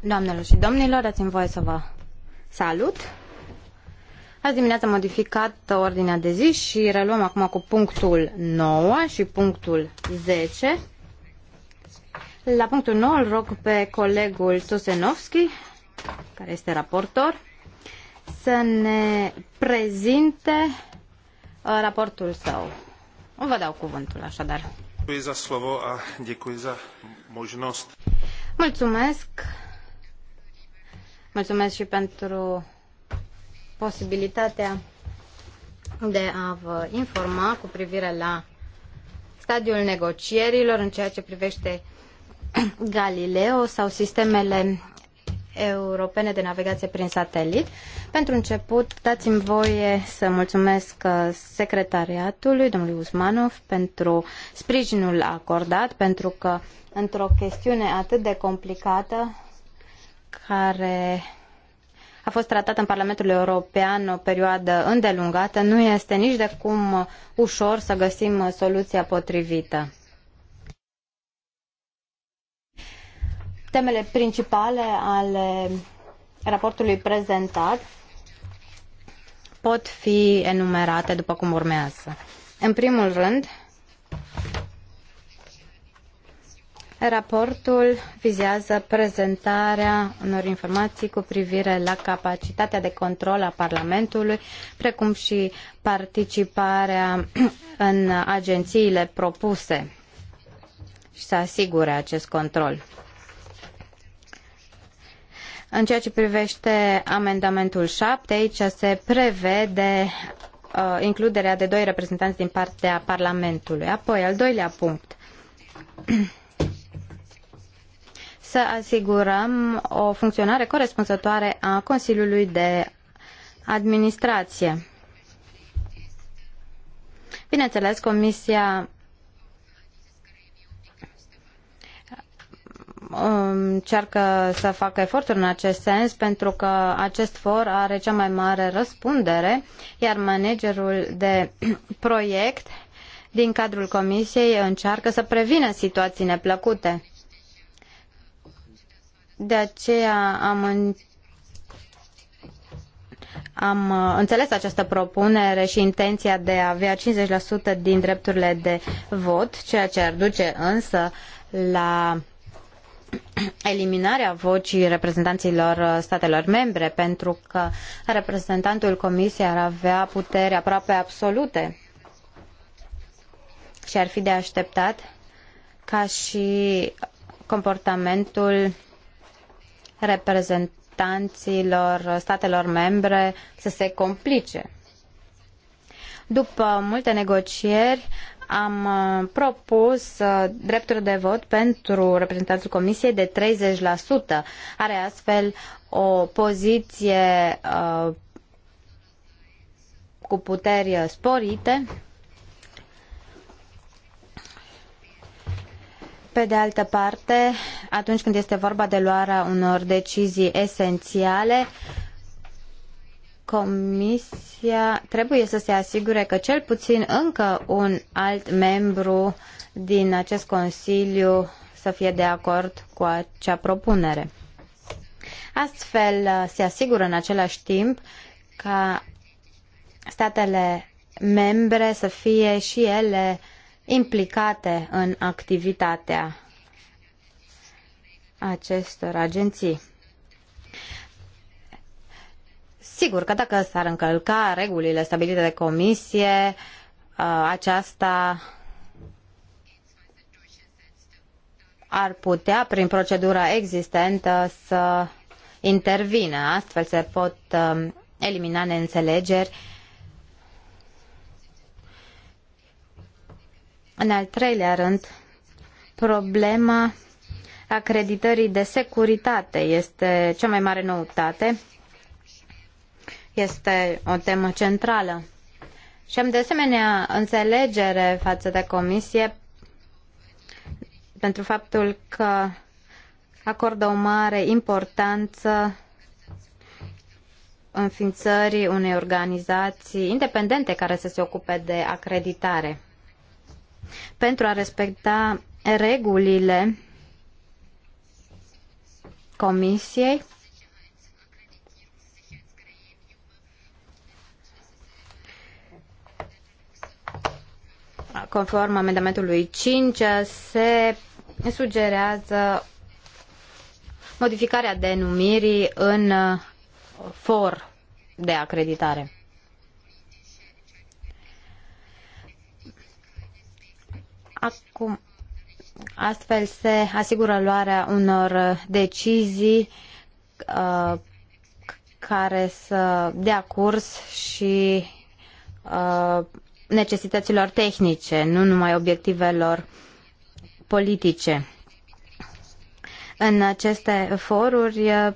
Doamnelor și domnilor, dați-mi voie să vă salut. Azi dimineața am modificat ordinea de zi și reluăm acum cu punctul 9 și punctul 10. La punctul 9 îl rog pe colegul Tosenovski, care este raportor, să ne prezinte uh, raportul său. Vă dau cuvântul așadar. Mulțumesc. Mulțumesc și pentru posibilitatea de a vă informa cu privire la stadiul negocierilor în ceea ce privește Galileo sau sistemele Europene de Navigație prin Satelit. Pentru început, dați-mi voie să mulțumesc uh, secretariatului, domnului Usmanov, pentru sprijinul acordat, pentru că într-o chestiune atât de complicată, care a fost tratată în Parlamentul European o perioadă îndelungată, nu este nici de cum uh, ușor să găsim soluția potrivită. temele principale ale raportului prezentat pot fi enumerate după cum urmează. În primul rând, Raportul vizează prezentarea unor informații cu privire la capacitatea de control a Parlamentului, precum și participarea în agențiile propuse și să asigure acest control. În ceea ce privește amendamentul 7, aici se prevede uh, includerea de doi reprezentanți din partea Parlamentului. Apoi, al doilea punct. Să asigurăm o funcționare corespunzătoare a Consiliului de Administrație. Bineînțeles, Comisia încearcă să facă eforturi în acest sens pentru că acest for are cea mai mare răspundere, iar managerul de proiect din cadrul comisiei încearcă să prevină situații neplăcute. De aceea am în... am uh, înțeles această propunere și intenția de a avea 50% din drepturile de vot, ceea ce ar duce însă la eliminarea vocii reprezentanilor uh, statelor membre, pentru că reprezentantul Comisiei ar avea putere aproape absolute și ar fi de așteptat ca și comportamentul reprezentanilor statelor membre să se complice. După multe negocieri, am uh, propus uh, drepturi de vot pentru reprezentantul Comisiei de 30%. Are astfel o poziție uh, cu puteri sporite. Pe de altă parte, atunci când este vorba de luarea unor decizii esențiale, Comisia trebuie să se asigure că cel puțin încă un alt membru din acest Consiliu să fie de acord cu acea propunere. Astfel, uh, se asigură în același timp ca statele membre să fie și ele implicate în activitatea acestor agenții. Sigur că dacă s-ar încălca regulile stabilite de comisie, uh, aceasta ar putea, prin procedura existentă, să intervină. Astfel se pot um, elimina neînțelegeri. În al treilea rând, problema acreditării de securitate este cea mai mare noutate este o temă centrală. Și am de asemenea înțelegere față de comisie pentru faptul că acordă o mare importanță înființării unei organizații independente care să se ocupe de acreditare pentru a respecta regulile comisiei conform amendamentului 5, se sugerează modificarea denumirii în uh, for de acreditare. Acum, astfel se asigură luarea unor decizii uh, care să dea curs și uh, necesităților tehnice, nu numai obiectivelor politice. În aceste foruri, eh,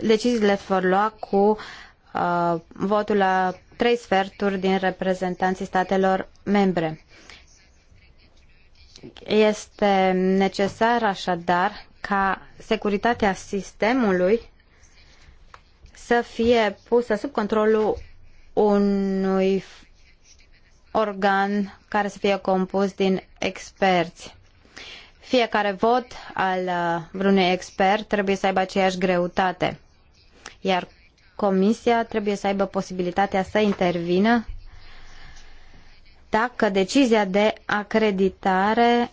deciziile vor lua cu uh, votul la trei sferturi din reprezentanții statelor membre. Este necesar așadar ca securitatea sistemului să fie pusă sub controlul unui organ care să fie compus din experți. Fiecare vot al uh, vreunui expert trebuie să aibă aceeași greutate, iar comisia trebuie să aibă posibilitatea să intervină dacă decizia de acreditare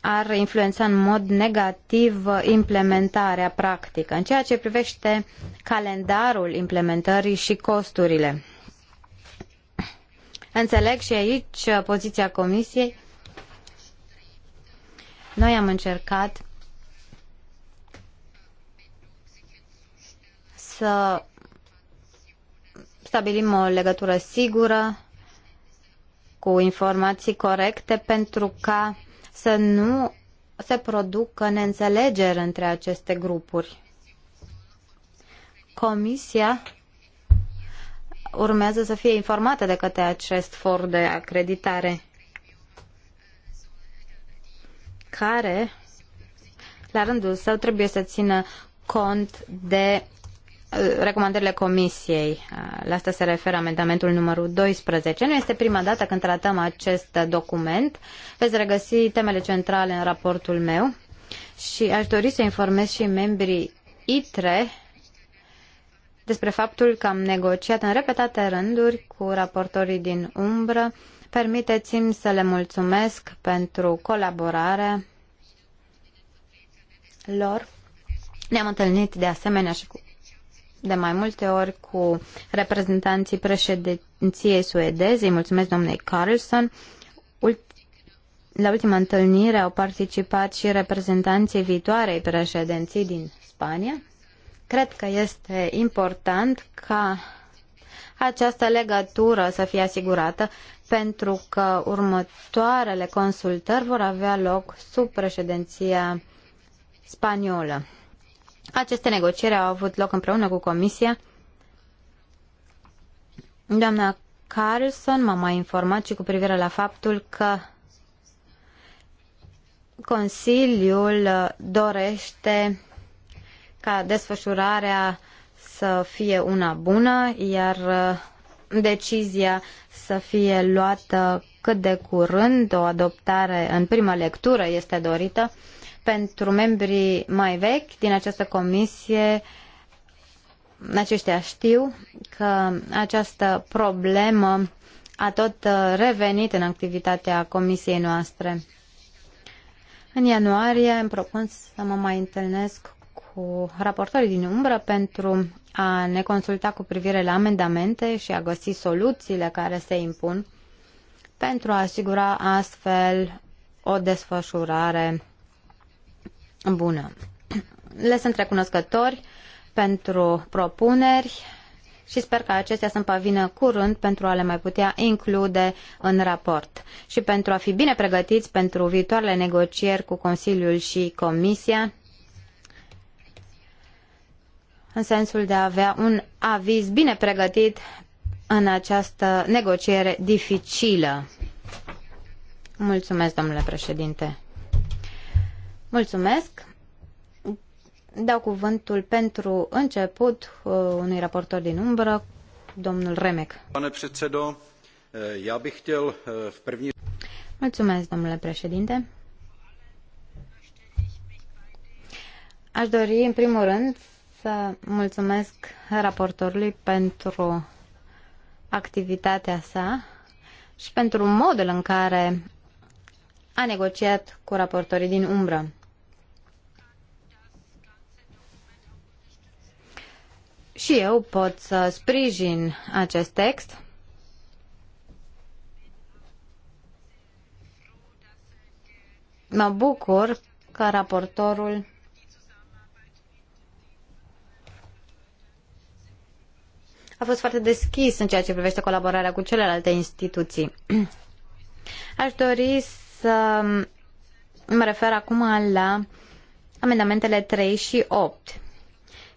ar influența în mod negativ uh, implementarea practică. În ceea ce privește calendarul implementării și costurile. Înțeleg și aici poziția Comisiei. Noi am încercat să stabilim o legătură sigură cu informații corecte pentru ca să nu se producă neînțelegeri între aceste grupuri. Comisia urmează să fie informată de către acest for de acreditare care, la rândul său, trebuie să țină cont de uh, recomandările comisiei. Uh, la asta se referă amendamentul numărul 12. Nu este prima dată când tratăm acest document. Veți regăsi temele centrale în raportul meu și aș dori să informez și membrii ITRE despre faptul că am negociat în repetate rânduri cu raportorii din umbră. Permiteți-mi să le mulțumesc pentru colaborare lor. Ne-am întâlnit de asemenea și cu, de mai multe ori cu reprezentanții președinției suedeze. Îi mulțumesc domnului Carlson. La ultima întâlnire au participat și reprezentanții viitoarei președinții din Spania. Cred că este important ca această legătură să fie asigurată pentru că următoarele consultări vor avea loc sub președinția spaniolă. Aceste negocieri au avut loc împreună cu Comisia. Doamna Carlson m-a mai informat și cu privire la faptul că Consiliul dorește ca desfășurarea să fie una bună, iar uh, decizia să fie luată cât de curând, o adoptare în prima lectură este dorită. Pentru membrii mai vechi din această comisie, aceștia știu că această problemă a tot uh, revenit în activitatea comisiei noastre. În ianuarie îmi propun să mă mai întâlnesc cu raportorii din umbră pentru a ne consulta cu privire la amendamente și a găsi soluțiile care se impun pentru a asigura astfel o desfășurare bună. Le sunt recunoscători pentru propuneri și sper că acestea să-mi curând pentru a le mai putea include în raport și pentru a fi bine pregătiți pentru viitoarele negocieri cu Consiliul și Comisia în sensul de a avea un aviz bine pregătit în această negociere dificilă. Mulțumesc, domnule președinte. Mulțumesc. Dau cuvântul pentru început uh, unui raportor din umbră, domnul Remek. Pane předsedo, eh, já bych chtěl eh, v první... Mulțumesc, domnule președinte. Aș dori, în primul rând, să mulțumesc raportorului pentru activitatea sa și pentru modul în care a negociat cu raportorii din umbră. Și eu pot să sprijin acest text. Mă bucur că raportorul a fost foarte deschis în ceea ce privește colaborarea cu celelalte instituții. Aș dori să mă refer acum la amendamentele 3 și 8.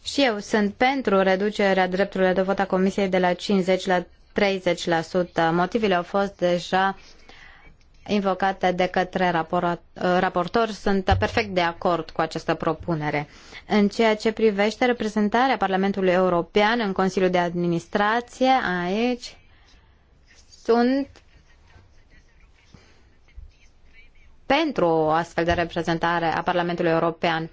Și eu sunt pentru reducerea drepturilor de vot a Comisiei de la 50 la 30%. Motivele au fost deja invocate de către raportor, sunt perfect de acord cu această propunere. În ceea ce privește reprezentarea Parlamentului European în Consiliul de Administrație, aici sunt pentru o astfel de reprezentare a Parlamentului European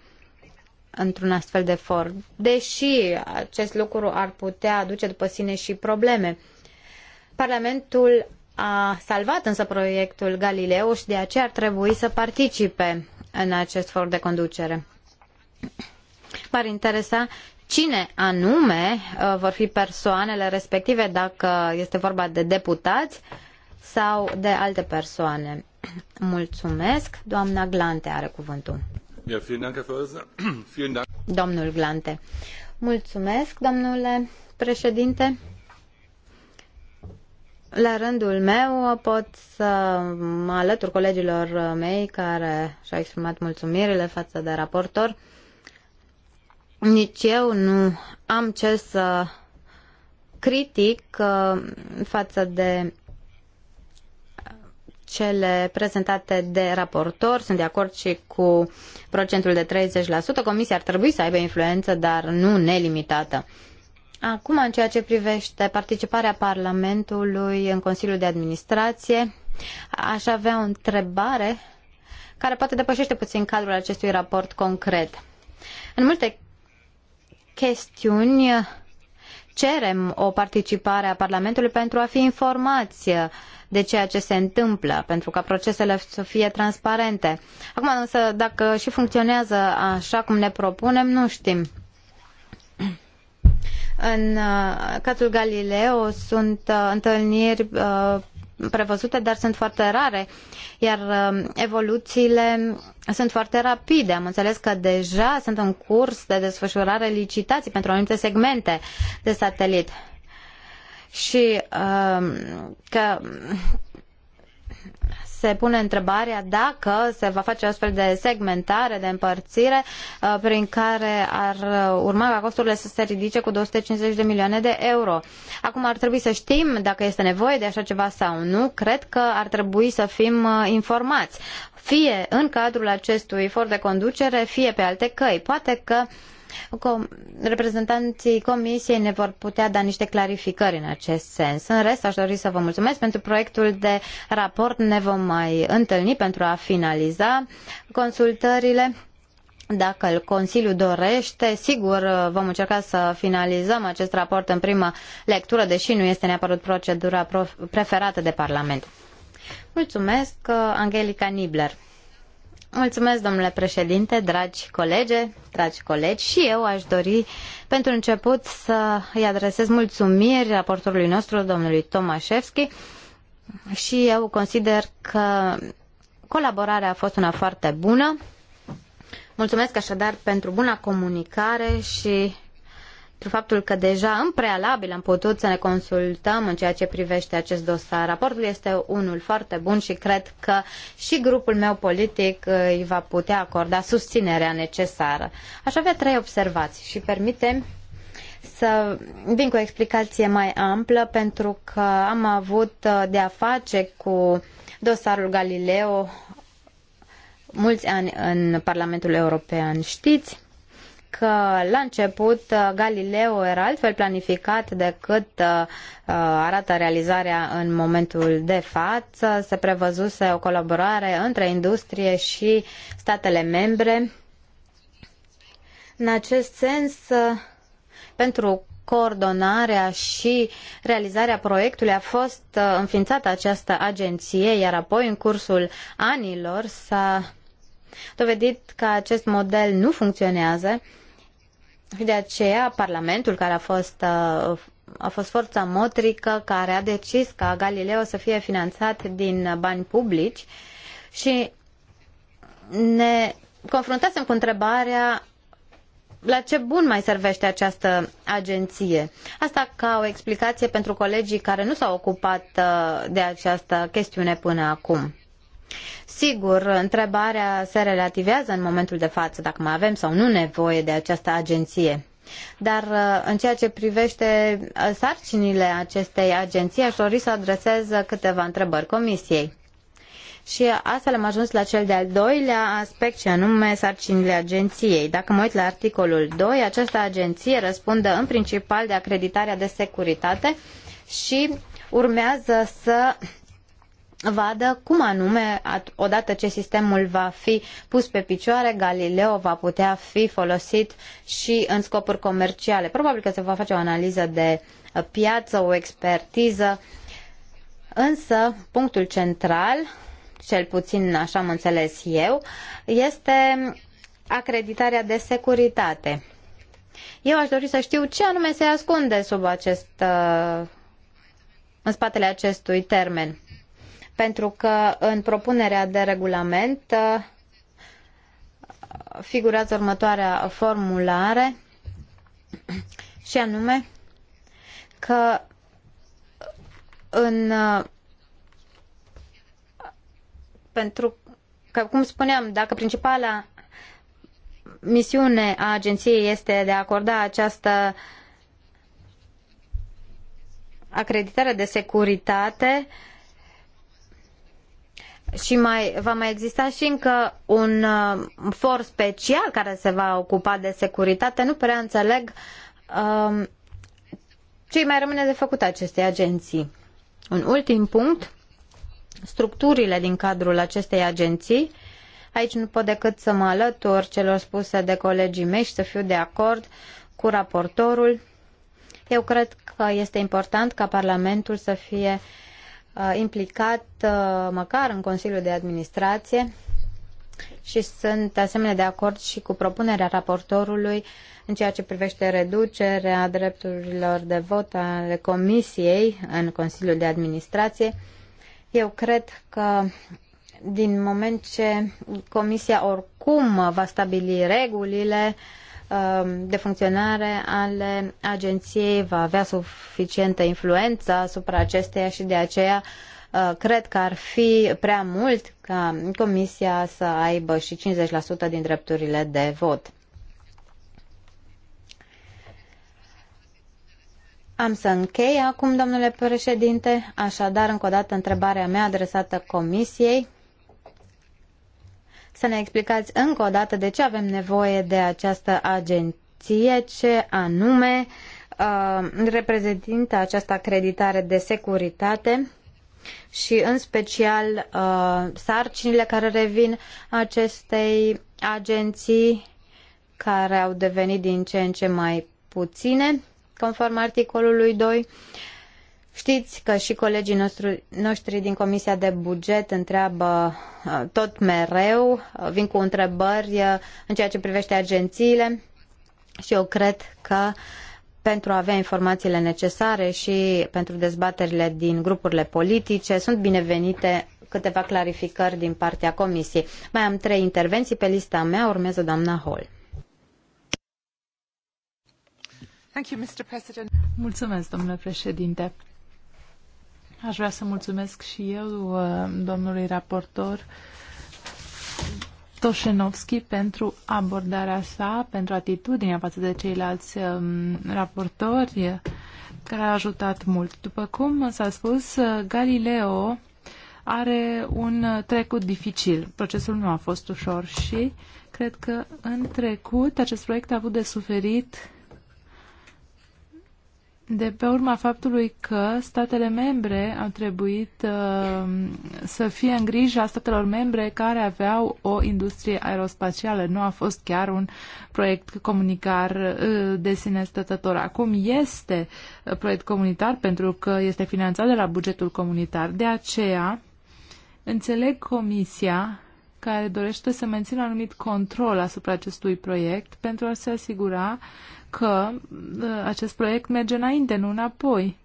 într-un astfel de for, deși acest lucru ar putea aduce după sine și probleme. Parlamentul a salvat însă proiectul Galileo și de aceea ar trebui să participe în acest for de conducere. M-ar interesa cine anume uh, vor fi persoanele respective, dacă este vorba de deputați sau de alte persoane. Mulțumesc. Doamna Glante are cuvântul. Domnul Glante. Mulțumesc, domnule președinte. La rândul meu pot să mă alătur colegilor mei care și-au exprimat mulțumirile față de raportor. Nici eu nu am ce să critic uh, față de cele prezentate de raportor. Sunt de acord și cu procentul de 30%. Comisia ar trebui să aibă influență, dar nu nelimitată. Acum, în ceea ce privește participarea Parlamentului în Consiliul de Administrație, aș avea o întrebare care poate depășește puțin cadrul acestui raport concret. În multe chestiuni cerem o participare a Parlamentului pentru a fi informați de ceea ce se întâmplă, pentru ca procesele să fie transparente. Acum însă, dacă și funcționează așa cum ne propunem, nu știm. În uh, cazul Galileo sunt uh, întâlniri uh, prevăzute, dar sunt foarte rare, iar evoluțiile sunt foarte rapide. Am înțeles că deja sunt în curs de desfășurare licitații pentru anumite segmente de satelit și uh, că se pune întrebarea dacă se va face o astfel de segmentare, de împărțire, uh, prin care ar uh, urma ca costurile să se ridice cu 250 de milioane de euro. Acum ar trebui să știm dacă este nevoie de așa ceva sau nu. Cred că ar trebui să fim uh, informați fie în cadrul acestui for de conducere, fie pe alte căi. Poate că uh, com- reprezentanții Comisiei ne vor putea da niște clarificări în acest sens. În rest, aș dori să vă mulțumesc pentru proiectul de raport. Ne vom mai întâlni pentru a finaliza consultările. Dacă Consiliul dorește, sigur vom încerca să finalizăm acest raport în prima lectură, deși nu este neapărat procedura preferată de Parlament. Mulțumesc, Angelica Nibler. Mulțumesc, domnule președinte, dragi colege, dragi colegi, și eu aș dori pentru început să îi adresez mulțumiri raportorului nostru, domnului Tomașevski, și eu consider că colaborarea a fost una foarte bună. Mulțumesc așadar pentru buna comunicare și pentru faptul că deja în prealabil am putut să ne consultăm în ceea ce privește acest dosar. Raportul este unul foarte bun și cred că și grupul meu politic uh, îi va putea acorda susținerea necesară. Aș avea trei observații și permite să vin cu o explicație mai amplă pentru că am avut uh, de a face cu dosarul Galileo mulți ani în Parlamentul European. Știți că la început uh, Galileo era altfel planificat decât uh, uh, arată realizarea în momentul de față. Se prevăzuse o colaborare între industrie și statele membre. În acest sens, pentru coordonarea și realizarea proiectului a fost înființată această agenție, iar apoi în cursul anilor s-a dovedit că acest model nu funcționează de aceea, Parlamentul, care a fost, uh, a fost forța motrică, care a decis ca Galileo să fie finanțat din bani publici și ne confruntasem cu întrebarea la ce bun mai servește această agenție? Asta ca o explicație pentru colegii care nu s-au ocupat uh, de această chestiune până acum. Sigur, întrebarea se relativează în momentul de față dacă mai avem sau nu nevoie de această agenție. Dar uh, în ceea ce privește uh, sarcinile acestei agenții, aș dori să adresez câteva întrebări Comisiei. Și astfel am ajuns la cel de-al doilea aspect, ce anume sarcinile agenției. Dacă mă uit la articolul 2, această agenție răspunde în principal de acreditarea de securitate și urmează să vadă cum anume, odată ce sistemul va fi pus pe picioare, Galileo va putea fi folosit și în scopuri comerciale. Probabil că se va face o analiză de piață, o expertiză, însă punctul central, cel puțin așa am înțeles eu, este acreditarea de securitate. Eu aș dori să știu ce anume se ascunde sub acest, uh, în spatele acestui termen pentru că în propunerea de regulament uh, figurează următoarea formulare și anume că în uh, pentru că, cum spuneam, dacă principala misiune a agenției este de a acorda această acreditare de securitate, uh, și mai, va mai exista și încă un uh, for special care se va ocupa de securitate. Nu prea înțeleg uh, ce mai rămâne de făcut acestei agenții. Un ultim punct, structurile din cadrul acestei agenții. Aici nu pot decât să mă alătur celor spuse de colegii mei și să fiu de acord cu raportorul. Eu cred că este important ca Parlamentul să fie uh, Uh, implicat uh, măcar în Consiliul de Administrație și sunt asemenea de acord și cu propunerea raportorului în ceea ce privește reducerea drepturilor de vot ale Comisiei în Consiliul de Administrație. Eu cred că din moment ce Comisia oricum va stabili regulile, uh, Um, de funcționare ale agenției va avea suficientă influență asupra acesteia și de aceea uh, cred că ar fi prea mult ca Comisia să aibă și 50% din drepturile de vot. Am să închei acum, domnule președinte, așadar încă o dată întrebarea mea adresată Comisiei să ne explicați încă o dată de ce avem nevoie de această agenție, ce anume uh, reprezintă această acreditare de securitate și în special uh, sarcinile care revin acestei agenții care au devenit din ce în ce mai puține, conform articolului 2. Uh, Știți că și colegii nostru, noștri din Comisia de Buget întreabă uh, tot mereu, uh, vin cu întrebări uh, în ceea ce privește agențiile și eu cred că pentru a avea informațiile necesare și pentru dezbaterile din grupurile politice sunt binevenite câteva clarificări din partea Comisiei. Mai am trei intervenții pe lista mea, urmează doamna Hall. Mulțumesc, domnule președinte. Aș vrea să mulțumesc și eu uh, domnului raportor Toșenovski pentru abordarea sa, pentru atitudinea față de ceilalți um, raportori, care a ajutat mult. După cum s-a spus, uh, Galileo are un uh, trecut dificil. Procesul nu a fost ușor și cred că în trecut acest proiect a avut de suferit de pe urma faptului că statele membre au trebuit uh, să fie în a statelor membre care aveau o industrie aerospațială. Nu a fost chiar un proiect comunicar uh, de sine stătător. Acum este uh, proiect comunitar pentru că este finanțat de la bugetul comunitar. De aceea, înțeleg Comisia care dorește să mențină anumit control asupra acestui proiect pentru a se asigura uh, că ă, acest proiect merge înainte, nu înapoi.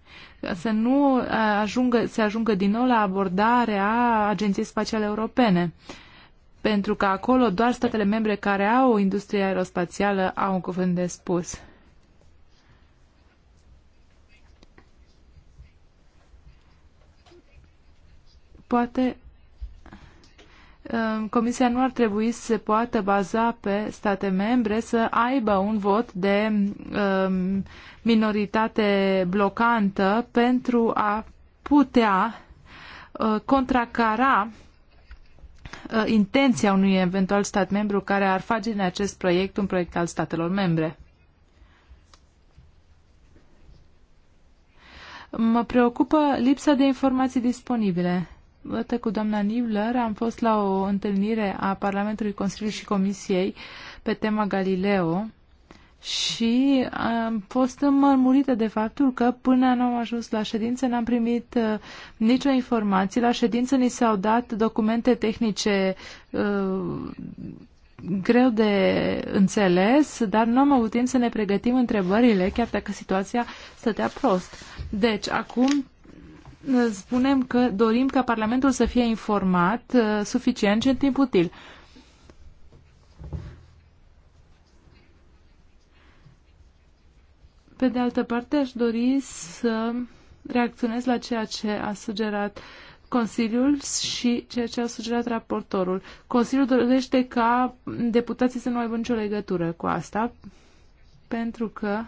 Să nu ă, ajungă, se ajungă din nou la abordarea Agenției Spațiale Europene. Pentru că acolo doar statele membre care au o industrie aerospațială au un cuvânt de spus. Poate Ehm, Comisia nu ar trebui să se poată baza pe state membre să aibă un vot de ehm, minoritate blocantă pentru a putea ă, contracara ă, intenția unui eventual stat membru care ar face din acest proiect un proiect al statelor membre. Mă preocupă lipsa de informații disponibile odată cu doamna Nibler am fost la o întâlnire a Parlamentului Consiliului și Comisiei pe tema Galileo și am fost înmărmurită de faptul că până nu am ajuns la ședință n-am primit uh, nicio informație. La ședință ni s-au dat documente tehnice uh, greu de înțeles, dar nu am avut timp să ne pregătim întrebările, chiar dacă situația stătea prost. Deci, acum spunem că dorim ca Parlamentul să fie informat uh, suficient și în timp util. Pe de altă parte, aș dori să reacționez la ceea ce a sugerat Consiliul și ceea ce a sugerat raportorul. Consiliul dorește ca deputații să nu aibă nicio legătură cu asta, pentru că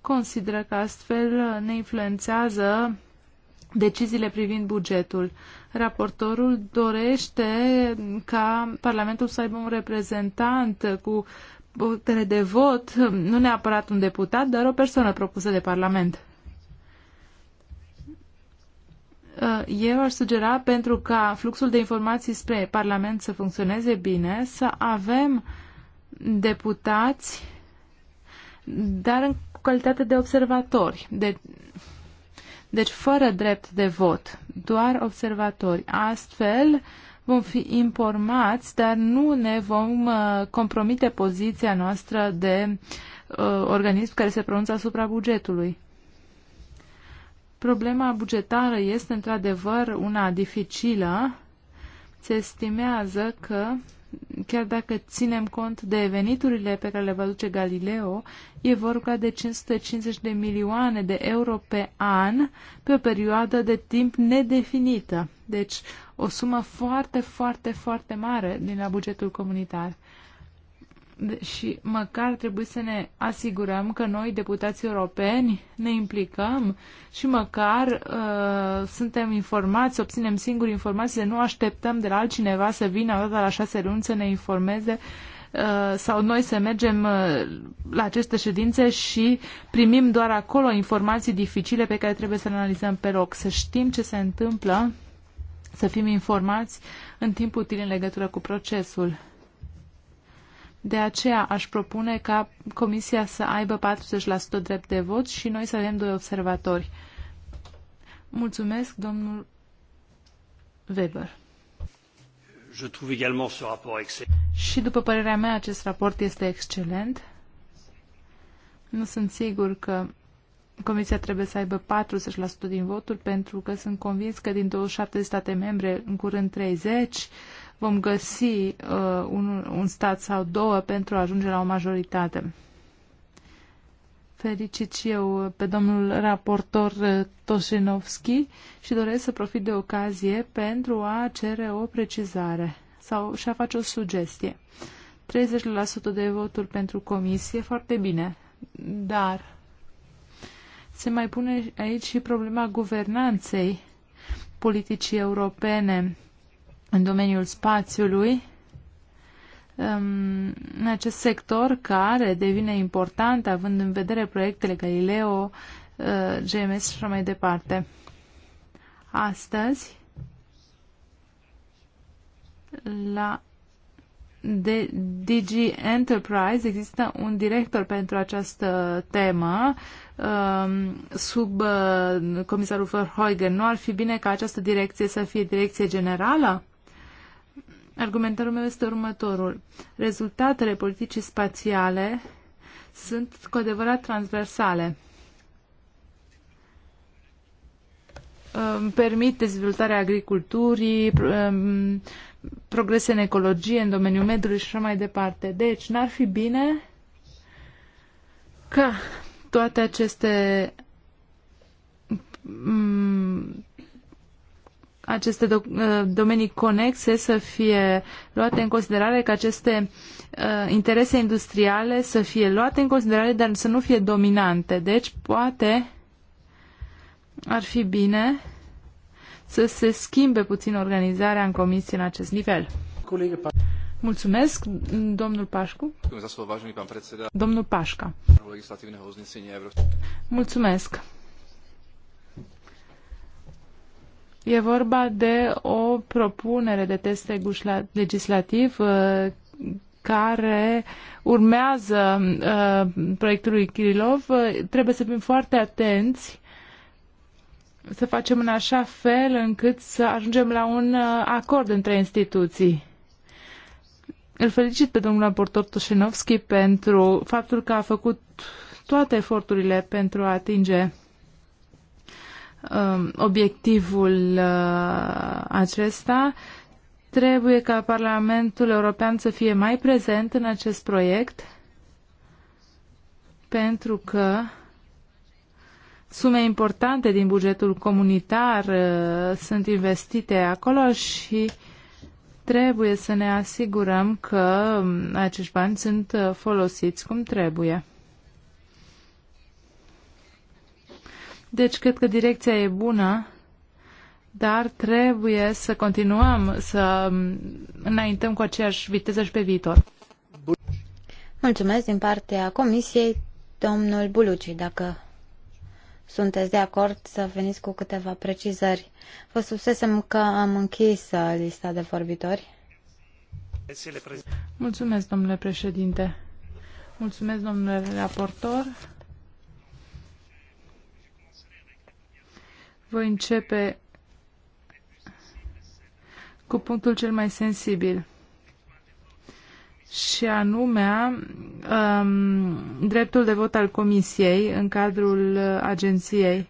consideră că astfel ne influențează deciziile privind bugetul. Raportorul dorește ca Parlamentul să aibă un reprezentant cu putere de vot, nu neapărat un deputat, dar o persoană propusă de Parlament. Uh, eu aș sugera, pentru ca fluxul de informații spre Parlament să funcționeze bine, să avem deputați, dar în calitate de observatori. De, deci, deci fără drept de vot, doar observatori. Astfel vom fi informați, dar nu ne vom uh, compromite poziția noastră de uh, organism care se pronunță asupra bugetului. Problema bugetară este într-adevăr una dificilă. Se estimează că chiar dacă ținem cont de veniturile pe care le va duce Galileo, e vorba de 550 de milioane de euro pe an pe o perioadă de timp nedefinită. Deci o sumă foarte, foarte, foarte mare din la bugetul comunitar și măcar trebuie să ne asigurăm că noi, deputații europeni, ne implicăm și măcar uh, suntem informați, obținem singuri informații, nu așteptăm de la altcineva să vină odată la șase luni să ne informeze uh, sau noi să mergem uh, la aceste ședințe și primim doar acolo informații dificile pe care trebuie să le analizăm pe loc, să știm ce se întâmplă, să fim informați în timp util în legătură cu procesul. De aceea aș propune ca Comisia să aibă 40% drept de vot și noi să avem doi observatori. Mulțumesc, domnul Weber. Je trouve également ce rapport excellent. Și după părerea mea, acest raport este excelent. Nu sunt sigur că Comisia trebuie să aibă 40% din voturi, pentru că sunt convins că din 27 de state membre, în curând 30, vom găsi uh, un, un stat sau două pentru a ajunge la o majoritate. Fericit și eu uh, pe domnul raportor uh, Toșenovski și doresc să profit de ocazie pentru a cere o precizare sau și a face o sugestie. 30% de voturi pentru comisie, foarte bine, dar se mai pune aici și problema guvernanței politicii europene în domeniul spațiului, um, în acest sector care devine important având în vedere proiectele Galileo, uh, GMS și mai departe. Astăzi, la de DG Enterprise există un director pentru această temă um, sub uh, comisarul Verheugen. Nu ar fi bine ca această direcție să fie direcție generală? Argumentarul meu este următorul. Rezultatele politicii spațiale sunt cu adevărat transversale. Permit dezvoltarea agriculturii, progrese în ecologie, în domeniul mediului și așa mai departe. Deci, n-ar fi bine ca toate aceste aceste do uh, domenii conexe să fie luate în considerare, că aceste uh, interese industriale să fie luate în considerare, dar să nu fie dominante. Deci, poate ar fi bine să se schimbe puțin organizarea în comisie în acest nivel. Mulțumesc, domnul Pașcu. Domnul Pașca. Mulțumesc. E vorba de o propunere de test legislativ uh, care urmează uh, proiectului Kirilov. Uh, trebuie să fim foarte atenți să facem în așa fel încât să ajungem la un acord între instituții. Îl felicit pe domnul raportor Toșenovski pentru faptul că a făcut toate eforturile pentru a atinge Um, obiectivul uh, acesta. Trebuie ca Parlamentul European să fie mai prezent în acest proiect pentru că sume importante din bugetul comunitar uh, sunt investite acolo și trebuie să ne asigurăm că um, acești bani sunt uh, folosiți cum trebuie. Deci cred că direcția e bună, dar trebuie să continuăm să înaintăm cu aceeași viteză și pe viitor. Mulțumesc din partea Comisiei, domnul Buluci, dacă sunteți de acord să veniți cu câteva precizări. Vă susesem că am închis uh, lista de vorbitori. Mulțumesc, domnule președinte. Mulțumesc, domnule raportor. Voi începe cu punctul cel mai sensibil și anume um, dreptul de vot al Comisiei în cadrul agenției.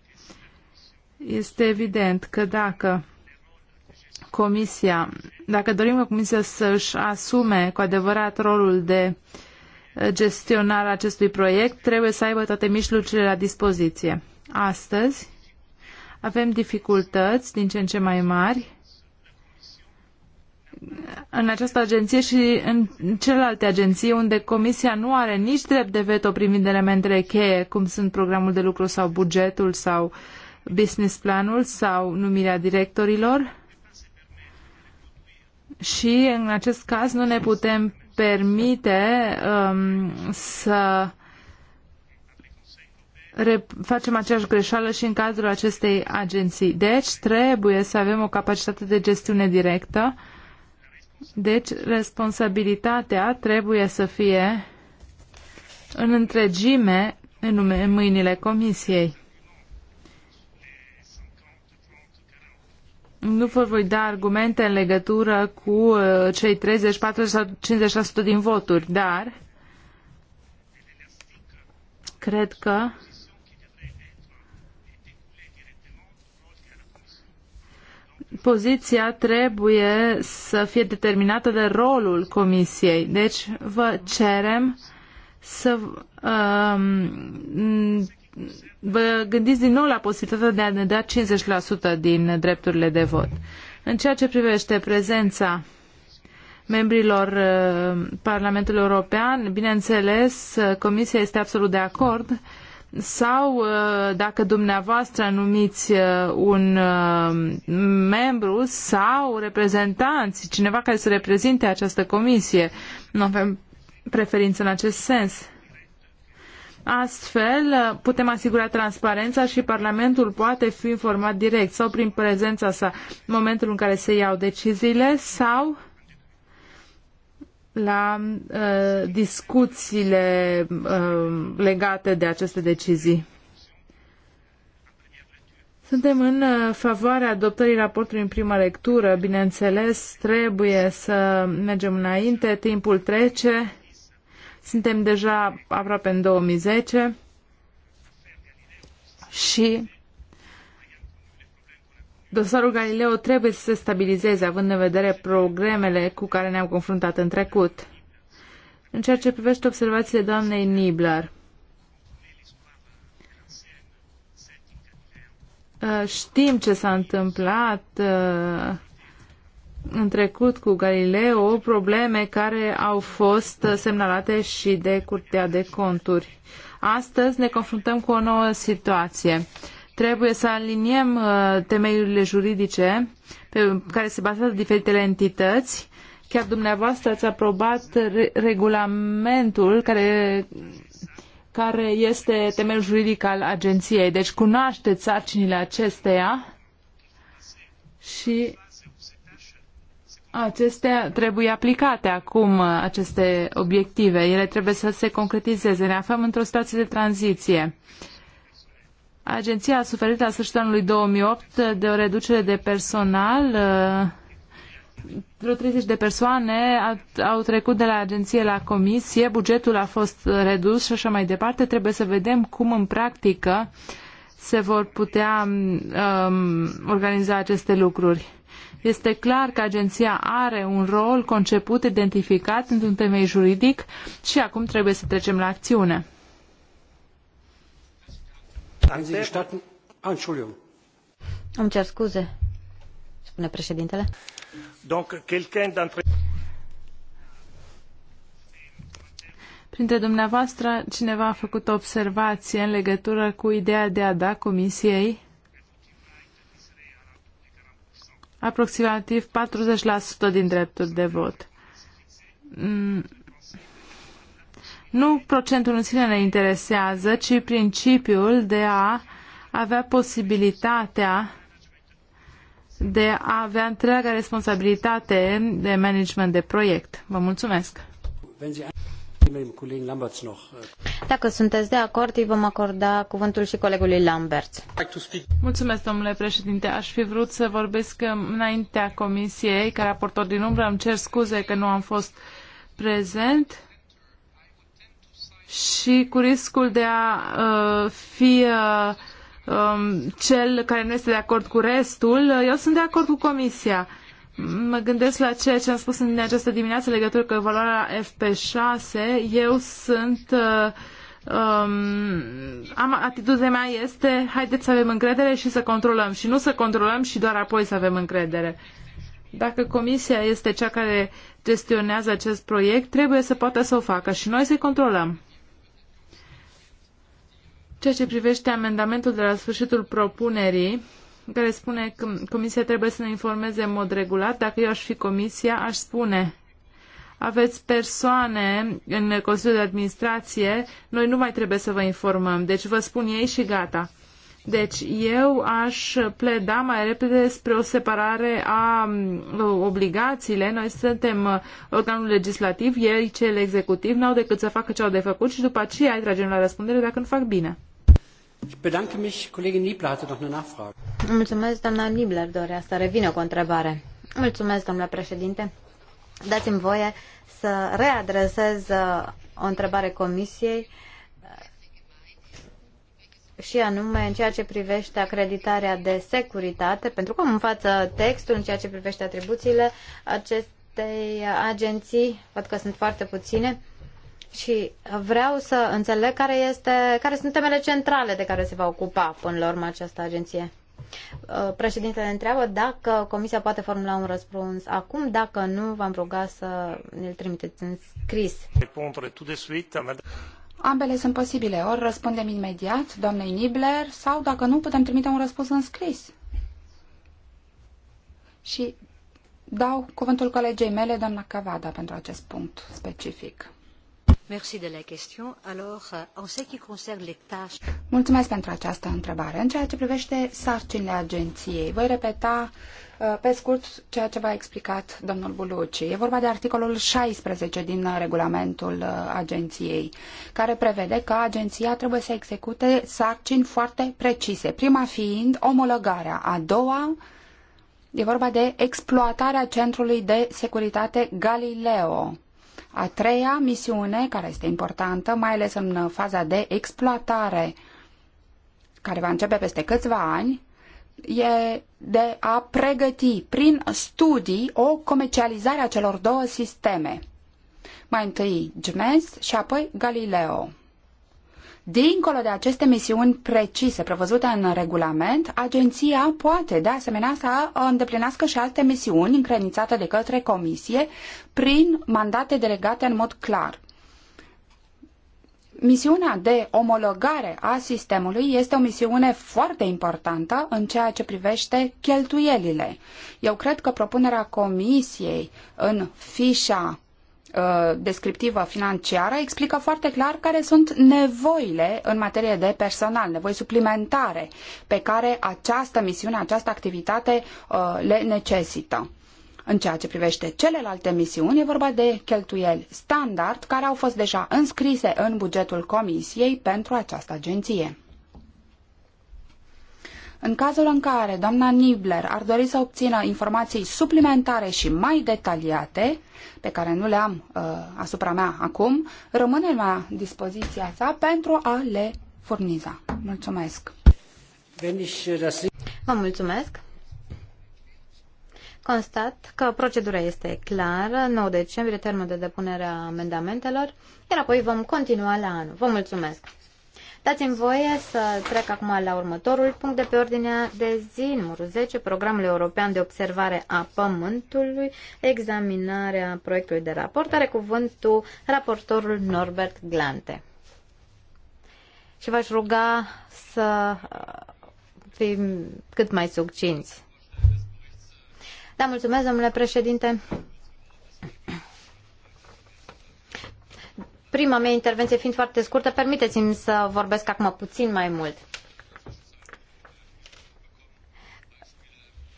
Este evident că dacă Comisia, dacă dorim ca Comisia să își asume cu adevărat rolul de gestionare a acestui proiect, trebuie să aibă toate mijloacele la dispoziție. Astăzi, avem dificultăți din ce în ce mai mari în această agenție și în celelalte agenții unde Comisia nu are nici drept de veto privind elementele cheie, cum sunt programul de lucru sau bugetul sau business planul sau numirea directorilor. Și în acest caz nu ne putem permite um, să facem aceeași greșeală și în cadrul acestei agenții. Deci trebuie să avem o capacitate de gestiune directă. Deci responsabilitatea trebuie să fie în întregime în mâinile comisiei. Nu vă voi da argumente în legătură cu uh, cei 30, 40 sau 50% din voturi, dar cred că poziția trebuie să fie determinată de rolul comisiei. Deci vă cerem să um, vă gândiți din nou la posibilitatea de a ne da 50% din drepturile de vot. În ceea ce privește prezența membrilor uh, Parlamentului European, bineînțeles, uh, Comisia este absolut de acord sau uh, dacă dumneavoastră numiți uh, un uh, membru sau reprezentanți, cineva care să reprezinte această comisie. Nu avem preferință în acest sens. Astfel, putem asigura transparența și Parlamentul poate fi informat direct sau prin prezența sa în momentul în care se iau deciziile sau la uh, discuțiile uh, legate de aceste decizii. Suntem în uh, favoarea adoptării raportului în prima lectură. Bineînțeles, trebuie să mergem înainte. Timpul trece. Suntem deja aproape în 2010 și Dosarul Galileo trebuie să se stabilizeze, având în vedere problemele cu care ne-am confruntat în trecut. În ceea ce privește observațiile doamnei Nibler, uh, știm ce s-a întâmplat uh, în trecut cu Galileo, probleme care au fost uh, semnalate și de Curtea de Conturi. Astăzi ne confruntăm cu o nouă situație. Uh, Trebuie să aliniem uh, temeiurile juridice pe care se bazează diferitele entități. Chiar dumneavoastră ați aprobat regulamentul care care este temeiul juridic al agenției. Deci cunoașteți sarcinile acesteia și acestea trebuie aplicate acum, uh, aceste obiective. Ele trebuie să se concretizeze. Ne aflăm într-o situație de tranziție. Agenția a suferit la sfârșitul anului 2008 uh, de o reducere de personal. Uh, vreo 30 de persoane au trecut de la agenție la comisie, bugetul a fost redus și așa mai departe. Trebuie să vedem cum în practică se vor putea um, organiza aceste lucruri. Este clar că agenția are un rol conceput, identificat într-un temei juridic și acum trebuie să trecem la acțiune scuze, președintele. Printre dumneavoastră, cineva a făcut o observație în legătură cu ideea de a da Comisiei aproximativ 40% din drepturi de vot. Mm, nu procentul în sine ne interesează, ci principiul de a avea posibilitatea de a avea întreaga responsabilitate de management de proiect. Vă mulțumesc! Dacă sunteți de acord, îi vom acorda cuvântul și colegului Lambert. Mulțumesc, domnule președinte. Aș fi vrut să vorbesc înaintea comisiei, ca raportor din umbră. Îmi cer scuze că nu am fost prezent și cu riscul de a uh, fi uh, um, cel care nu este de acord cu restul, uh, eu sunt de acord cu Comisia. Mă gândesc la ceea ce am spus în această dimineață legătură cu valoarea FP6. Eu sunt... Um, am, atitudinea mea este haideți să avem încredere și să controlăm și nu să controlăm și doar apoi să avem încredere. Dacă comisia este cea care gestionează acest proiect, trebuie să poată să o facă și noi să-i controlăm ceea ce privește amendamentul de la sfârșitul propunerii, care spune că comisia trebuie să ne informeze în mod regulat, dacă eu aș fi comisia, aș spune aveți persoane în Consiliul de Administrație, noi nu mai trebuie să vă informăm. Deci vă spun ei și gata. Deci eu aș pleda mai repede spre o separare a obligațiile. Noi suntem organul legislativ, ei cel executiv, n-au decât să facă ce au de făcut și după aceea îi tragem la răspundere dacă nu fac bine. Ich bedanke mich. Kollegin Niebler hatte noch eine Nachfrage. Mulțumesc, doamna Nibler dorea să revină cu o întrebare. Mulțumesc, domnule președinte. Dați-mi voie să readresez uh, o întrebare comisiei uh, și anume în ceea ce privește acreditarea de securitate, pentru că în față textul în ceea ce privește atribuțiile acestei agenții, văd că sunt foarte puține, uh, și vreau să înțeleg care, este, care sunt temele centrale de care se va ocupa până la urmă această agenție. Uh, președintele întreabă dacă Comisia poate formula un răspuns acum, dacă nu, v-am ruga să ne-l trimiteți în scris. Ambele sunt posibile. Ori răspundem imediat doamnei Nibler sau, dacă nu, putem trimite un răspuns în scris. Și dau cuvântul colegei mele, doamna Cavada, pentru acest punct specific. Euh, Mulțumesc pentru această întrebare. În ceea ce privește sarcinile agenției, voi repeta uh, pe scurt ceea ce v-a explicat domnul Buluci. E vorba de articolul 16 din regulamentul uh, agenției, care prevede că agenția trebuie să execute sarcini foarte precise, prima fiind omologarea, a doua e vorba de exploatarea Centrului de Securitate Galileo, a treia misiune, care este importantă, mai ales în faza de exploatare, care va începe peste câțiva ani, e de a pregăti prin studii o comercializare a celor două sisteme. Mai întâi GMES și apoi Galileo. Dincolo de aceste misiuni precise prevăzute în regulament, agenția poate de asemenea să îndeplinească și alte misiuni încredințate de către comisie prin mandate delegate în mod clar. Misiunea de omologare a sistemului este o misiune foarte importantă în ceea ce privește cheltuielile. Eu cred că propunerea comisiei în fișa Uh, descriptivă financiară explică foarte clar care sunt nevoile în materie de personal, nevoi suplimentare pe care această misiune, această activitate uh, le necesită. În ceea ce privește celelalte misiuni, e vorba de cheltuieli standard care au fost deja înscrise în bugetul Comisiei pentru această agenție. În cazul în care doamna Nibler ar dori să obțină informații suplimentare și mai detaliate, pe care nu le am uh, asupra mea acum, rămâne la dispoziția sa pentru a le furniza. Mulțumesc! Vă mulțumesc! Constat că procedura este clară, 9 decembrie, termenul de depunere a amendamentelor, iar apoi vom continua la anul. Vă mulțumesc! Dați-mi voie să trec acum la următorul punct de pe ordinea de zi, numărul 10, Programul European de Observare a Pământului, examinarea proiectului de raport. Are cuvântul raportorul Norbert Glante. Și v-aș ruga să uh, fim cât mai succinți. Da, mulțumesc, domnule președinte. prima mea intervenție fiind foarte scurtă, permiteți-mi să vorbesc acum puțin mai mult.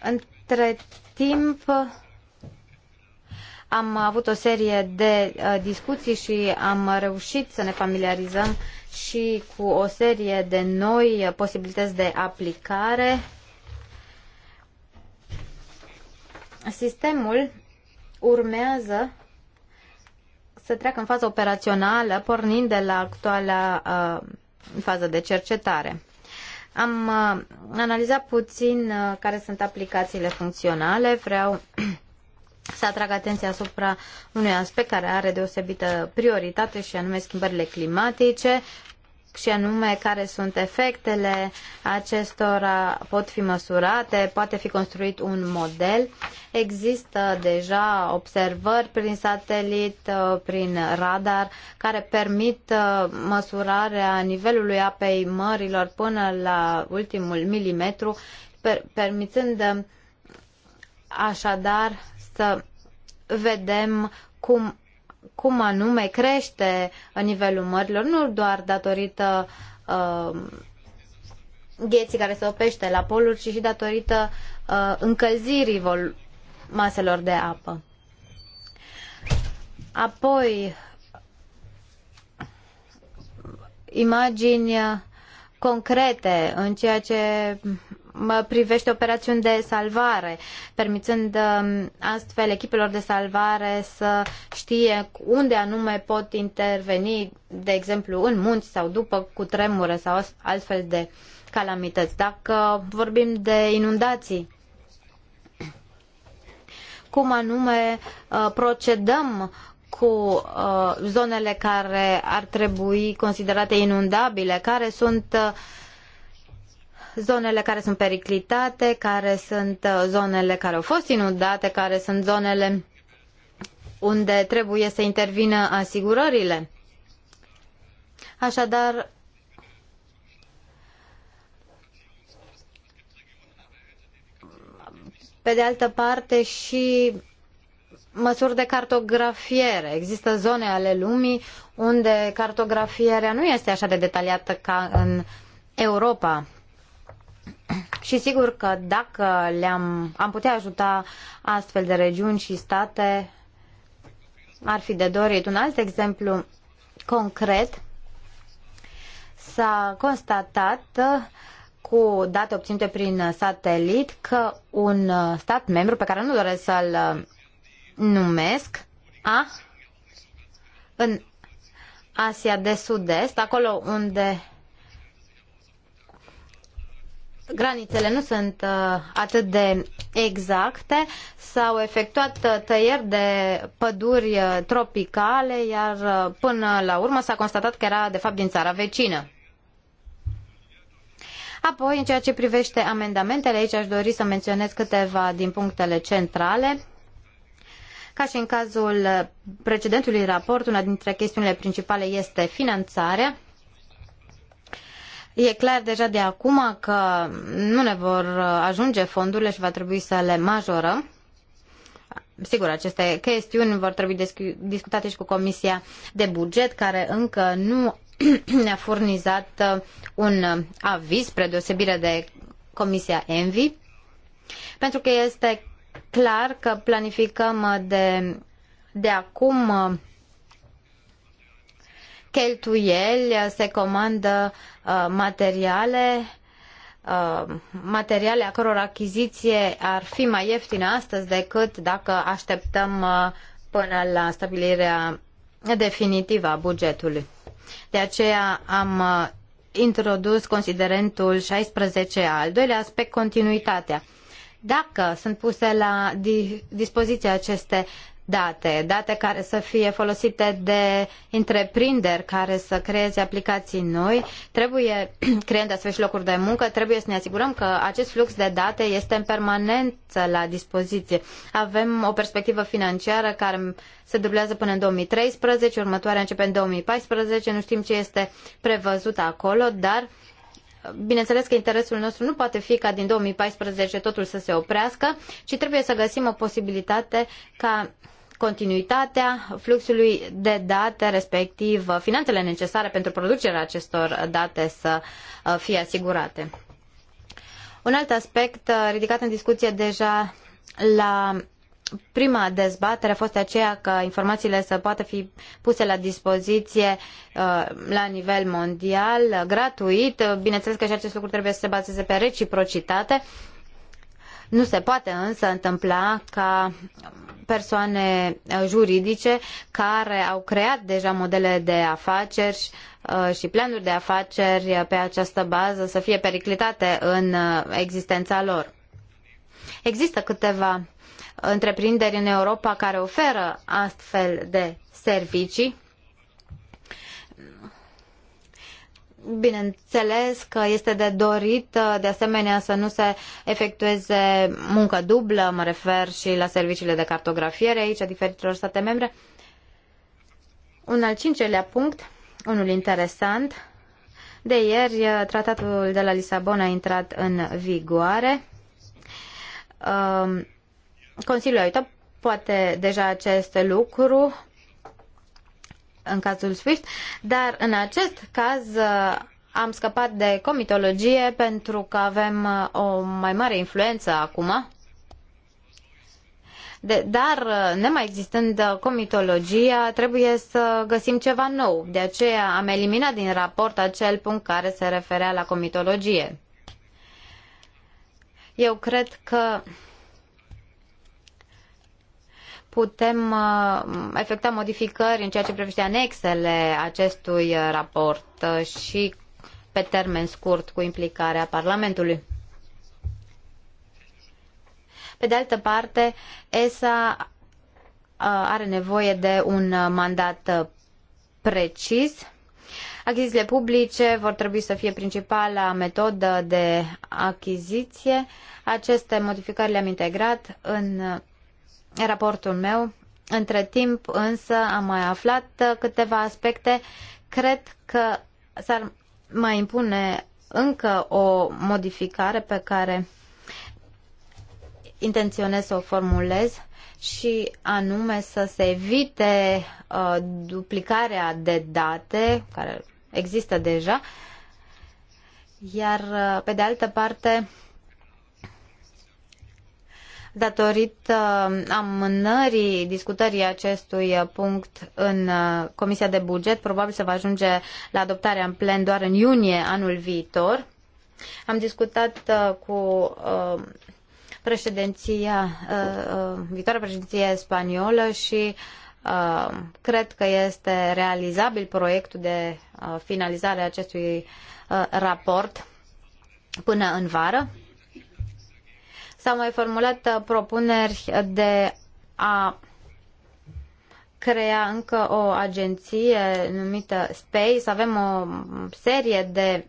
Între timp am avut o serie de uh, discuții și am reușit să ne familiarizăm și cu o serie de noi posibilități de aplicare. Sistemul urmează să treacă în faza operațională, pornind de la actuala uh, fază de cercetare. Am uh, analizat puțin uh, care sunt aplicațiile funcționale. Vreau să atrag atenția asupra unui aspect care are deosebită prioritate și anume schimbările climatice și anume care sunt efectele acestora, pot fi măsurate, poate fi construit un model. Există deja observări prin satelit, uh, prin radar, care permit uh, măsurarea nivelului apei mărilor până la ultimul milimetru, per- permițând uh, așadar să vedem cum cum anume crește nivelul mărilor, nu doar datorită uh, gheții care se oprește la poluri, ci și datorită uh, încălzirii vol- maselor de apă. Apoi, imagini concrete în ceea ce privește operațiuni de salvare, permițând um, astfel echipelor de salvare să știe unde anume pot interveni, de exemplu, în munți sau după cutremure sau altfel de calamități. Dacă vorbim de inundații, cum anume uh, procedăm cu uh, zonele care ar trebui considerate inundabile, care sunt uh, zonele care sunt periclitate, care sunt uh, zonele care au fost inundate, care sunt zonele unde trebuie să intervină asigurările. Așadar, pe de altă parte și măsuri de cartografiere. Există zone ale lumii unde cartografierea nu este așa de detaliată ca în Europa. Și sigur că dacă le-am am putea ajuta astfel de regiuni și state, ar fi de dorit. Un alt exemplu concret s-a constatat cu date obținute prin satelit că un stat membru pe care nu doresc să-l uh, numesc a în Asia de Sud-Est, acolo unde granițele nu sunt uh, atât de exacte, s-au efectuat uh, tăieri de păduri uh, tropicale, iar până la urmă s-a constatat că era de fapt din țara vecină. Apoi, în ceea ce privește amendamentele, aici aș dori să menționez câteva din punctele centrale. Ca și în cazul precedentului raport, una dintre chestiunile principale este finanțarea. E clar deja de acum că nu ne vor ajunge fondurile și va trebui să le majorăm. Sigur, aceste chestiuni vor trebui discutate și cu Comisia de Buget, care încă nu ne-a furnizat uh, un aviz, spre deosebire de Comisia Envi, pentru că este clar că planificăm uh, de, de acum uh, cheltuieli se comandă uh, materiale uh, materiale a căror achiziție ar fi mai ieftină astăzi decât dacă așteptăm uh, până la stabilirea definitivă a bugetului. De aceea am uh, introdus considerentul 16 al doilea aspect, continuitatea. Dacă sunt puse la dispoziție aceste date, date care să fie folosite de întreprinderi care să creeze aplicații noi, trebuie, creând astfel și locuri de muncă, trebuie să ne asigurăm că acest flux de date este în permanență la dispoziție. Avem o perspectivă financiară care se dublează până în 2013, următoarea începe în 2014, nu știm ce este prevăzut acolo, dar Bineînțeles că interesul nostru nu poate fi ca din 2014 totul să se oprească, ci trebuie să găsim o posibilitate ca continuitatea fluxului de date, respectiv finanțele necesare pentru producerea acestor date să uh, fie asigurate. Un alt aspect uh, ridicat în discuție deja la prima dezbatere a fost aceea că informațiile să poată fi puse la dispoziție uh, la nivel mondial, gratuit. Bineînțeles că și acest lucru trebuie să se bazeze pe reciprocitate. Nu se poate însă întâmpla ca persoane uh, juridice care au creat deja modele de afaceri uh, și planuri de afaceri pe această bază să fie periclitate în existența lor. Există câteva întreprinderi în Europa care oferă astfel de servicii. Bineînțeles că este de dorit uh, de asemenea să nu se efectueze muncă dublă, mă refer și la serviciile de cartografiere aici a diferitelor state membre. Un al cincelea punct, unul interesant, de ieri uh, tratatul de la Lisabona a intrat în vigoare. Um, Consiliul a uitat poate deja acest lucru în cazul SWIFT, dar în acest caz uh, am scăpat de comitologie pentru că avem uh, o mai mare influență acum. De, dar, uh, nemai existând comitologia, trebuie să găsim ceva nou. De aceea am eliminat din raport acel punct care se referea la comitologie. Eu cred că putem uh, efectua modificări în ceea ce privește anexele acestui raport uh, și pe termen scurt cu implicarea Parlamentului. Pe de altă parte, ESA uh, are nevoie de un mandat precis. Achizițiile publice vor trebui să fie principala metodă de achiziție. Aceste modificări le-am integrat în raportul meu. Între timp însă am mai aflat uh, câteva aspecte. Cred că s-ar mai impune încă o modificare pe care intenționez să o formulez și anume să se evite uh, duplicarea de date care există deja, iar uh, pe de altă parte datorită amânării discutării acestui punct în uh, Comisia de Buget. Probabil se va ajunge la adoptarea în plen doar în iunie anul viitor. Am discutat uh, cu uh, președinția, viitoarea președinție spaniolă și cred că este realizabil proiectul de finalizare a acestui raport până în vară. S-au mai formulat uh, propuneri de a crea încă o agenție numită Space. Avem o serie de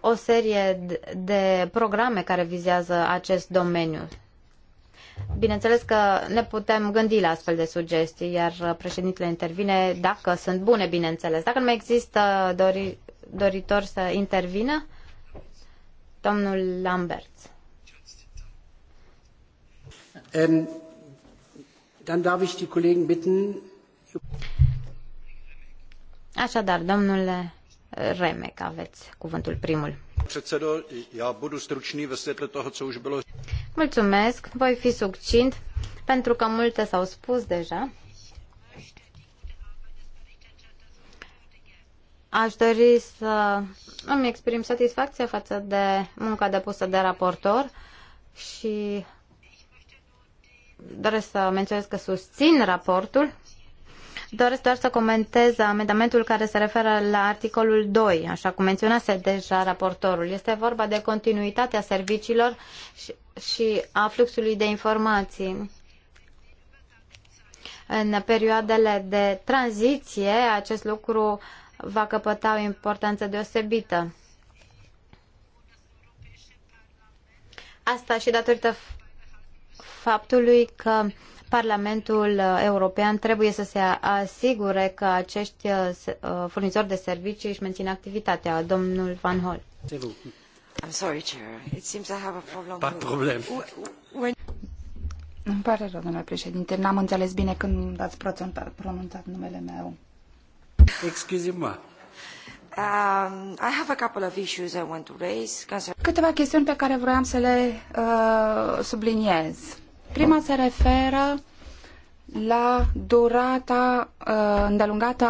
o serie de programe care vizează acest domeniu. Bineînțeles că ne putem gândi la astfel de sugestii, iar președintele intervine dacă sunt bune, bineînțeles. Dacă nu mai există dori, doritor să intervină, Domnul Lambert. Um, dann darf ich die Kollegen bitten. Așadar, domnule Remek, aveți cuvântul primul. Předsedo, já budu stručný ve světle toho, co už bylo. Mulțumesc, voi fi succint, pentru că multe s-au spus deja. Aș dori să îmi exprim satisfacția față de munca depusă de raportor și doresc să menționez că susțin raportul. Doresc doar să comentez amendamentul care se referă la articolul 2, așa cum menționase deja raportorul. Este vorba de continuitatea serviciilor și, a fluxului de informații. În perioadele de tranziție, acest lucru uh, va căpăta o importanță deosebită. Asta și datorită faptului că Parlamentul European trebuie să se asigure că acești uh, uh, furnizori de servicii își mențin activitatea. Domnul Van Hol. I'm sorry, Chair. It seems I have a problem. problem. Îmi pare rău, domnule președinte, n-am înțeles bine când ați pronunțat numele meu. Câteva chestiuni pe care vroiam să le uh, subliniez. Prima se referă la durata uh, îndelungată,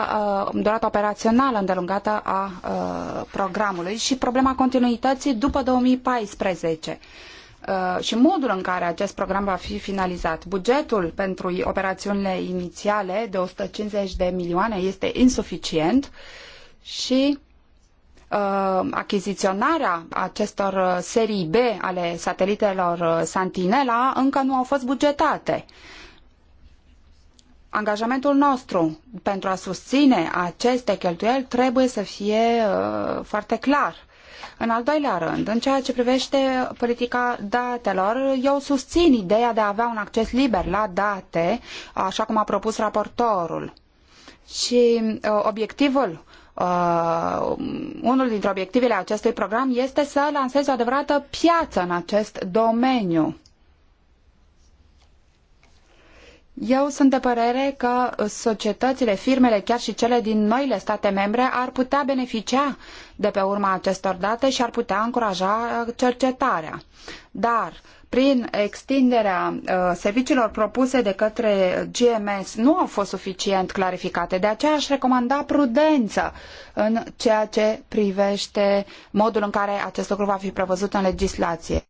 uh, durata operațională îndelungată a uh, programului și problema continuității după 2014. Uh, și modul în care acest program va fi finalizat. Bugetul pentru operațiunile inițiale de 150 de milioane este insuficient și uh, achiziționarea acestor serii B ale satelitelor Santinela încă nu au fost bugetate. Angajamentul nostru pentru a susține aceste cheltuieli trebuie să fie uh, foarte clar. În al doilea rând, în ceea ce privește politica datelor, eu susțin ideea de a avea un acces liber la date, așa cum a propus raportorul. Și uh, obiectivul Uh, unul dintre obiectivele acestui program este să lanseze o adevărată piață în acest domeniu. Eu sunt de părere că uh, societățile, firmele, chiar și cele din noile state membre ar putea beneficia de pe urma acestor date și ar putea încuraja uh, cercetarea. Dar prin extinderea uh, serviciilor propuse de către GMS nu au fost suficient clarificate. De aceea aș recomanda prudență în ceea ce privește modul în care acest lucru va fi prevăzut în legislație.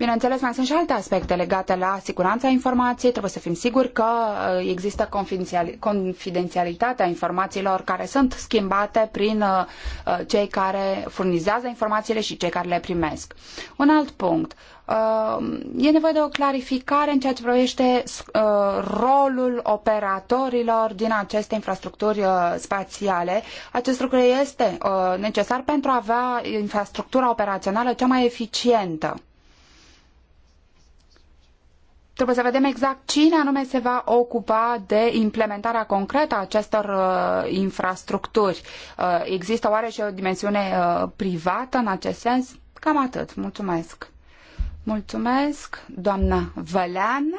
Bineînțeles, mai sunt și alte aspecte legate la siguranța informației. Trebuie să fim siguri că uh, există confidențialitatea informațiilor care sunt schimbate prin uh, uh, cei care furnizează informațiile și cei care le primesc. Un alt punct. E nevoie de o clarificare în ceea ce privește rolul operatorilor din aceste infrastructuri spațiale. Acest lucru este necesar pentru a avea infrastructura operațională cea mai eficientă. Trebuie să vedem exact cine anume se va ocupa de implementarea concretă a acestor uh, infrastructuri. Uh, există oare și o dimensiune uh, privată în acest sens? Cam atât. Mulțumesc. Mulțumesc, doamnă Vălean.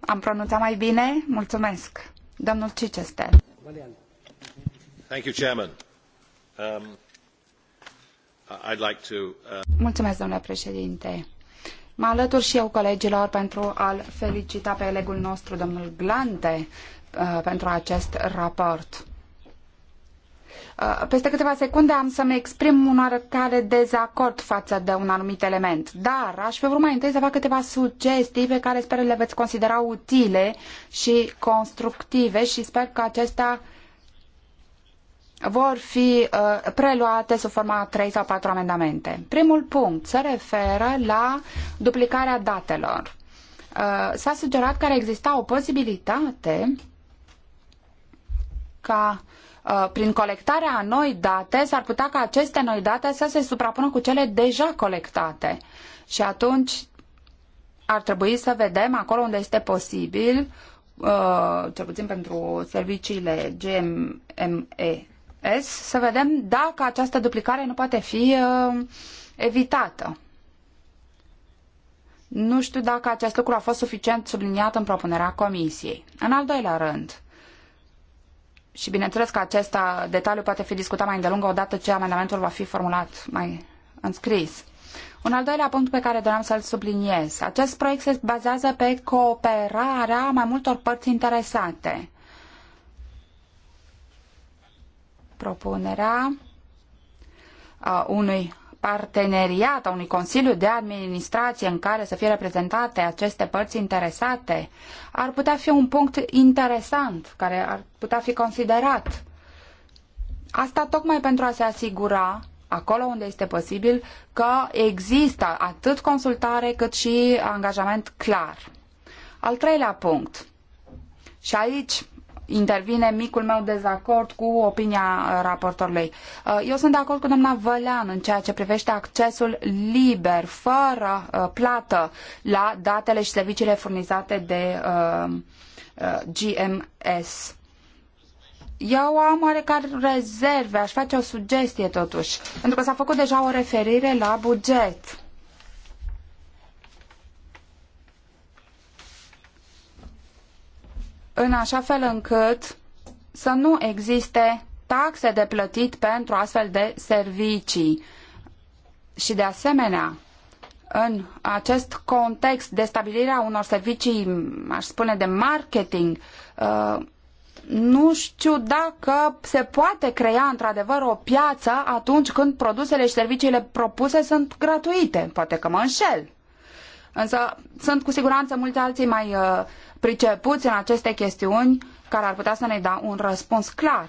Am pronunțat mai bine? Mulțumesc. Domnul Cicester. Thank you, Chairman. Um, I'd like to, uh... Mulțumesc, domnule președinte. Mă alătur și eu colegilor pentru a-l felicita pe elegul nostru, domnul Glante, uh, pentru acest raport. Uh, peste câteva secunde am să-mi exprim un oarecare dezacord față de un anumit element, dar aș fi vrut mai întâi să fac câteva sugestii pe care sper le veți considera utile și constructive și sper că acestea uh, vor fi uh, preluate sub forma a 3 sau 4 amendamente. Primul punct se referă la duplicarea datelor. Uh, s-a sugerat că ar exista o posibilitate ca uh, prin colectarea a noi date s-ar putea ca aceste noi date să se suprapună cu cele deja colectate. Și atunci ar trebui să vedem acolo unde este posibil, uh, cel puțin pentru serviciile GME S, să vedem dacă această duplicare nu poate fi uh, evitată. Nu știu dacă acest lucru a fost suficient subliniat în propunerea comisiei. În al doilea rând, și bineînțeles că acest detaliu poate fi discutat mai îndelungă odată ce amendamentul va fi formulat mai înscris. Un al doilea punct pe care doream să-l subliniez. Acest proiect se bazează pe cooperarea mai multor părți interesate. propunerea unui parteneriat, a unui consiliu de administrație în care să fie reprezentate aceste părți interesate, ar putea fi un punct interesant care ar putea fi considerat. Asta tocmai pentru a se asigura acolo unde este posibil că există atât consultare cât și angajament clar. Al treilea punct. Și aici intervine micul meu dezacord cu opinia raportorului. Uh, eu sunt de acord cu doamna Vălean în ceea ce privește accesul liber, fără uh, plată, la datele și serviciile furnizate de uh, GMS. Eu am oarecare rezerve, aș face o sugestie totuși, pentru că s-a făcut deja o referire la buget în așa fel încât să nu existe taxe de plătit pentru astfel de servicii. Și de asemenea, în acest context de stabilire a unor servicii, aș spune, de marketing, uh, nu știu dacă se poate crea într-adevăr o piață atunci când produsele și serviciile propuse sunt gratuite. Poate că mă înșel. Însă sunt cu siguranță mulți alții mai uh, pricepuți în aceste chestiuni care ar putea să ne dea un răspuns clar.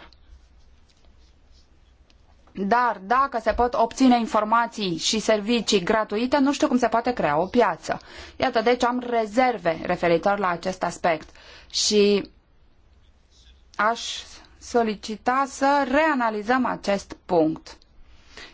Dar dacă se pot obține informații și servicii gratuite, nu știu cum se poate crea o piață. Iată, deci am rezerve referitor la acest aspect și aș solicita să reanalizăm acest punct.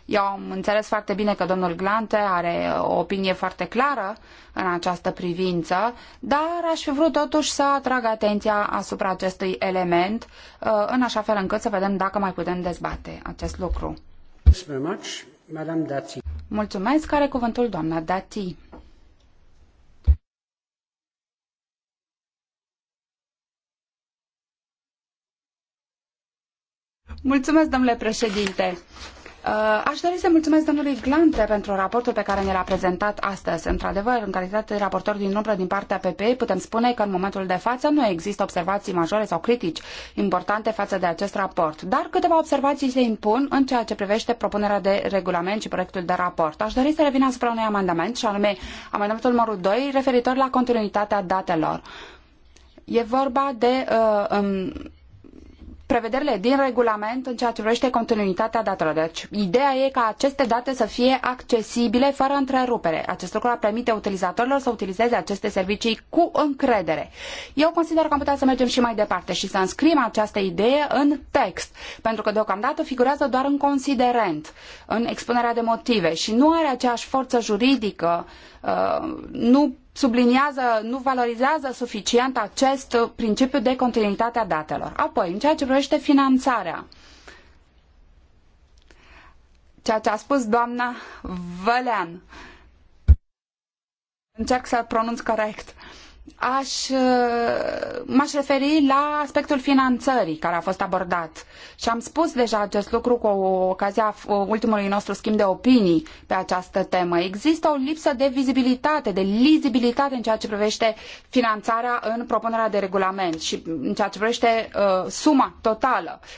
Eu am înțeles foarte bine că domnul Glante are o opinie foarte clară în această privință, dar aș fi vrut totuși să atrag atenția asupra acestui element, uh, în așa fel încât să vedem dacă mai putem dezbate acest lucru. Mulțumesc, care cuvântul doamna Dati. Mulțumesc, domnule președinte. Uh, aș dori să mulțumesc domnului Glante pentru raportul pe care ne l-a prezentat astăzi. Într-adevăr, în calitate de raportor din umbră din partea PP, putem spune că în momentul de față nu există observații majore sau critici importante față de acest raport, dar câteva observații se impun în ceea ce privește propunerea de regulament și proiectul de raport. Aș dori să revin asupra unui amendament, și anume amendamentul numărul doi, referitor la continuitatea datelor. E vorba de uh, um, prevederile din regulament în ceea ce privește continuitatea datelor. Deci, ideea e ca aceste date să fie accesibile fără întrerupere. Acest lucru ar permite utilizatorilor să utilizeze aceste servicii cu încredere. Eu consider că am putea să mergem și mai departe și să înscriem această idee în text, pentru că deocamdată figurează doar în considerent, în expunerea de motive și nu are aceeași forță juridică, uh, nu subliniază, nu valorizează suficient acest uh, principiu de continuitate a datelor. Apoi, în ceea ce privește finanțarea, ceea ce a spus doamna Vălean, încerc să pronunț corect, aș, uh, m-aș referi la aspectul finanțării care a fost abordat. Și am spus deja acest lucru cu ocazia ultimului nostru schimb de opinii pe această temă. Există o lipsă de vizibilitate, de lizibilitate în ceea ce privește finanțarea în propunerea de regulament și în ceea ce privește uh, suma totală. Uh,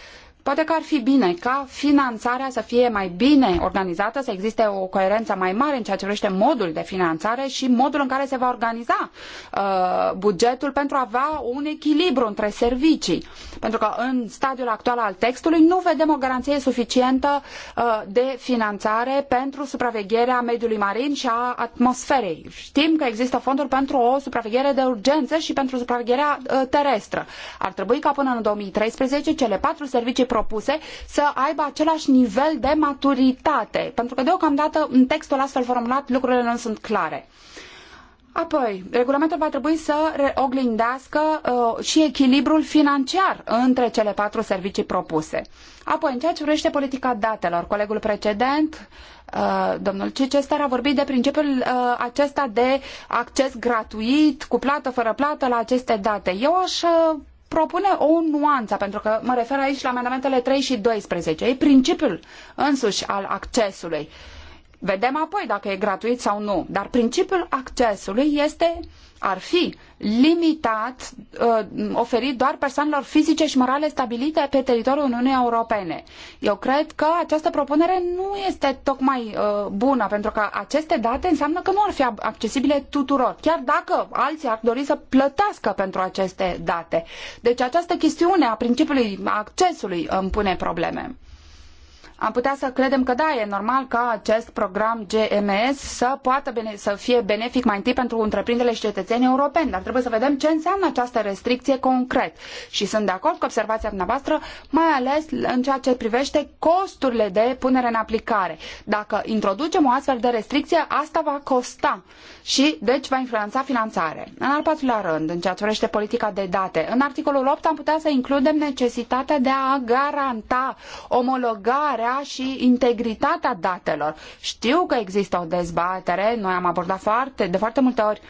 Poate că ar fi bine ca finanțarea să fie mai bine organizată, să existe o coerență mai mare în ceea ce privește modul de finanțare și modul în care se va organiza uh, bugetul pentru a avea un echilibru între servicii. Pentru că în stadiul actual al textului nu vedem o garanție suficientă uh, de finanțare pentru supravegherea mediului marin și a atmosferei. Știm că există fonduri pentru o supraveghere de urgență și pentru supravegherea uh, terestră. Ar trebui ca până în 2013 cele patru servicii propuse să aibă același nivel de maturitate. Pentru că deocamdată în textul astfel formulat lucrurile nu sunt clare. Apoi, regulamentul va trebui să oglindească uh, și echilibrul financiar între cele patru servicii propuse. Apoi, în ceea ce privește politica datelor, colegul precedent, uh, domnul Cicester, a vorbit de principiul uh, acesta de acces gratuit, cu plată, fără plată la aceste date. Eu aș uh, propune o nuanță, pentru că mă refer aici la amendamentele 3 și 12, e principiul însuși al accesului. Uh, Vedem apoi dacă e gratuit sau nu, dar principiul accesului este, ar fi limitat, uh, oferit doar persoanelor fizice și morale stabilite pe teritoriul Uniunii Europene. Eu cred că această propunere nu este tocmai uh, bună, pentru că aceste date înseamnă că nu ar fi accesibile tuturor, chiar dacă alții ar dori să plătească pentru aceste date. Deci această chestiune a principiului accesului îmi pune probleme am putea să credem că da, e normal ca acest program GMS să poată să fie benefic mai întâi pentru întreprinderile și cetățenii europeni, dar trebuie să vedem ce înseamnă această restricție concret. Și sunt de acord cu observația dumneavoastră, mai ales în ceea ce privește costurile de punere în aplicare. Dacă introducem o astfel de restricție, asta va costa și deci va influența finanțare. În al patrulea rând, în ceea ce privește politica de date, în articolul opt am putea să includem necesitatea de a garanta omologarea și integritatea datelor. Știu că există o dezbatere, noi am abordat foarte, de foarte multe ori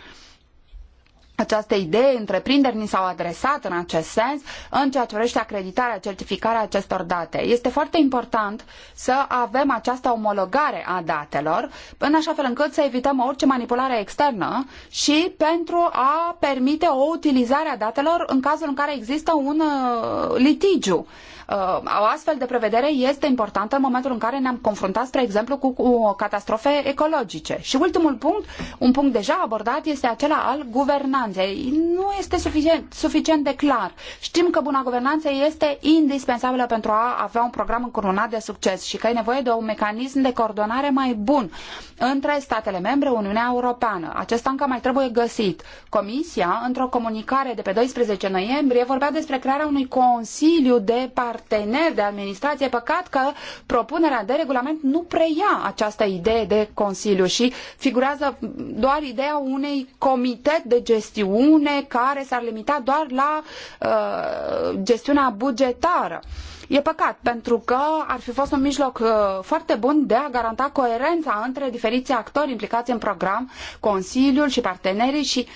această idee, întreprinderi ni s-au adresat în acest sens în ceea ce privește acreditarea, certificarea acestor date. Este foarte important să avem această omologare a datelor, în așa fel încât să evităm orice manipulare externă și pentru a permite o utilizare a datelor în cazul în care există un uh, litigiu. Uh, Uh, o astfel de prevedere este importantă în momentul în care ne-am confruntat, spre exemplu, cu, cu catastrofe ecologice. Și ultimul punct, un punct deja abordat, este acela al guvernanței. Nu este suficient, suficient de clar. Știm că buna guvernanță este indispensabilă pentru a avea un program încurunat de succes și că e nevoie de un mecanism de coordonare mai bun între statele membre, Uniunea Europeană. Acesta încă mai trebuie găsit. Comisia, într-o comunicare de pe 12 noiembrie, vorbea despre crearea unui consiliu de par Partener de administrație. Păcat că propunerea de regulament nu preia această idee de Consiliu și figurează doar ideea unei comitet de gestiune care s-ar limita doar la uh, gestiunea bugetară. E păcat, pentru că ar fi fost un mijloc uh, foarte bun de a garanta coerența între diferiții actori implicați în program, Consiliul și partenerii și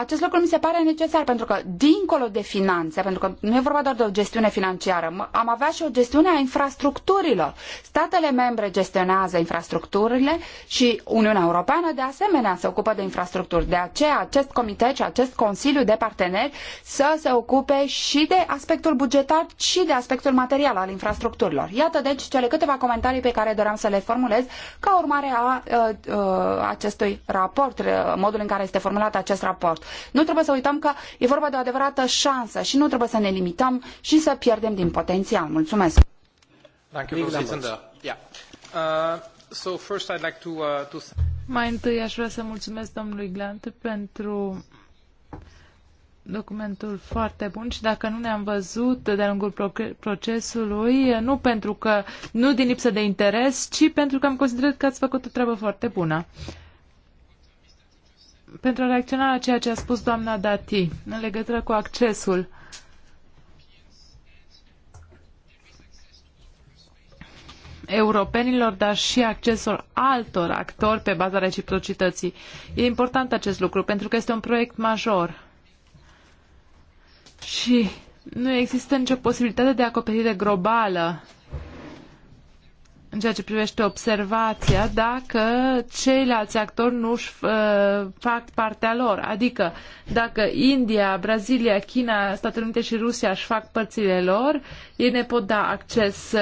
acest lucru mi se pare necesar pentru că, dincolo de finanțe, pentru că nu e vorba doar de o gestiune financiară, am avea și o gestiune a infrastructurilor. Statele membre gestionează infrastructurile și Uniunea Europeană, de asemenea, se ocupă de infrastructuri. De aceea, acest comitet și acest Consiliu de Parteneri să se ocupe și de aspectul bugetar și de aspectul material al infrastructurilor. Iată, deci, cele câteva comentarii pe care doream să le formulez ca urmare a, a uh, uh, acestui raport, uh, modul în care este formulat acest raport. Nu trebuie să uităm că e vorba de o adevărată șansă și nu trebuie să ne limităm și să pierdem din potențial. Mulțumesc! Mai întâi aș vrea să mulțumesc domnului Glant pentru documentul foarte bun și dacă nu ne-am văzut de-a lungul procesului, nu pentru că, nu din lipsă de interes, ci pentru că am considerat că ați făcut o treabă foarte bună pentru a reacționa la ceea ce a spus doamna Dati în legătură cu accesul europenilor, dar și accesul altor actori pe baza reciprocității. E important acest lucru pentru că este un proiect major. Și nu există nicio posibilitate de acoperire globală în ceea ce privește observația dacă ceilalți actori nu își uh, fac partea lor. Adică dacă India, Brazilia, China, Statele Unite și Rusia își fac părțile lor, ei ne pot da acces uh,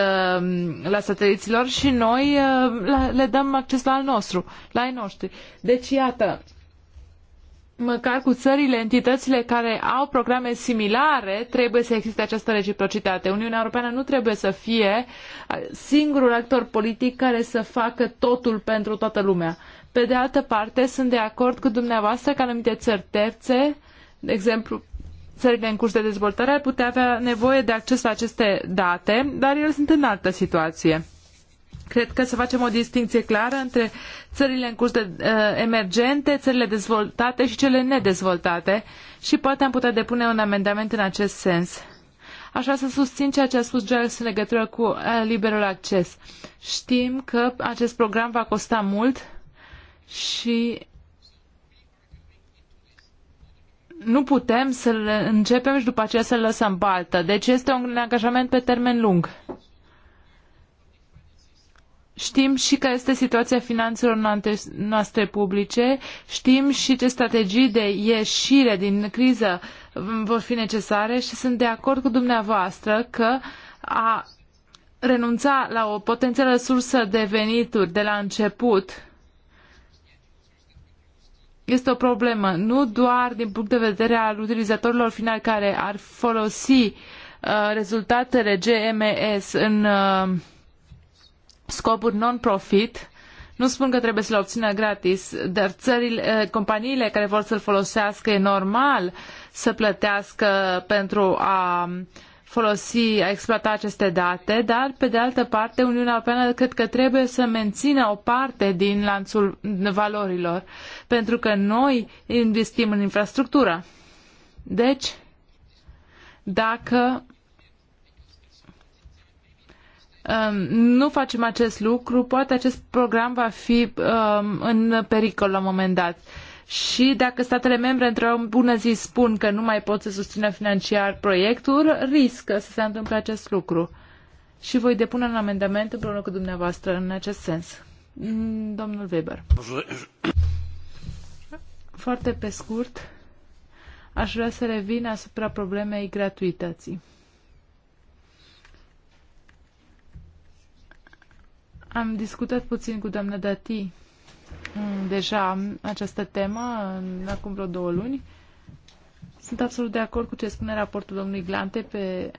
la sateliților și noi uh, la, le dăm acces la al nostru, la ai noștri. Deci iată, măcar cu țările, entitățile care au programe similare, trebuie să existe această reciprocitate. Uniunea Europeană nu trebuie să fie uh, singurul actor politic care să facă totul pentru toată lumea. Pe de altă parte, sunt de acord cu dumneavoastră că anumite țări terțe, de exemplu, țările în curs de dezvoltare, ar putea avea nevoie de acces la aceste date, dar ele sunt în altă situație. Cred că să facem o distinție clară între țările în curs de uh, emergente, țările dezvoltate și cele nedezvoltate și poate am putea depune un amendament în acest sens. Așa vrea să susțin ceea ce a spus Giles în legătură cu uh, liberul acces. Știm că acest program va costa mult și nu putem să-l începem și după aceea să-l lăsăm baltă. Deci este un angajament pe termen lung. Știm și care este situația finanțelor noastre publice, știm și ce strategii de ieșire din criză mm, vor fi necesare și sunt de acord cu dumneavoastră că a renunța la o potențială sursă de venituri de la început este o problemă, nu doar din punct de vedere al utilizatorilor finali care ar folosi uh, rezultatele GMS în uh, scopuri non-profit. Nu spun că trebuie să-l obțină gratis, dar țările, eh, companiile care vor să-l folosească e normal să plătească pentru a folosi, a exploata aceste date, dar pe de altă parte Uniunea Europeană cred că trebuie să mențină o parte din lanțul valorilor, pentru că noi investim în infrastructură. Deci, dacă Um, nu facem acest lucru, poate acest program va fi um, în pericol la un moment dat. Și dacă statele membre într-o bună zi spun că nu mai pot să susțină financiar proiectul, riscă să se întâmple acest lucru. Și voi depune un amendament împreună cu dumneavoastră în acest sens. Mm, domnul Weber. Foarte pe scurt, aș vrea să revin asupra problemei gratuității. Am discutat puțin cu doamna Dati mm, deja această temă acum vreo două luni. Sunt absolut de acord cu ce spune raportul domnului Glante pe,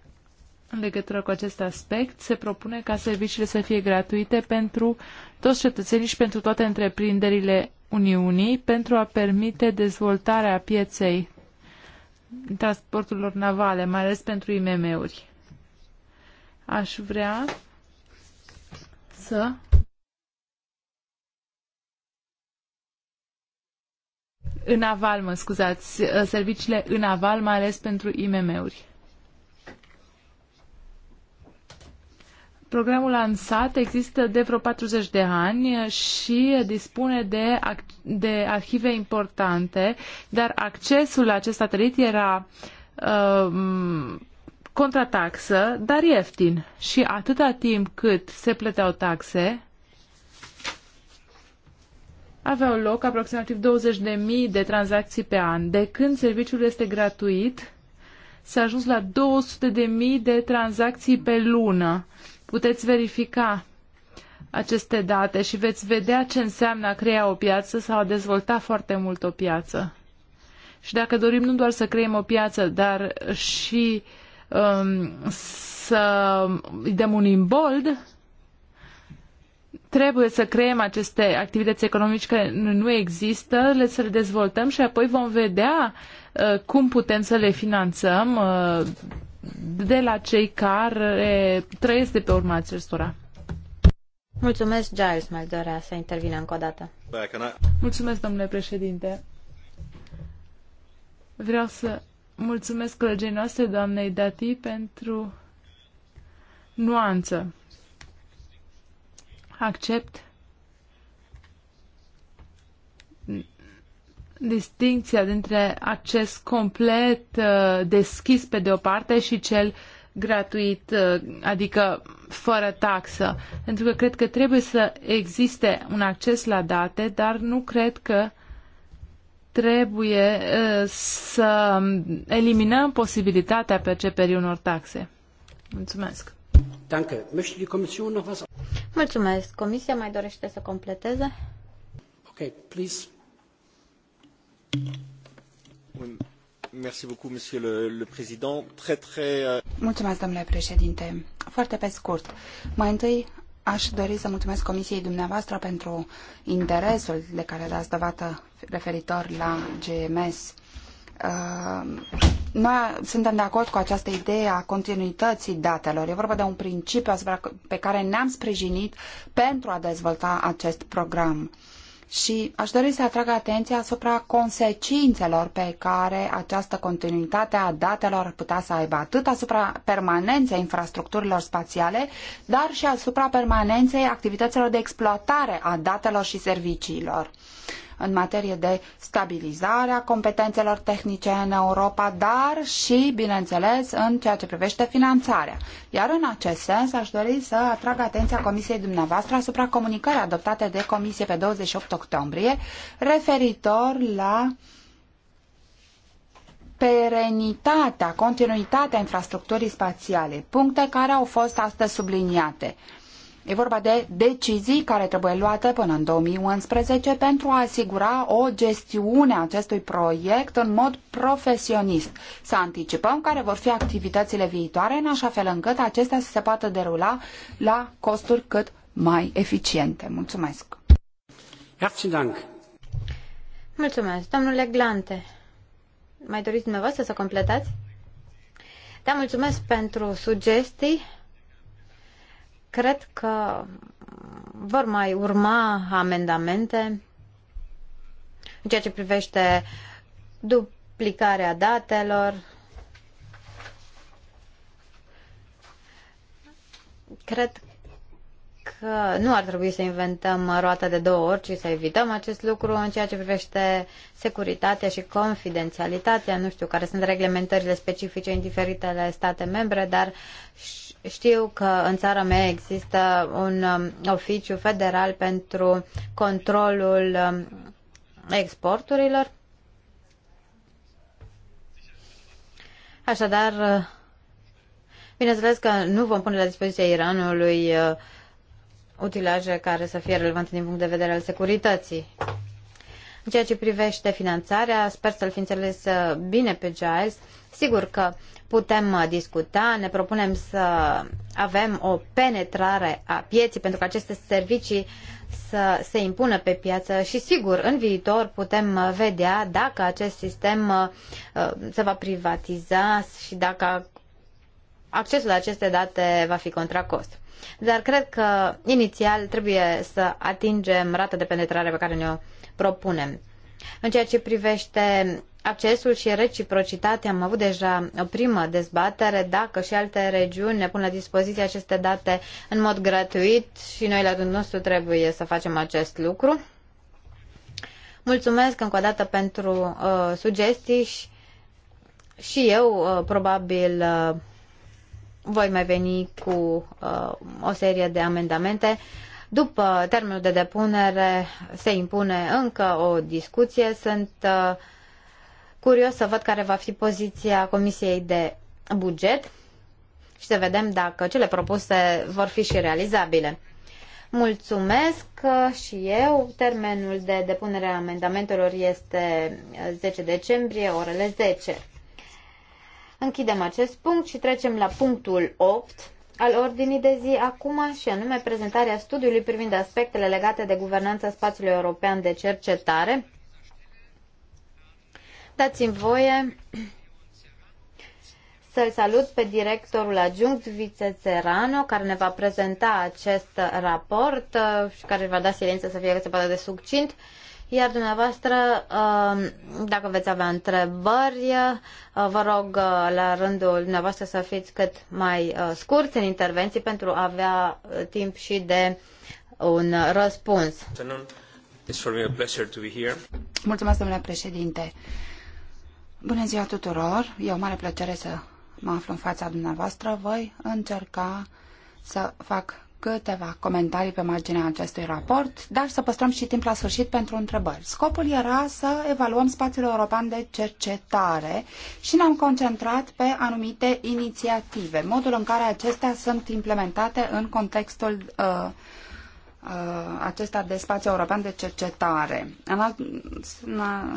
în legătură cu acest aspect. Se propune ca serviciile să fie gratuite pentru toți cetățenii și pentru toate întreprinderile Uniunii pentru a permite dezvoltarea pieței transporturilor navale, mai ales pentru IMM-uri. Aș vrea însă în aval, mă scuzați, uh, serviciile în aval, mai ales pentru IMM-uri. Programul lansat există de vreo 40 de ani și dispune de, de arhive importante, dar accesul la acest satelit era uh, contrataxă, dar ieftin. Și atâta timp cât se plăteau taxe, aveau loc aproximativ 20.000 de tranzacții pe an. De când serviciul este gratuit, s-a ajuns la 200.000 de tranzacții pe lună. Puteți verifica aceste date și veți vedea ce înseamnă a crea o piață sau a dezvolta foarte mult o piață. Și dacă dorim nu doar să creăm o piață, dar și uh, Um, să îi dăm un imbold, trebuie să creăm aceste activități economice care nu există, le să le dezvoltăm și apoi vom vedea uh, cum putem să le finanțăm uh, de la cei care trăiesc de pe urma acestora. Mulțumesc, Giles, mai dorea să intervină încă o dată. Mulțumesc, domnule președinte. Vreau să mulțumesc colegii noastre, doamnei Dati, pentru nuanță. Accept distinția dintre acces complet uh, deschis pe de o parte și cel gratuit, uh, adică fără taxă. Pentru că cred că trebuie să existe un acces la date, dar nu cred că trebuie să eliminăm posibilitatea perceperii unor taxe. Mulțumesc. Danke. Möchte die Kommission noch was? Mulțumesc. Comisia mai dorește să completeze? Ok, please. Merci beaucoup, monsieur le, le président. Très, très... Euh- Mulțumesc, domnule președinte. Foarte pe scurt. Mai întâi Aș dori să mulțumesc Comisiei dumneavoastră pentru interesul de care dați dovadă referitor la GMS. Uh, noi suntem de acord cu această idee a continuității datelor. E vorba de un principiu pe care ne-am sprijinit pentru a dezvolta acest program și aș dori să atrag atenția asupra consecințelor pe care această continuitate a datelor ar putea să aibă atât asupra permanenței infrastructurilor spațiale, dar și asupra permanenței activităților de exploatare a datelor și serviciilor în materie de stabilizare a competențelor tehnice în Europa, dar și, bineînțeles, în ceea ce privește finanțarea. Iar în acest sens aș dori să atrag atenția Comisiei dumneavoastră asupra comunicării adoptate de Comisie pe 28 octombrie referitor la perenitatea, continuitatea infrastructurii spațiale, puncte care au fost astăzi subliniate. E vorba de decizii care trebuie luate până în 2011 pentru a asigura o gestiune a acestui proiect în mod profesionist. Să anticipăm care vor fi activitățile viitoare în așa fel încât acestea să se poată derula la costuri cât mai eficiente. Mulțumesc! Mulțumesc! Domnule Glante, mai doriți dumneavoastră să completați? Da, mulțumesc pentru sugestii Cred că vor mai urma amendamente în ceea ce privește duplicarea datelor. Cred că nu ar trebui să inventăm roata de două ori, ci să evităm acest lucru în ceea ce privește securitatea și confidențialitatea. Nu știu care sunt reglementările specifice în diferitele state membre, dar și știu că în țara mea există un um, oficiu federal pentru controlul um, exporturilor. Așadar, bineînțeles că nu vom pune la dispoziția Iranului uh, utilaje care să fie relevante din punct de vedere al securității. În ceea ce privește finanțarea, sper să-l fi înțeles uh, bine pe Giles. Sigur că putem uh, discuta, ne propunem să avem o penetrare a pieții pentru că aceste servicii să se impună pe piață și sigur în viitor putem uh, vedea dacă acest sistem uh, se va privatiza și dacă accesul la aceste date va fi contra cost. Dar cred că inițial trebuie să atingem rata de penetrare pe care ne-o propunem. În ceea ce privește accesul și reciprocitatea. Am avut deja o primă dezbatere dacă și alte regiuni ne pun la dispoziție aceste date în mod gratuit și noi la rândul nostru trebuie să facem acest lucru. Mulțumesc încă o dată pentru uh, sugestii și, și eu uh, probabil uh, voi mai veni cu uh, o serie de amendamente. După termenul de depunere se impune încă o discuție. Sunt uh, curios să văd care va fi poziția Comisiei de Buget și să vedem dacă cele propuse vor fi și realizabile. Mulțumesc și eu. Termenul de depunere a amendamentelor este 10 decembrie, orele 10. Închidem acest punct și trecem la punctul 8 al ordinii de zi acum și anume prezentarea studiului privind aspectele legate de guvernanța spațiului european de cercetare Dați-mi voie să-l salut pe directorul adjunct Țerano, care ne va prezenta acest raport uh, și care va da silință să fie cât se poate de succint. Iar dumneavoastră, uh, dacă veți avea întrebări, uh, vă rog la rândul dumneavoastră să fiți cât mai scurți în intervenții pentru a avea timp și de un răspuns. Mulțumesc, domnule președinte. Bună ziua tuturor! E o mare plăcere să mă aflu în fața dumneavoastră. Voi încerca să fac câteva comentarii pe marginea acestui raport, dar să păstrăm și timp la sfârșit pentru întrebări. Scopul era să evaluăm spațiul european de cercetare și ne-am concentrat pe anumite inițiative, modul în care acestea sunt implementate în contextul uh, Uh, acesta de spațiu european de cercetare. În,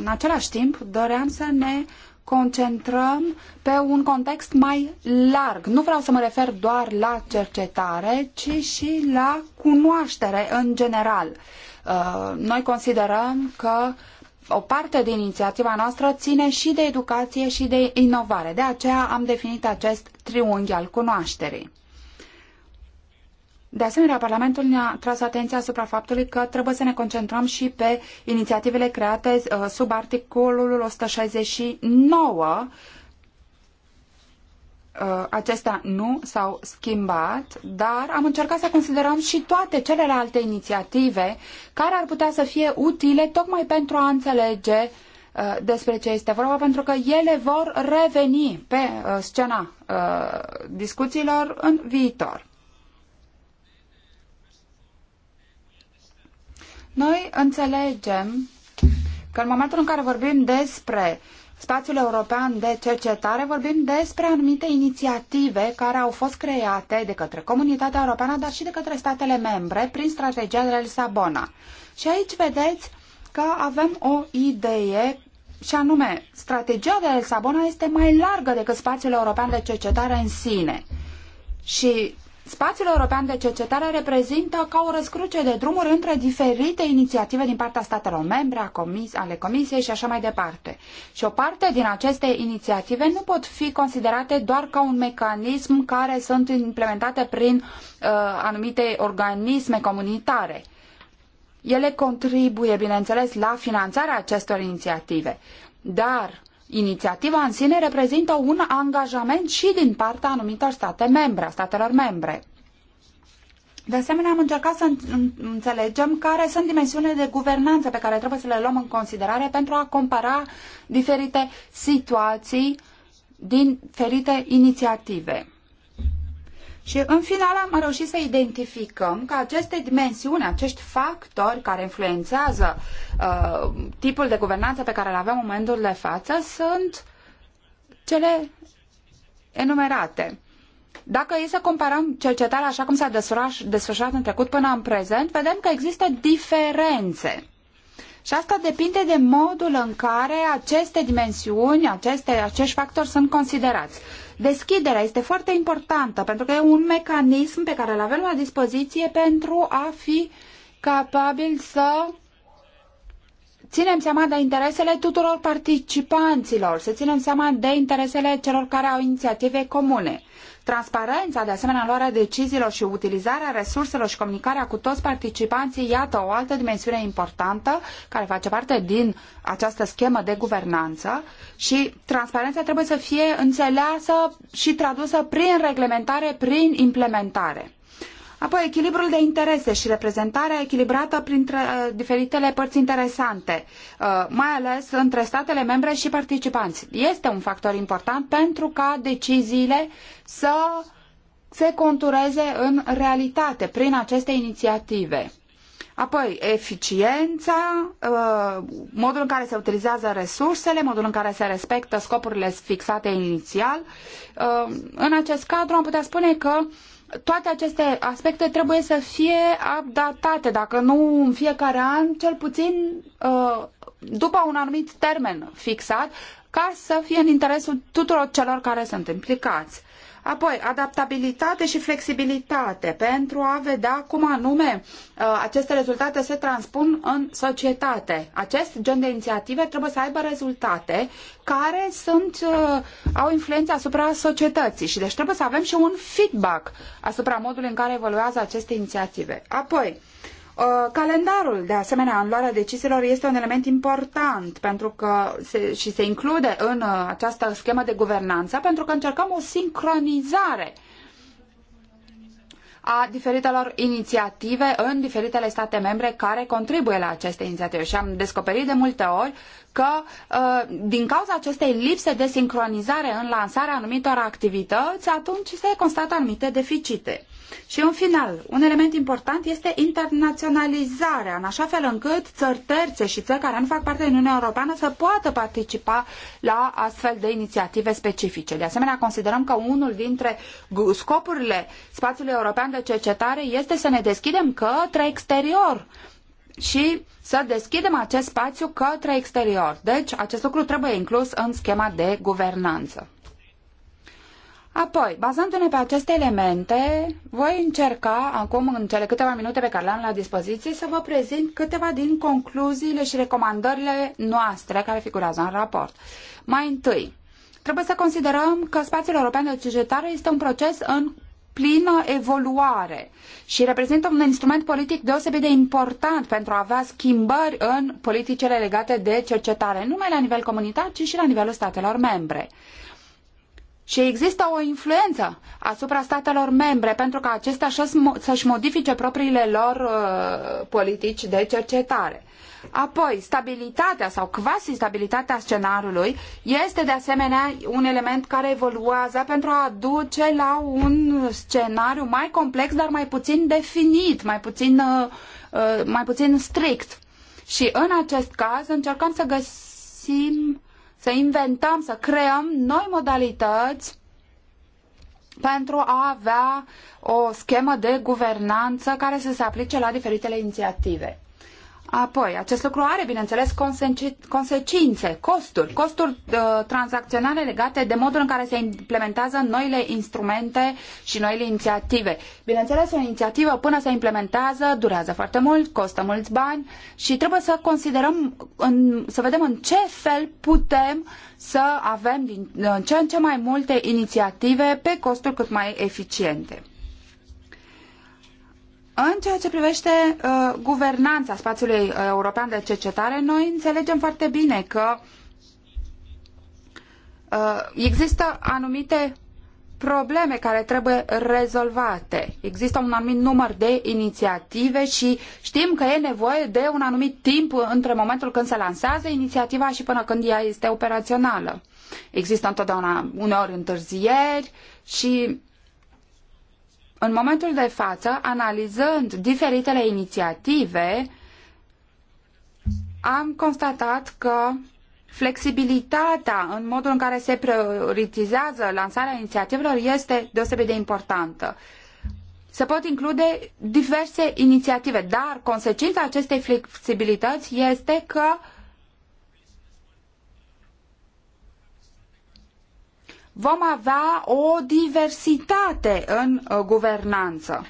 în același timp, doream să ne concentrăm pe un context mai larg. Nu vreau să mă refer doar la cercetare, ci și la cunoaștere în general. Uh, noi considerăm că o parte din inițiativa noastră ține și de educație și de inovare. De aceea am definit acest triunghi al cunoașterii. De asemenea, Parlamentul ne-a tras atenția asupra faptului că trebuie să ne concentrăm și pe inițiativele create uh, sub articolul 169. Uh, acestea nu s-au schimbat, dar am încercat să considerăm și toate celelalte inițiative care ar putea să fie utile tocmai pentru a înțelege uh, despre ce este vorba, pentru că ele vor reveni pe scena discuțiilor în viitor. Noi înțelegem că în momentul în care vorbim despre spațiul european de cercetare, vorbim despre anumite inițiative care au fost create de către comunitatea europeană, dar și de către statele membre prin strategia de la Lisabona. Și aici vedeți că avem o idee și anume, strategia de la Lisabona este mai largă decât spațiul european de cercetare în sine. Și Spațiul european de cercetare reprezintă ca o răscruce de drumuri între diferite inițiative din partea statelor membre, a comis, ale Comisiei și așa mai departe. Și o parte din aceste inițiative nu pot fi considerate doar ca un mecanism care sunt implementate prin uh, anumite organisme comunitare. Ele contribuie, bineînțeles, la finanțarea acestor inițiative, dar Inițiativa în sine reprezintă un angajament și din partea anumitor state membre, statelor membre. De asemenea, am încercat să înțelegem care sunt dimensiunile de guvernanță pe care trebuie să le luăm în considerare pentru a compara diferite situații din diferite inițiative. Și în final am reușit să identificăm că aceste dimensiuni, acești factori care influențează uh, tipul de guvernanță pe care îl avem în momentul de față sunt cele enumerate. Dacă e să comparăm cercetarea așa cum s-a desfășurat în trecut până în prezent, vedem că există diferențe. Și asta depinde de modul în care aceste dimensiuni, aceste, acești factori sunt considerați. Deschiderea este foarte importantă pentru că e un mecanism pe care îl avem la dispoziție pentru a fi capabil să ținem seama de interesele tuturor participanților, să ținem seama de interesele celor care au inițiative comune. Transparența, de asemenea, luarea deciziilor și utilizarea resurselor și comunicarea cu toți participanții, iată o altă dimensiune importantă care face parte din această schemă de guvernanță și transparența trebuie să fie înțeleasă și tradusă prin reglementare, prin implementare. Apoi, echilibrul de interese și reprezentarea echilibrată printre uh, diferitele părți interesante, uh, mai ales între statele membre și participanți, este un factor important pentru ca deciziile să se contureze în realitate prin aceste inițiative. Apoi, eficiența, uh, modul în care se utilizează resursele, modul în care se respectă scopurile fixate inițial. Uh, în acest cadru am putea spune că toate aceste aspecte trebuie să fie updatate, dacă nu în fiecare an, cel puțin uh, după un anumit termen fixat, ca să fie în interesul tuturor celor care sunt implicați. Apoi, adaptabilitate și flexibilitate pentru a vedea cum anume uh, aceste rezultate se transpun în societate. Acest gen de inițiative trebuie să aibă rezultate care sunt, uh, au influență asupra societății și deci trebuie să avem și un feedback asupra modului în care evoluează aceste inițiative. Apoi, Uh, calendarul, de asemenea, în luarea deciziilor este un element important pentru că se, și se include în uh, această schemă de guvernanță pentru că încercăm o sincronizare a diferitelor inițiative în diferitele state membre care contribuie la aceste inițiative. Și am descoperit de multe ori că uh, din cauza acestei lipse de sincronizare în lansarea anumitor activități, atunci se constată anumite deficite. Și în final, un element important este internaționalizarea, în așa fel încât țări terțe și țări care nu fac parte din Uniunea Europeană să poată participa la astfel de inițiative specifice. De asemenea, considerăm că unul dintre scopurile spațiului european de cercetare este să ne deschidem către exterior și să deschidem acest spațiu către exterior. Deci, acest lucru trebuie inclus în schema de guvernanță. Apoi, bazându-ne pe aceste elemente, voi încerca acum, în cele câteva minute pe care le am la dispoziție, să vă prezint câteva din concluziile și recomandările noastre care figurează în raport. Mai întâi, trebuie să considerăm că spațiul european de cercetare este un proces în plină evoluare și reprezintă un instrument politic deosebit de important pentru a avea schimbări în politicile legate de cercetare, nu numai la nivel comunitar, ci și la nivelul statelor membre și există o influență asupra statelor membre pentru ca acestea să-și modifice propriile lor uh, politici de cercetare. Apoi, stabilitatea sau quasi stabilitatea scenariului este de asemenea un element care evoluează pentru a duce la un scenariu mai complex, dar mai puțin definit, mai puțin, uh, uh, mai puțin strict. Și în acest caz încercăm să găsim să inventăm, să creăm noi modalități pentru a avea o schemă de guvernanță care să se aplice la diferitele inițiative. Apoi, acest lucru are, bineînțeles, consecințe, costuri, costuri uh, tranzacționale legate de modul în care se implementează noile instrumente și noile inițiative. Bineînțeles, o inițiativă până se implementează durează foarte mult, costă mulți bani și trebuie să considerăm, în, să vedem în ce fel putem să avem din, în ce în ce mai multe inițiative pe costuri cât mai eficiente. În ceea ce privește uh, guvernanța spațiului uh, european de cercetare, noi înțelegem foarte bine că uh, există anumite probleme care trebuie rezolvate. Există un anumit număr de inițiative și știm că e nevoie de un anumit timp între momentul când se lansează inițiativa și până când ea este operațională. Există întotdeauna uneori întârzieri și în momentul de față, analizând diferitele inițiative, am constatat că flexibilitatea în modul în care se prioritizează lansarea inițiativelor este deosebit de importantă. Se pot include diverse inițiative, dar consecința acestei flexibilități este că uh, vom avea o diversitate în uh, guvernanță.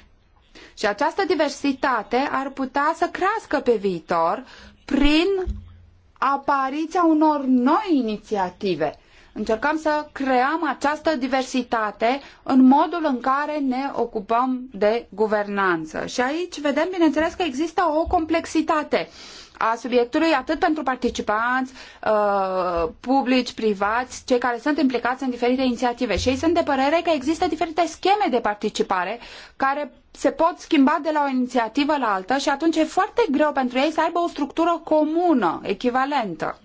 Și această diversitate ar putea să crească pe viitor prin apariția unor noi inițiative Încercăm să creăm această diversitate în modul în care ne ocupăm de guvernanță. Și aici vedem, bineînțeles, că există o complexitate a subiectului atât pentru participanți uh, publici, privați, cei care sunt implicați în diferite inițiative. Și ei sunt de părere că există diferite scheme de participare care se pot schimba de la o inițiativă la alta și atunci e foarte greu pentru ei să aibă o structură comună, echivalentă.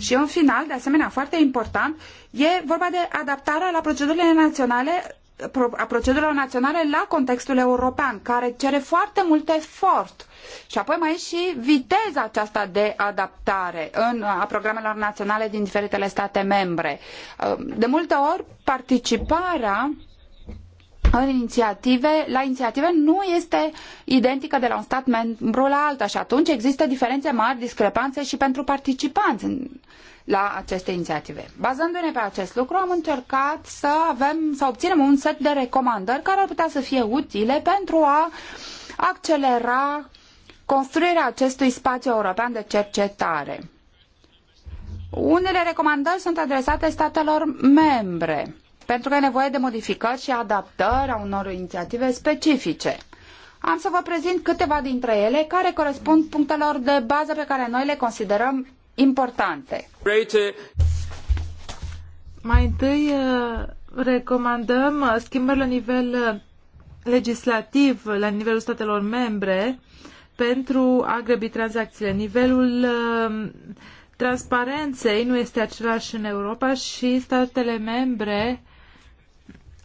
Și în final, de asemenea, foarte important, e vorba de adaptarea la procedurile naționale a procedurilor naționale la contextul european, care cere foarte mult efort. Și apoi mai e și viteza aceasta de adaptare în, a programelor naționale din diferitele state membre. Ă, de multe ori, participarea în inițiative, la inițiative nu este identică de la un stat membru la altul și atunci există diferențe mari, discrepanțe și pentru participanți la aceste inițiative. Bazându-ne pe acest lucru, am încercat să avem, să obținem un set de recomandări care ar putea să fie utile pentru a accelera construirea acestui spațiu european de cercetare. Unele recomandări sunt adresate statelor membre pentru că e nevoie de modificări și adaptări a unor inițiative specifice. Am să vă prezint câteva dintre ele care corespund punctelor de bază pe care noi le considerăm importante. Mai întâi uh, recomandăm uh, schimbări la nivel uh, legislativ, la nivelul statelor membre, pentru a grăbi tranzacțiile. Nivelul transparenței nu este același în Europa și statele membre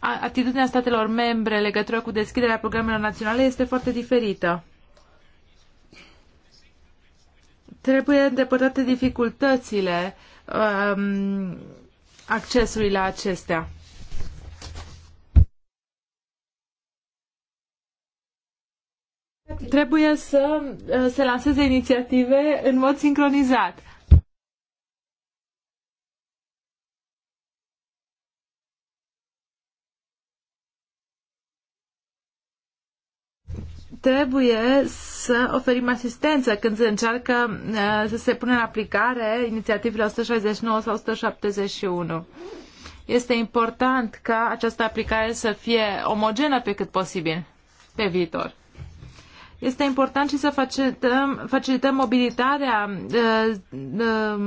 atitudinea statelor membre în legătură cu deschiderea programelor naționale este foarte diferită. Trebuie îndepărtate dificultățile um, accesului la acestea. Trebuie să uh, se lanseze inițiative în mod sincronizat. trebuie să oferim asistență când se încearcă uh, să se pună în aplicare inițiativele 169 sau 171. Este important ca această aplicare să fie omogenă pe cât posibil pe viitor. Este important și să facilităm, facilităm mobilitarea uh, uh,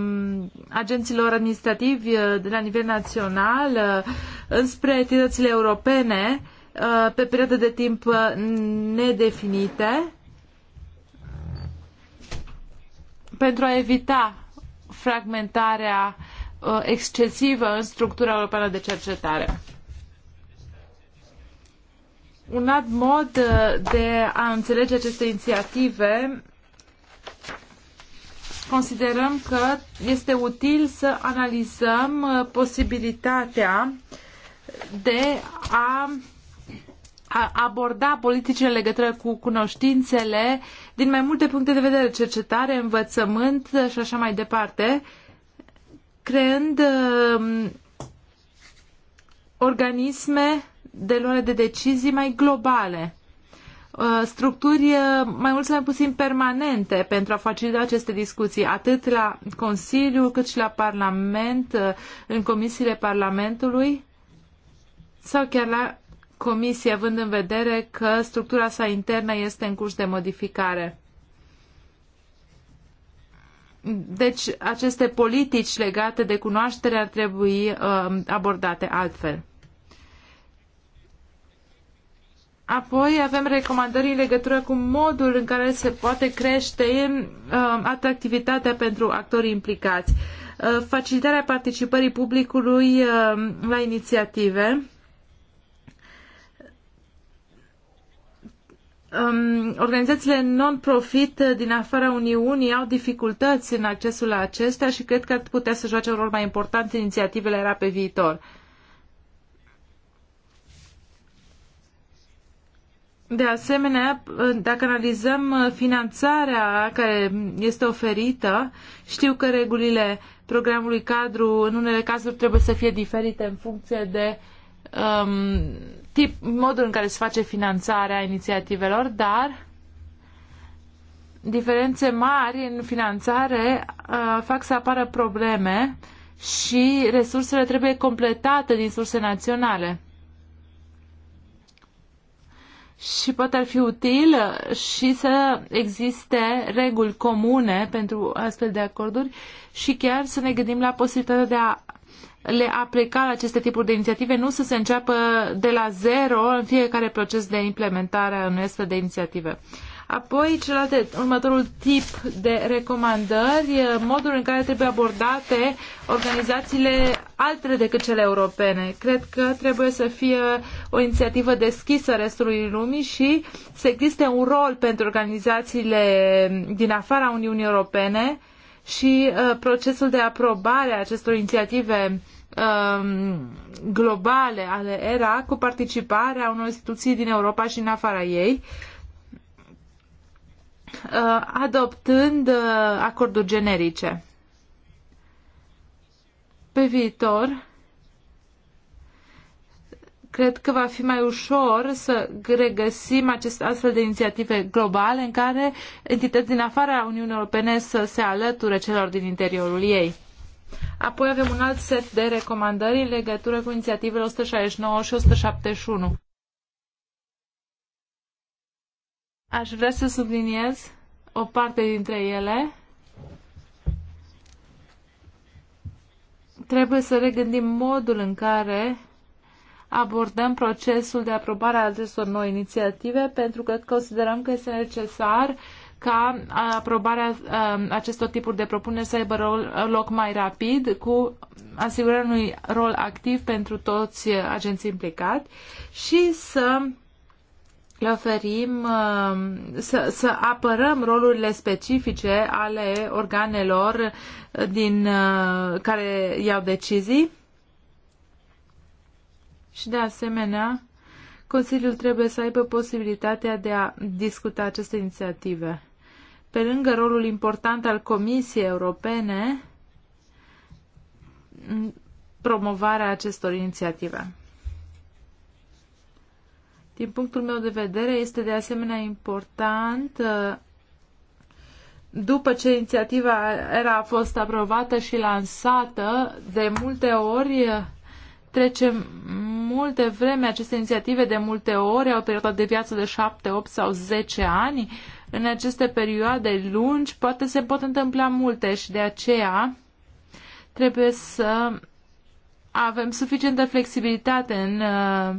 agenților administrativi uh, de la nivel național uh, înspre entitățile europene uh, Uh, pe perioade de timp uh, nedefinite pentru a evita fragmentarea uh, excesivă în structura europeană de cercetare. Un alt mod de a înțelege aceste inițiative considerăm că este util să analizăm posibilitatea de a aborda politicile în legătură cu cunoștințele din mai multe puncte de vedere, cercetare, învățământ și așa mai departe, creând uh, organisme de luare de decizii mai globale, uh, structuri uh, mai mult sau mai puțin permanente pentru a facilita aceste discuții, atât la Consiliu cât și la Parlament, uh, în comisiile Parlamentului sau chiar la Comisie, având în vedere că structura sa internă este în curs de modificare. Deci, aceste politici legate de cunoaștere ar trebui uh, abordate altfel. Apoi avem recomandări în legătură cu modul în care se poate crește uh, atractivitatea pentru actorii implicați. Uh, facilitarea participării publicului uh, la inițiative um, organizațiile non-profit din afara Uniunii au dificultăți în accesul la acestea și cred că ar putea să joace un rol mai important în inițiativele era pe viitor. De asemenea, dacă analizăm finanțarea care este oferită, știu că regulile programului cadru în unele cazuri trebuie să fie diferite în funcție de um, tip, modul în care se face finanțarea inițiativelor, dar diferențe mari în finanțare uh, fac să apară probleme și resursele trebuie completate din surse naționale. Și poate ar fi util și să existe reguli comune pentru astfel de acorduri și chiar să ne gândim la posibilitatea de a le aplica la aceste tipuri de inițiative, nu să se înceapă de la zero în fiecare proces de implementare a unei astfel de inițiative. Apoi, celelalte, următorul tip de recomandări, modul în care trebuie abordate organizațiile altele decât cele europene. Cred că trebuie să fie o inițiativă deschisă restului lumii și să existe un rol pentru organizațiile din afara Uniunii Europene și uh, procesul de aprobare a acestor inițiative um, globale ale ERA cu participarea unor instituții din Europa și în afara ei, uh, adoptând uh, acorduri generice. Pe viitor, Cred că va fi mai ușor să regăsim aceste astfel de inițiative globale în care entități din afara Uniunii Europene să se alăture celor din interiorul ei. Apoi avem un alt set de recomandări în legătură cu inițiativele 169 și 171. Aș vrea să subliniez o parte dintre ele. Trebuie să regândim modul în care abordăm procesul de aprobare a acestor noi inițiative pentru că considerăm că este necesar ca aprobarea acestor tipuri de propuneri să aibă rol, loc mai rapid, cu asigurarea unui rol activ pentru toți agenții implicați și să le oferim, să, să apărăm rolurile specifice ale organelor din care iau decizii și de asemenea Consiliul trebuie să aibă posibilitatea de a discuta aceste inițiative. Pe lângă rolul important al Comisiei Europene, promovarea acestor inițiative. Din punctul meu de vedere, este de asemenea important uh, după ce inițiativa era a fost aprobată și lansată, de multe ori uh, trece multe vreme aceste inițiative de multe ori, au o perioadă de viață de 7, 8 sau 10 ani. În aceste perioade lungi poate se pot întâmpla multe și de aceea trebuie să avem suficientă flexibilitate în, uh,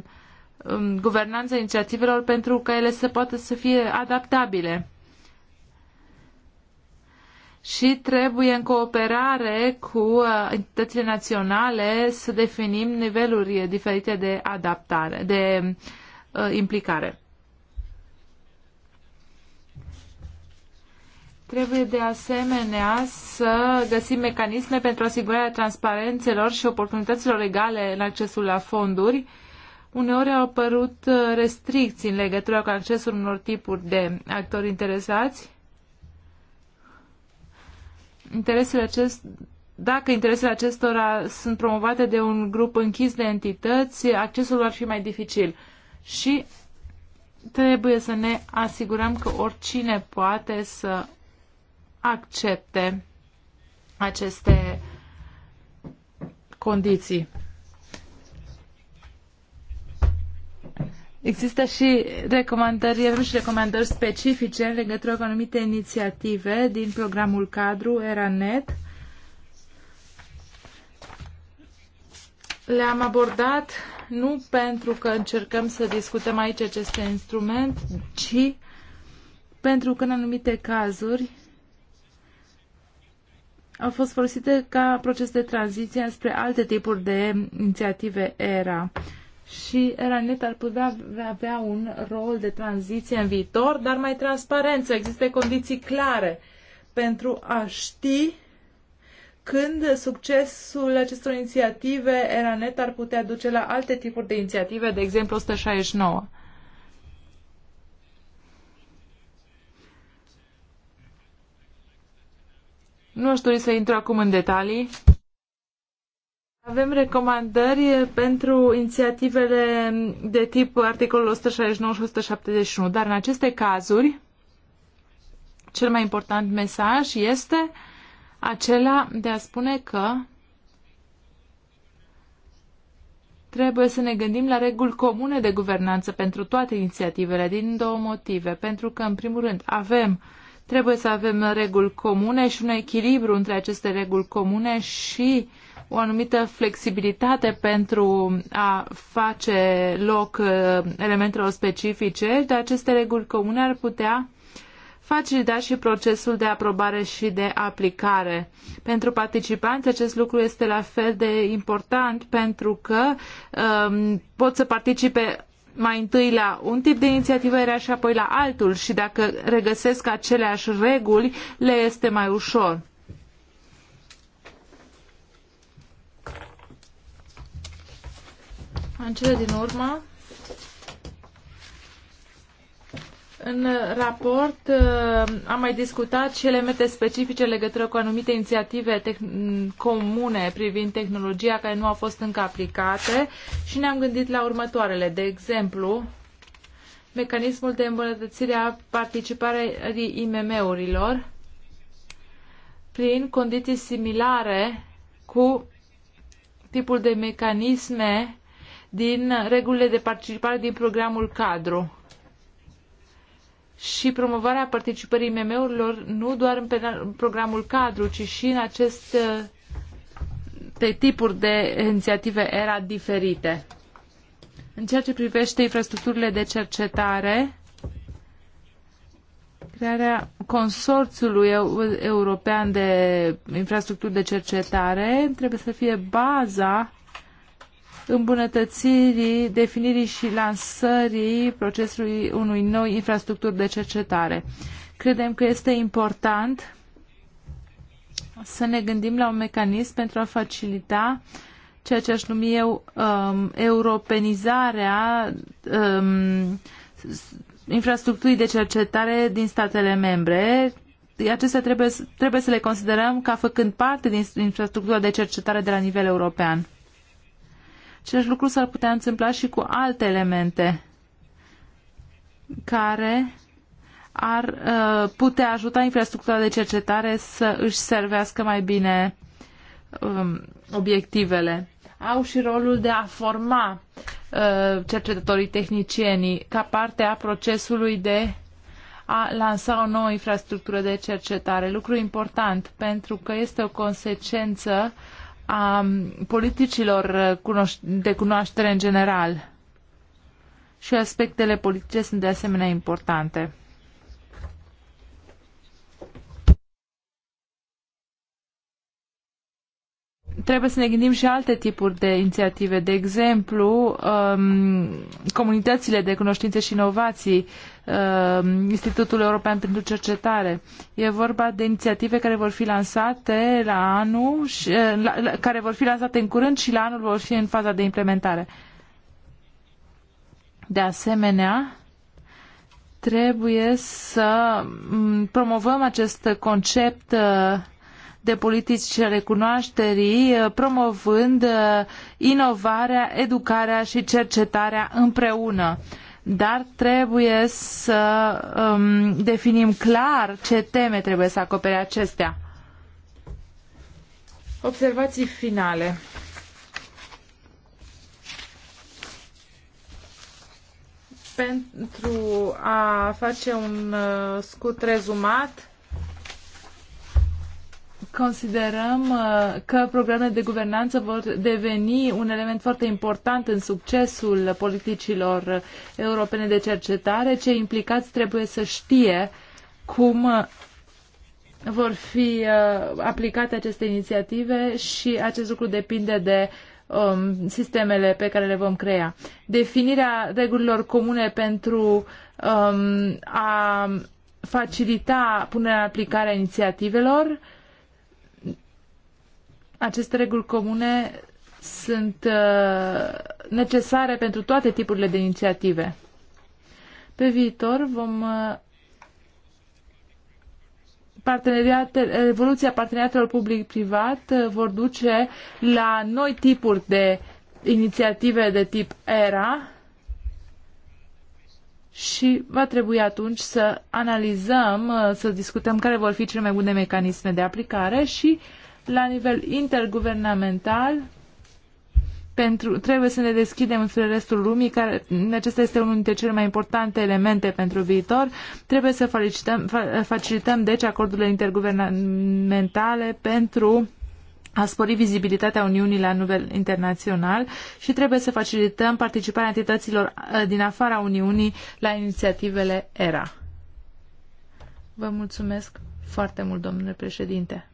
în guvernanța inițiativelor pentru ca ele să poată să fie adaptabile și trebuie în cooperare cu uh, entitățile naționale să definim niveluri diferite de adaptare, de uh, implicare. Trebuie de asemenea să găsim mecanisme pentru asigurarea transparențelor și oportunităților legale în accesul la fonduri. Uneori au apărut uh, restricții în legătură cu accesul unor tipuri de actori interesați interesele acest, dacă interesele acestora sunt promovate de un grup închis de entități, accesul ar fi mai dificil. Și trebuie să ne asigurăm că oricine poate să accepte aceste condiții. Există și recomandări, avem și recomandări specifice în legătură cu anumite inițiative din programul cadru ERANET. Le-am abordat nu pentru că încercăm să discutăm aici acest instrument, ci pentru că în anumite cazuri au fost folosite ca proces de tranziție spre alte tipuri de inițiative ERA și Eranet ar putea avea un rol de tranziție în viitor, dar mai transparent, să existe condiții clare pentru a ști când succesul acestor inițiative Eranet ar putea duce la alte tipuri de inițiative, de exemplu 169. Nu aș dori să intru acum în detalii. Avem recomandări pentru inițiativele de tip articolul 169 și 171, dar în aceste cazuri cel mai important mesaj este acela de a spune că trebuie să ne gândim la reguli comune de guvernanță pentru toate inițiativele, din două motive. Pentru că, în primul rând, avem, trebuie să avem reguli comune și un echilibru între aceste reguli comune și uh, o anumită flexibilitate pentru a face loc uh, elementelor specifice, dar aceste reguli comune ar putea facilita și procesul de aprobare și de aplicare. Pentru participanți acest lucru este la fel de important pentru că um, pot să participe mai întâi la un tip de inițiativă era și apoi la altul și dacă regăsesc aceleași reguli, le este mai ușor. În cele din urmă, în raport uh, am mai discutat și elemente specifice legătură cu anumite inițiative comune privind tehnologia care nu au fost încă aplicate și ne-am gândit la următoarele. De exemplu, mecanismul de îmbunătățire a participării IMM-urilor prin condiții similare cu tipul de mecanisme din regulile de participare din programul cadru și promovarea participării MM-urilor nu doar în, programul cadru, ci și în aceste uh, tipuri de inițiative era diferite. În ceea ce privește infrastructurile de cercetare, crearea consorțiului european de infrastructuri de cercetare trebuie să fie baza îmbunătățirii, definirii și lansării procesului unui nou infrastructuri de cercetare. Credem că este important să ne gândim la un mecanism pentru a facilita ceea ce aș numi eu um, europenizarea um, infrastructurii de cercetare din statele membre. Acestea trebuie, trebuie să le considerăm ca făcând parte din infrastructura de cercetare de la nivel european. Același lucru s-ar putea întâmpla și cu alte elemente care ar uh, putea ajuta infrastructura de cercetare să își servească mai bine um, obiectivele. Au și rolul de a forma uh, cercetătorii tehnicienii ca parte a procesului de a lansa o nouă infrastructură de cercetare. Lucru important pentru că este o consecință a politicilor de cunoaștere în general și aspectele politice sunt de asemenea importante. Trebuie să ne gândim și alte tipuri de inițiative, de exemplu, um, comunitățile de cunoștințe și inovații Uh, Institutul European pentru Cercetare. E vorba de inițiative care vor fi lansate la anul, și, uh, la, la, care vor fi lansate în curând și la anul vor fi în faza de implementare. De asemenea, trebuie să mm, promovăm acest concept uh, de politici ale cunoașterii, promovând inovarea, educarea și cercetarea împreună dar trebuie să um, definim clar ce teme trebuie să acopere acestea. Observații finale. Pentru a face un uh, scut rezumat, Considerăm uh, că programele de guvernanță vor deveni un element foarte important în succesul politicilor europene de cercetare. Cei implicați trebuie să știe cum vor fi uh, aplicate aceste inițiative și acest lucru depinde de um, sistemele pe care le vom crea. Definirea regulilor comune pentru um, a facilita punerea în aplicare a inițiativelor aceste reguli comune sunt uh, necesare pentru toate tipurile de inițiative. Pe viitor vom uh, evoluția parteneriatelor public-privat uh, vor duce la noi tipuri de inițiative de tip ERA și va trebui atunci să analizăm, să discutăm care vor fi cele mai bune mecanisme de aplicare și uh, la nivel interguvernamental pentru, trebuie să ne deschidem spre restul lumii, care acesta este unul dintre cele mai importante elemente pentru viitor. Trebuie să facilităm, facilităm deci acordurile interguvernamentale pentru a spori vizibilitatea Uniunii la nivel internațional și trebuie să facilităm participarea entităților uh, din afara Uniunii la inițiativele ERA. Vă mulțumesc foarte mult, domnule președinte.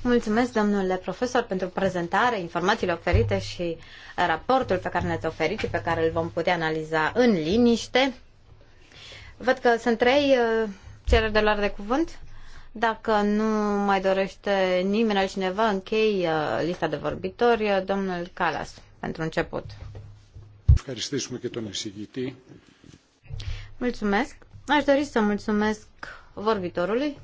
Mulțumesc, domnule profesor, pentru prezentare, informațiile oferite și raportul pe care ne-ați oferit și pe care îl vom putea analiza în liniște. Văd că sunt trei uh, cereri de luare de cuvânt. Dacă nu mai dorește nimeni altcineva, închei uh, lista de vorbitori. Uh, domnul Calas, pentru început. Mulțumesc. Aș dori să mulțumesc vorbitorului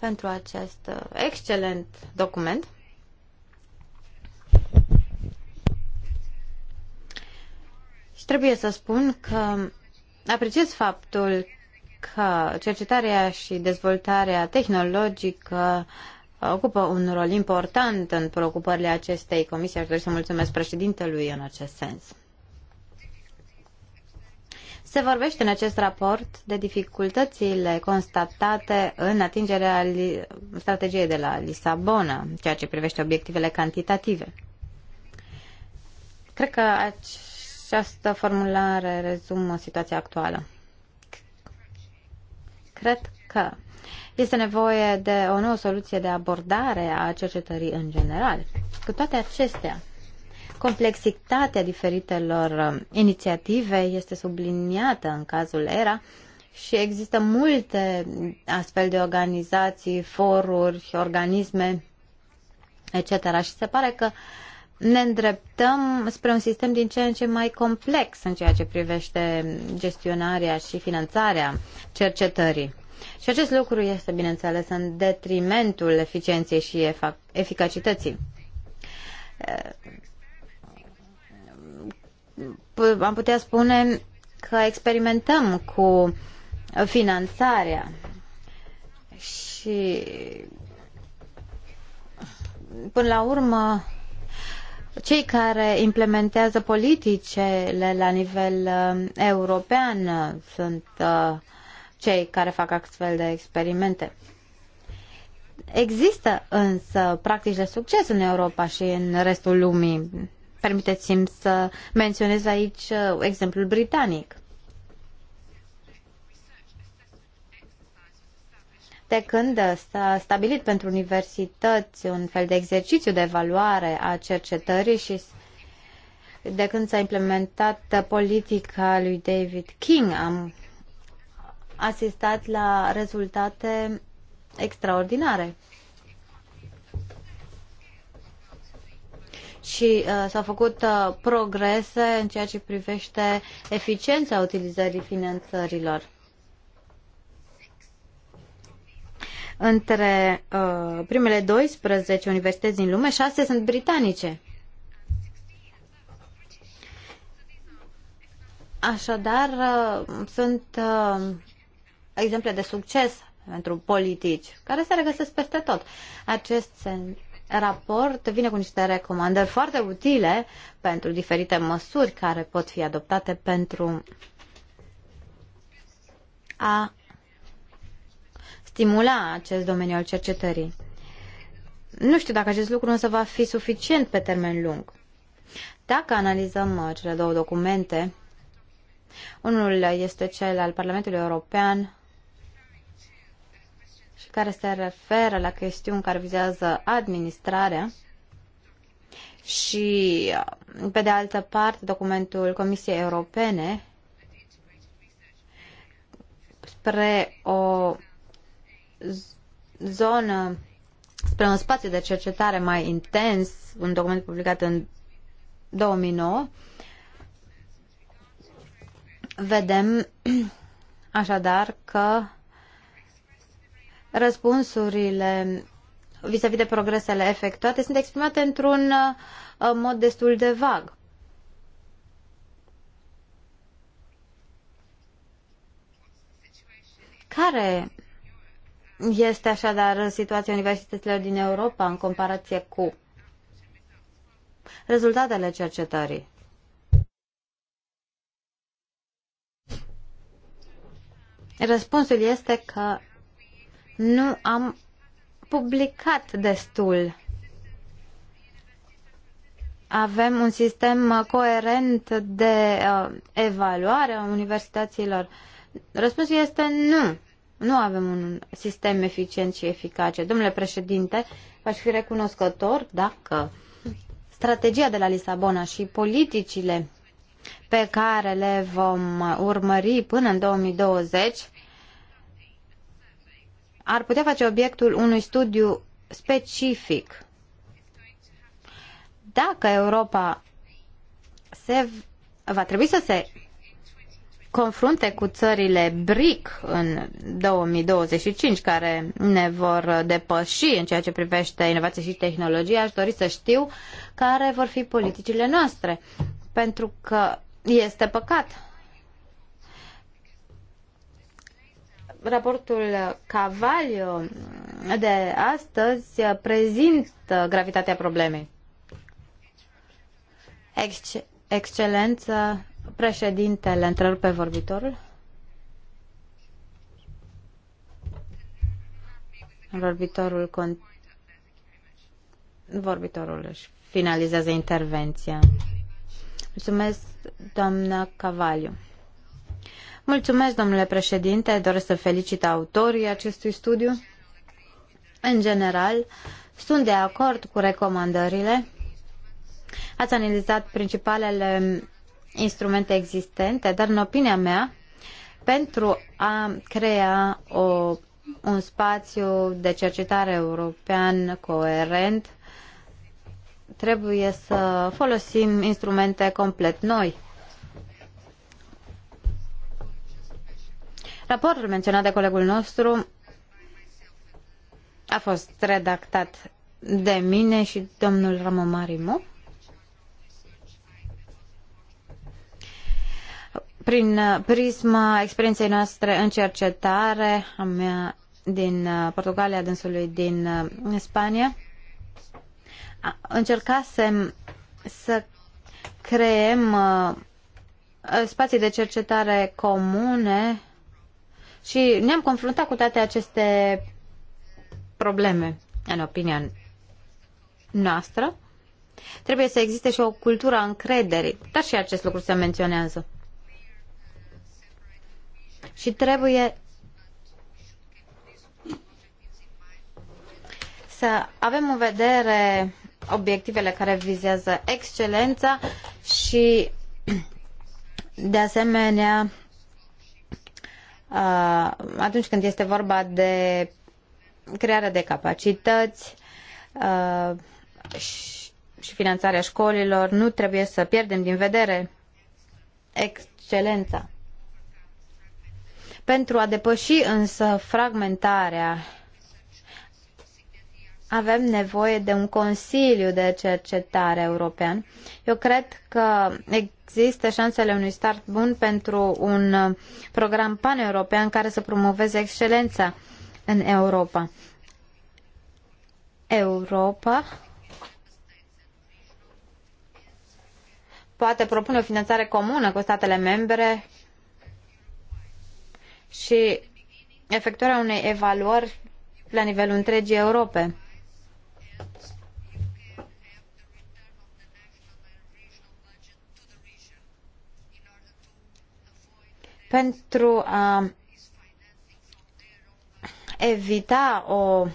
pentru acest uh, excelent document. Și trebuie să spun că apreciez faptul că cercetarea și dezvoltarea tehnologică ocupă un rol important în preocupările acestei comisii. Aș dori să mulțumesc președintelui în acest sens. Se vorbește în acest raport de dificultățile constatate în atingerea strategiei de la Lisabona, ceea ce privește obiectivele cantitative. Cred că această formulare rezumă situația actuală. Cred că este nevoie de o nouă soluție de abordare a cercetării în general. Cu toate acestea, Complexitatea diferitelor um, inițiative este subliniată în cazul ERA și există multe astfel de organizații, foruri, organisme, etc. Și se pare că ne îndreptăm spre un sistem din ce în ce mai complex în ceea ce privește gestionarea și finanțarea cercetării. Și acest lucru este, bineînțeles, în detrimentul eficienței și efic eficacității am putea spune că experimentăm cu finanțarea și până la urmă cei care implementează politicele la nivel uh, european uh, sunt uh, cei care fac astfel de experimente. Există însă practici de succes în Europa și în restul lumii. Permiteți-mi să menționez aici uh, exemplul britanic. de când uh, s-a stabilit pentru universități un fel de exercițiu de evaluare a cercetării și de când s-a implementat uh, politica lui David King, am asistat la rezultate extraordinare. și uh, s-au făcut uh, progrese în ceea ce privește eficiența utilizării finanțărilor. Între uh, primele 12 universități din lume, 6 sunt britanice. Așadar, uh, sunt uh, exemple de succes pentru politici, care se regăsesc peste tot. Acest sens raport vine cu niște recomandări foarte utile pentru diferite măsuri care pot fi adoptate pentru a stimula acest domeniu al cercetării. Nu știu dacă acest lucru însă va fi suficient pe termen lung. Dacă analizăm uh, cele două documente, unul este cel al Parlamentului European care se referă la chestiuni care vizează administrarea și, pe de altă parte, documentul Comisiei Europene spre o zonă, spre un spațiu de cercetare mai intens, un document publicat în 2009, vedem așadar că răspunsurile vis-a-vis -vis de progresele efectuate sunt exprimate într-un uh, mod destul de vag. Care este așadar situația universităților din Europa în comparație cu rezultatele cercetării? Răspunsul este că nu am publicat destul. Avem un sistem coerent de uh, evaluare a universităților? Răspunsul este nu. Nu avem un sistem eficient și eficace. Domnule președinte, v-aș fi recunoscător dacă strategia de la Lisabona și politicile pe care le vom urmări până în 2020 ar putea face obiectul unui studiu specific. Dacă Europa se va trebui să se confrunte cu țările BRIC în 2025, care ne vor depăși în ceea ce privește inovație și tehnologie, aș dori să știu care vor fi politicile noastre. Pentru că este păcat Raportul Cavalio de astăzi prezintă gravitatea problemei. Ex Excelență, președintele, întrerupe vorbitorul. Vorbitorul Vorbitorul își finalizează intervenția. Mulțumesc, doamna Cavaliu. Mulțumesc, domnule președinte. Doresc să felicit autorii acestui studiu. În general, sunt de acord cu recomandările. Ați analizat principalele instrumente existente, dar în opinia mea, pentru a crea o, un spațiu de cercetare european coerent, trebuie să folosim instrumente complet noi. Raportul menționat de colegul nostru a fost redactat de mine și domnul Marimo. Prin prisma experienței noastre în cercetare, a mea din Portugalia, dânsului din Spania, încercasem să creăm uh, spații de cercetare comune și ne-am confruntat cu toate aceste probleme, în opinia noastră. Trebuie să existe și o cultură a încrederii, dar și acest lucru se menționează. Și trebuie să avem în vedere obiectivele care vizează excelența și de asemenea Uh, atunci când este vorba de crearea de capacități uh, și finanțarea școlilor, nu trebuie să pierdem din vedere excelența. Pentru a depăși însă fragmentarea avem nevoie de un Consiliu de Cercetare European. Eu cred că există șansele unui start bun pentru un program pan-european care să promoveze excelența în Europa. Europa poate propune o finanțare comună cu statele membre și efectuarea unei evaluări la nivelul întregii Europe. Pentru a evita o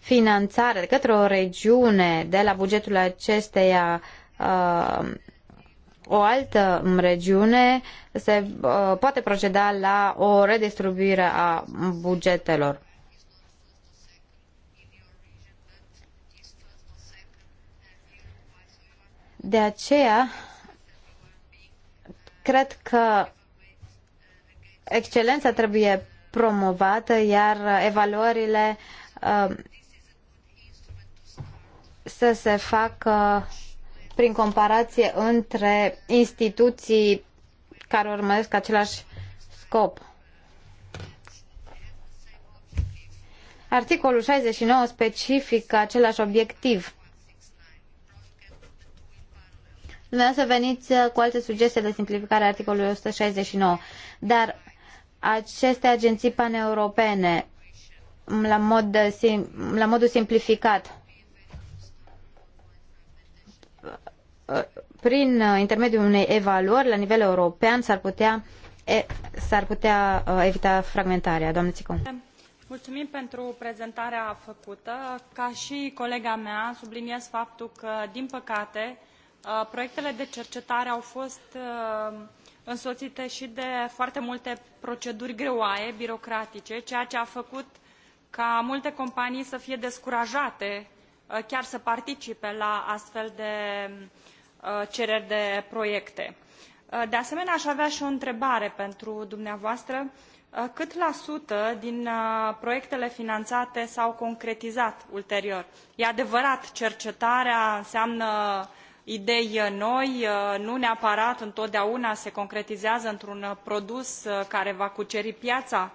finanțare de către o regiune de la bugetul acesteia uh, o altă regiune se uh, poate proceda la o redistribuire a bugetelor. De aceea, cred că excelența trebuie promovată, iar evaluările uh, să se facă prin comparație între instituții care urmăresc același scop. Articolul 69 specifică același obiectiv. Dumneavoastră veniți uh, cu alte sugestii de simplificare a articolului 169, dar aceste agenții paneuropene la, mod, la modul simplificat uh, prin uh, intermediul unei evaluări la nivel european s-ar putea, s-ar putea evita fragmentarea. Doamne Țicău. Mulțumim pentru prezentarea făcută. Ca și colega mea, subliniez faptul că, din păcate, Uh, proiectele de cercetare au fost uh, însoțite și de foarte multe proceduri greoaie, birocratice, ceea ce a făcut ca multe companii să fie descurajate uh, chiar să participe la astfel de cereri de proiecte. De asemenea, aș avea și o întrebare pentru dumneavoastră. Cât la sută din proiectele finanțate s-au concretizat ulterior? E adevărat, cercetarea înseamnă idei uh, noi uh, nu neapărat întotdeauna se concretizează într un uh, produs care va cuceri piaa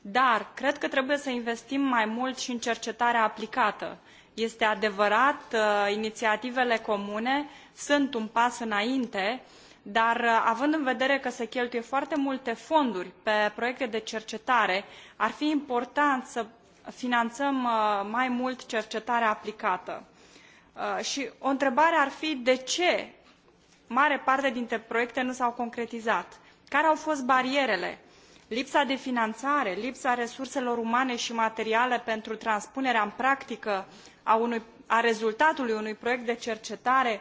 dar cred că trebuie să investim mai mult i în cercetarea aplicată. este adevărat iniiativele comune sunt un pas înainte dar având în vedere că se cheltuie foarte multe fonduri pe proiecte de cercetare ar fi important să finanăm mai mult cercetarea aplicată. Uh, și o întrebare ar fi de ce mare parte dintre proiecte nu s au concretizat care au fost barierele lipsa de finanțare lipsa resurselor umane și materiale pentru transpunerea în practică a, rezultatului unui proiect de cercetare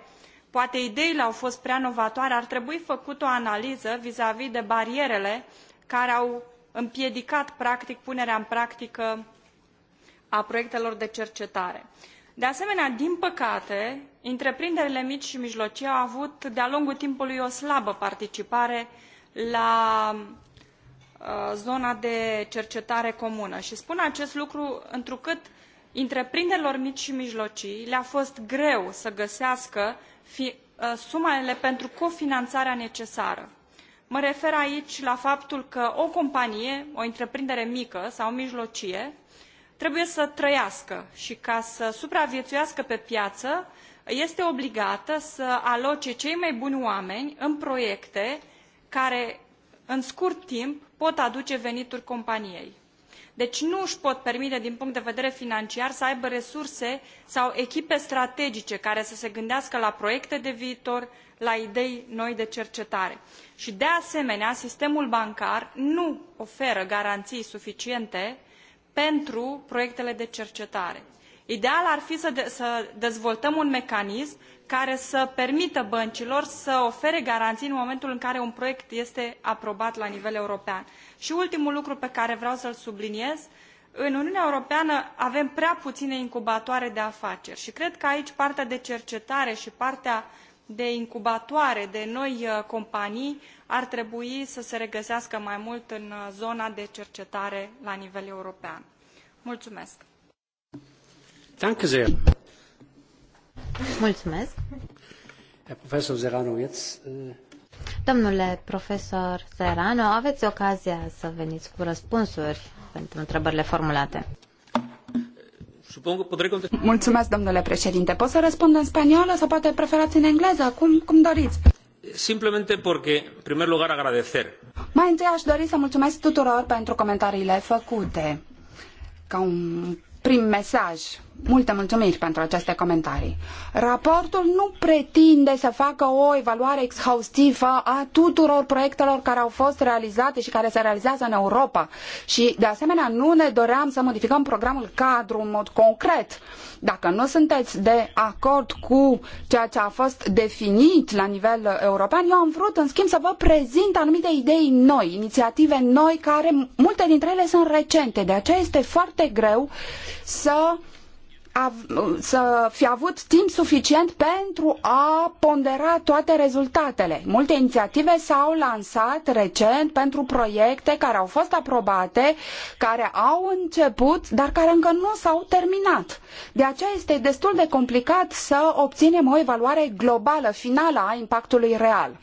poate ideile au fost prea novatoare ar trebui făcută o analiză vizavi de barierele care au împiedicat practic punerea în practică a proiectelor de cercetare de asemenea din păcate întreprinderile mici și mijlocii au avut de a lungul timpului o slabă participare la uh, zona de cercetare comună și spun acest lucru întrucât întreprinderilor mici și mijlocii le a fost greu să găsească uh, sumele pentru cofinanțarea necesară. mă refer aici la faptul că o companie o întreprindere mică sau mijlocie trebuie să trăiască și ca să supraviețuiască pe piață, este obligată să aloce cei mai buni oameni în proiecte care în scurt timp pot aduce venituri companiei. Deci nu își pot permite din punct de vedere financiar să aibă resurse sau echipe strategice care să se gândească la proiecte de viitor, la idei noi de cercetare. Și de asemenea, sistemul bancar nu oferă garanții suficiente pentru proiectele de cercetare. Ideal ar fi să, de să dezvoltăm un mecanism care să permită băncilor să ofere garanții în momentul în care un proiect este aprobat la nivel european. Și ultimul lucru pe care vreau să-l subliniez, în Uniunea Europeană avem prea puține incubatoare de afaceri și cred că aici partea de cercetare și partea de incubatoare de noi uh, companii ar trebui să se regăsească mai mult în uh, zona de cercetare la nivel european. Mulțumesc! Mulțumesc! Profesor Zerano, jetzt, äh, Domnule profesor Serano, aveți ocazia să veniți cu răspunsuri pentru întrebările formulate. Mulțumesc, domnule președinte. Pot să răspund în spaniolă sau poate preferați în engleză, cum, cum doriți simplemente porque, în primer lugar, agradecer. Mai întâi aș dori să mulțumesc tuturor pentru comentariile făcute. Ca un prim mesaj Multe mulțumiri pentru aceste comentarii. Raportul nu pretinde să facă o evaluare exhaustivă a tuturor proiectelor care au fost realizate și care se realizează în Europa. Și, de asemenea, nu ne doream să modificăm programul cadru în mod concret. Dacă nu sunteți de acord cu ceea ce a fost definit la nivel european, eu am vrut, în schimb, să vă prezint anumite idei noi, inițiative noi, care multe dintre ele sunt recente. De aceea este foarte greu să să fi avut timp suficient pentru a pondera toate rezultatele. Multe inițiative s-au lansat recent pentru proiecte care au fost aprobate, care au început, dar care încă nu s-au terminat. De aceea este destul de complicat să obținem o evaluare globală, finală a impactului real.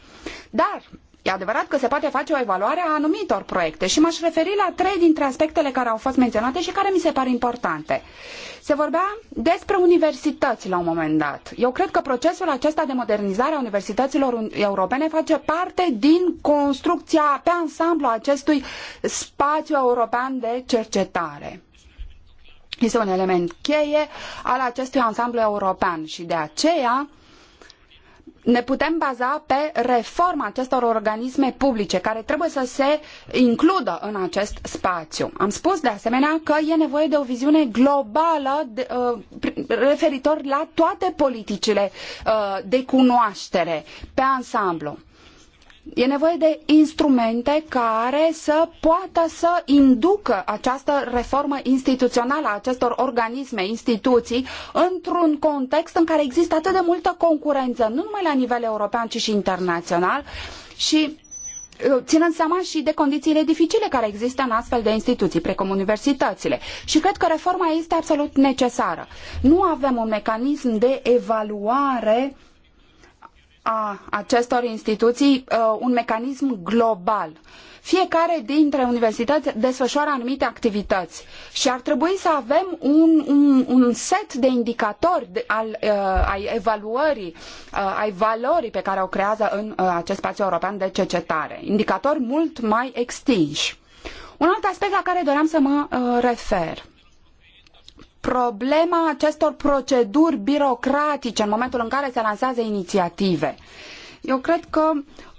Dar E adevărat că se poate face o evaluare a anumitor proiecte și m-aș referi la trei dintre aspectele care au fost menționate și care mi se par importante. Se vorbea despre universități la un moment dat. Eu cred că procesul acesta de modernizare a universităților europene face parte din construcția pe ansamblu a acestui spațiu european de cercetare. Este un element cheie al acestui ansamblu european și de aceea ne putem baza pe reforma acestor organisme publice care trebuie să se includă în acest spațiu. Am spus de asemenea că e nevoie de o viziune globală uh, referitor la toate politicile uh, de cunoaștere pe ansamblu. E nevoie de instrumente care să poată să inducă această reformă instituțională a acestor organisme, instituții, într-un context în care există atât de multă concurență, nu numai la nivel european, ci și internațional. Și uh, ținând seama și de condițiile dificile care există în astfel de instituții, precum universitățile. Și cred că reforma este absolut necesară. Nu avem un mecanism de evaluare uh, a acestor instituții uh, un mecanism global. Fiecare dintre universități desfășoară anumite activități și ar trebui să avem un, un, un set de indicatori al, uh, ai evaluării, uh, ai valorii pe care o creează în acest spațiu european de cercetare. Indicatori mult mai extinși. Un alt aspect la care doream să mă refer problema acestor proceduri birocratice în momentul în care se lansează inițiative. Eu cred că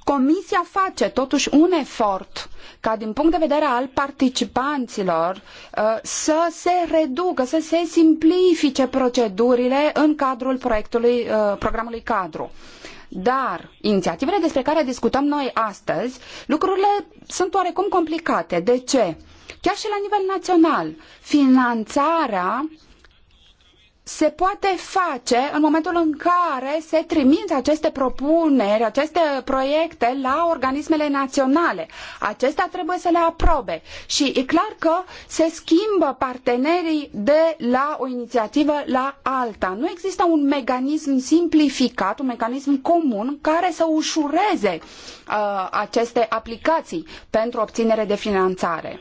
Comisia face totuși un efort ca din punct de vedere al participanților uh, să se reducă, să se simplifice procedurile în cadrul proiectului, uh, programului cadru. Dar inițiativele despre care discutăm noi astăzi, lucrurile sunt oarecum complicate. De ce? Chiar și la nivel național, finanțarea se poate face în momentul în care se trimit aceste propuneri, aceste proiecte la organismele naționale. Acestea trebuie să le aprobe și e clar că se schimbă partenerii de la o inițiativă la alta. Nu există un mecanism simplificat, un mecanism comun care să ușureze uh, aceste aplicații pentru obținere de finanțare.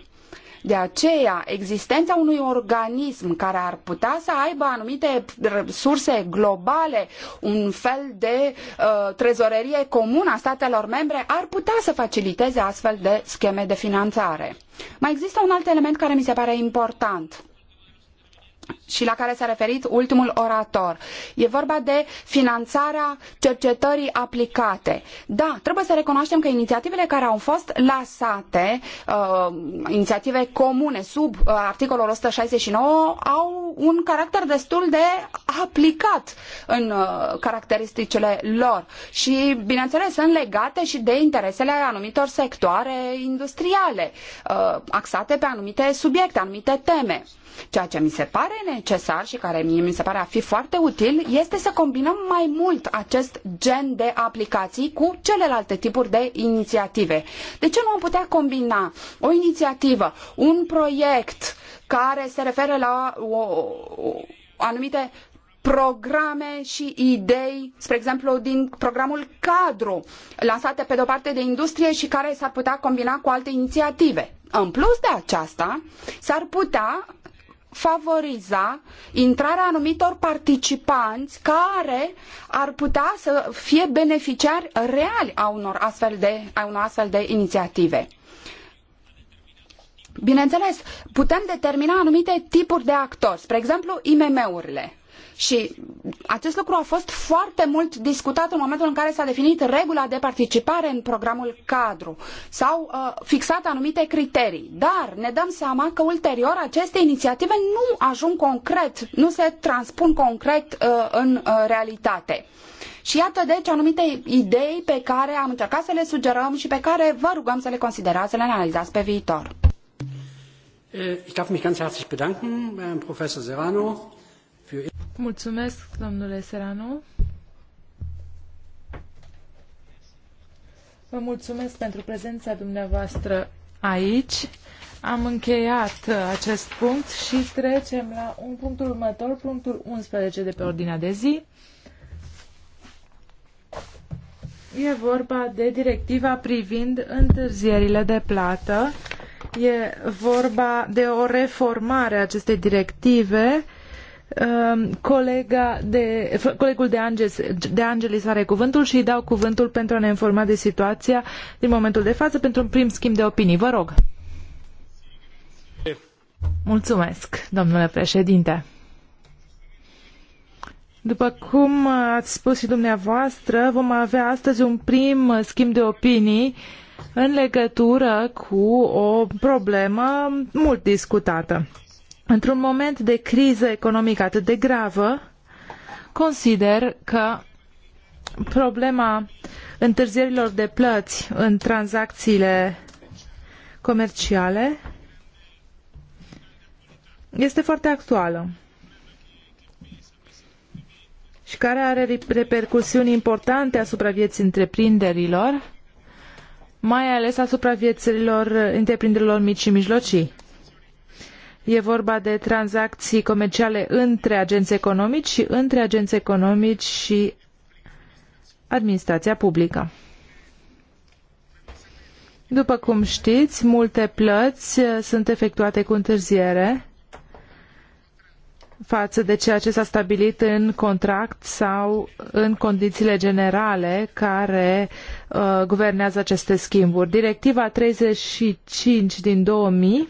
De aceea, existența unui organism care ar putea să aibă anumite resurse globale, un fel de uh, trezorerie comună a statelor membre, ar putea să faciliteze astfel de scheme de finanțare. Mai există un alt element care mi se pare important și la care s-a referit ultimul orator. E vorba de finanțarea cercetării aplicate. Da, trebuie să recunoaștem că inițiativele care au fost lansate, uh, inițiative comune sub uh, articolul 169, au un caracter destul de aplicat în uh, caracteristicile lor și, bineînțeles, sunt legate și de interesele anumitor sectoare industriale, uh, axate pe anumite subiecte, anumite teme. Ceea ce mi se pare necesar și care mie mi se pare a fi foarte util este să combinăm mai mult acest gen de aplicații cu celelalte tipuri de inițiative. De ce nu am putea combina o inițiativă, un proiect care se referă la o, o, anumite programe și idei, spre exemplu, din programul cadru, lansate pe de-o parte de industrie și care s-ar putea combina cu alte inițiative. În plus de aceasta, s-ar putea favoriza intrarea anumitor participanți care ar putea să fie beneficiari reali a unor astfel de, a unor astfel de inițiative. Bineînțeles, putem determina anumite tipuri de actori, spre exemplu IMM-urile și acest lucru a fost foarte mult discutat în momentul în care s-a definit regula de participare în programul cadru. S-au uh, fixat anumite criterii, dar ne dăm seama că ulterior aceste inițiative nu ajung concret, nu se transpun concret uh, în uh, realitate. Și iată deci anumite idei pe care am încercat să le sugerăm și pe care vă rugăm să le considerați, să le analizați pe viitor. Eh, ich darf mich ganz herzlich bedanken Professor Serrano. Mulțumesc, domnule Serano. Vă mulțumesc pentru prezența dumneavoastră aici. Am încheiat acest punct și trecem la un punctul următor, punctul 11 de pe ordinea de zi. E vorba de directiva privind întârzierile de plată. E vorba de o reformare a acestei directive Um, colega de, colegul de, Angelis, de Angelis are cuvântul și îi dau cuvântul pentru a ne informa de situația din momentul de față pentru un prim schimb de opinii. Vă rog. Mulțumesc, domnule președinte. După cum ați spus și dumneavoastră, vom avea astăzi un prim schimb de opinii în legătură cu o problemă mult discutată Într-un moment de criză economică atât de gravă, consider că problema întârzierilor de plăți în tranzacțiile comerciale este foarte actuală și care are repercusiuni importante asupra vieții întreprinderilor, mai ales asupra vieților întreprinderilor mici și mijlocii. E vorba de tranzacții comerciale între agenți economici și între agenți economici și administrația publică. După cum știți, multe plăți uh, sunt efectuate cu întârziere față de ceea ce s-a stabilit în contract sau în condițiile generale care uh, guvernează aceste schimburi. Directiva 35 din 2000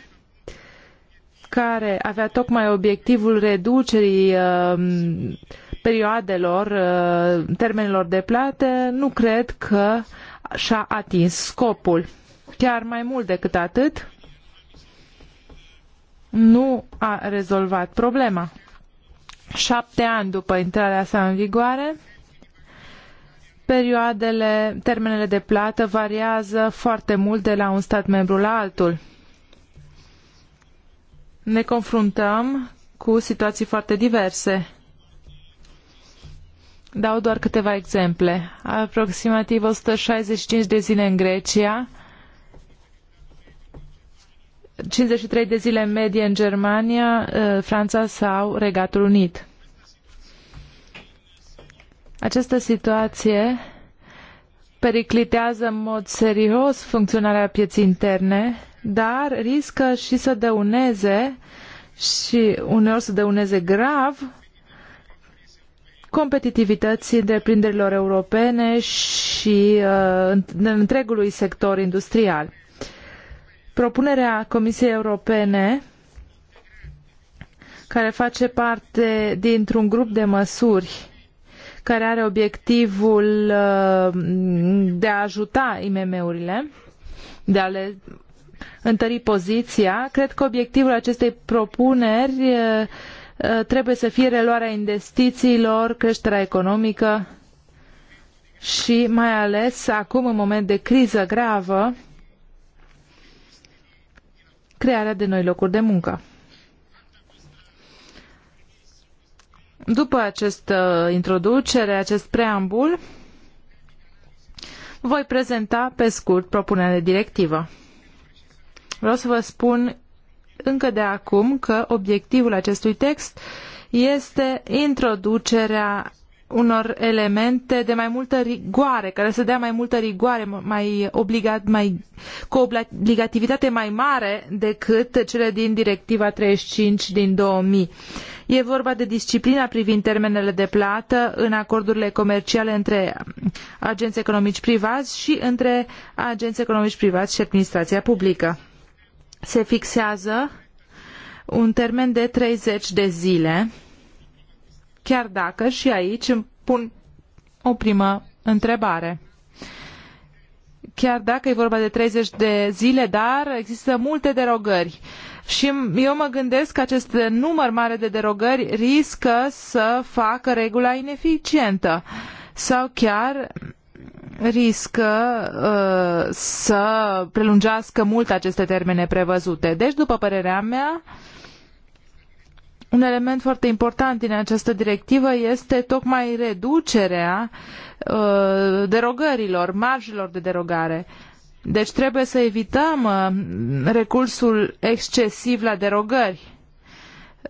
care avea tocmai obiectivul reducerii um, perioadelor, uh, termenilor de plată, nu cred că și-a atins scopul. Chiar mai mult decât atât, nu a rezolvat problema. Șapte ani după intrarea sa în vigoare, perioadele, termenele de plată variază foarte mult de la un stat membru la altul ne confruntăm cu situații foarte diverse. Dau doar câteva exemple. Aproximativ 165 de zile în Grecia, 53 de zile în medie în Germania, ă, Franța sau Regatul Unit. Această situație periclitează în mod serios funcționarea pieții interne dar riscă și să dăuneze și uneori să dăuneze grav competitivității întreprinderilor europene și uh, întregului sector industrial. Propunerea Comisiei Europene care face parte dintr-un grup de măsuri care are obiectivul uh, de a ajuta IMM-urile, de a le întări poziția. Cred că obiectivul acestei propuneri trebuie să fie reluarea investițiilor, creșterea economică și mai ales acum în moment de criză gravă crearea de noi locuri de muncă. După această introducere, acest preambul, voi prezenta pe scurt propunerea de directivă. Vreau să vă spun încă de acum că obiectivul acestui text este introducerea unor elemente de mai multă rigoare, care să dea mai multă rigoare, mai obligat, mai, cu obligativitate mai mare decât cele din Directiva 35 din 2000. E vorba de disciplina privind termenele de plată în acordurile comerciale între agenți economici privați și între agenți economici privați și administrația publică se fixează un termen de 30 de zile, chiar dacă și aici îmi pun o primă întrebare chiar dacă e vorba de 30 de zile, dar există multe derogări. Și eu mă gândesc că acest număr mare de derogări riscă să facă regula ineficientă sau chiar riscă uh, să prelungească mult aceste termene prevăzute. Deci, după părerea mea, un element foarte important din această directivă este tocmai reducerea uh, derogărilor, marjelor de derogare. Deci trebuie să evităm uh, recursul excesiv la derogări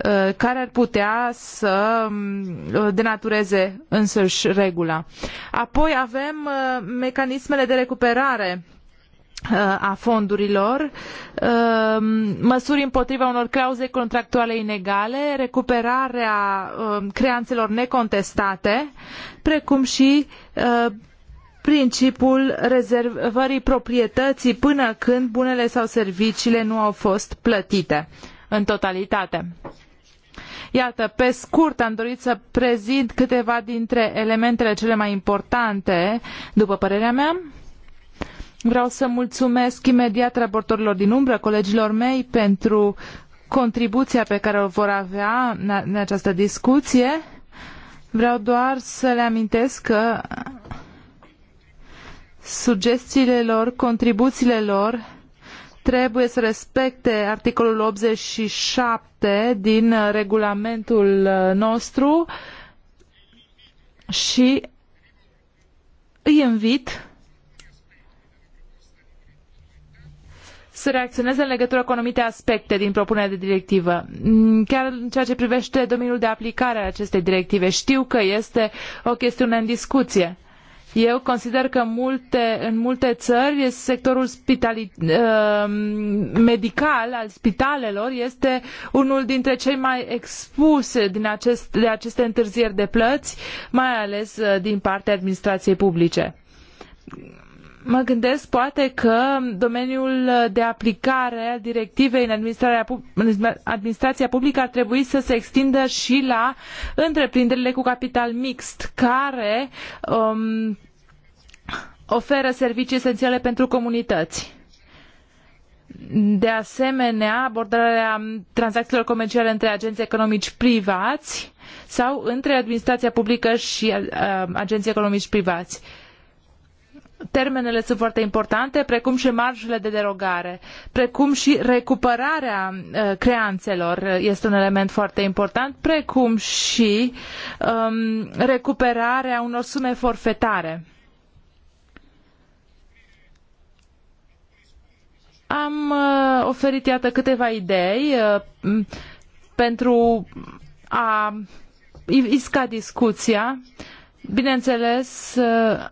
Uh, care ar putea să um, uh, denatureze însăși regula. Apoi avem uh, mecanismele de recuperare a fondurilor, um, măsuri împotriva unor clauze contractuale inegale, recuperarea um, creanțelor necontestate, precum și principiul rezervării proprietății până când bunele sau serviciile nu au fost plătite în totalitate. Iată, pe scurt am dorit să prezint câteva dintre elementele cele mai importante, după părerea mea. Vreau să mulțumesc imediat raportorilor din umbră, colegilor mei, pentru contribuția pe care o vor avea în această discuție. Vreau doar să le amintesc că sugestiile lor, contribuțiile lor trebuie să respecte articolul 87 din uh, regulamentul uh, nostru și îi invit să reacționeze în legătură cu anumite aspecte din propunerea de directivă. Mm, chiar în ceea ce privește domeniul de aplicare al acestei directive, știu că este o chestiune în discuție. Eu consider că multe, în multe țări sectorul spitali, uh, medical al spitalelor este unul dintre cei mai expuse din acest, de aceste întârzieri de plăți, mai ales uh, din partea administrației publice mă gândesc poate că domeniul de aplicare al directivei în administrația publică ar trebui să se extindă și la întreprinderile cu capital mixt, care um, oferă servicii esențiale pentru comunități. De asemenea, abordarea tranzacțiilor comerciale între agenți economici privați sau între administrația publică și uh, agenții economici privați. Termenele sunt foarte importante, precum și marjele de derogare, precum și recuperarea uh, creanțelor uh, este un element foarte important, precum și um, recuperarea unor sume forfetare. Am uh, oferit, iată, câteva idei uh, pentru a isca discuția. Bineînțeles, uh,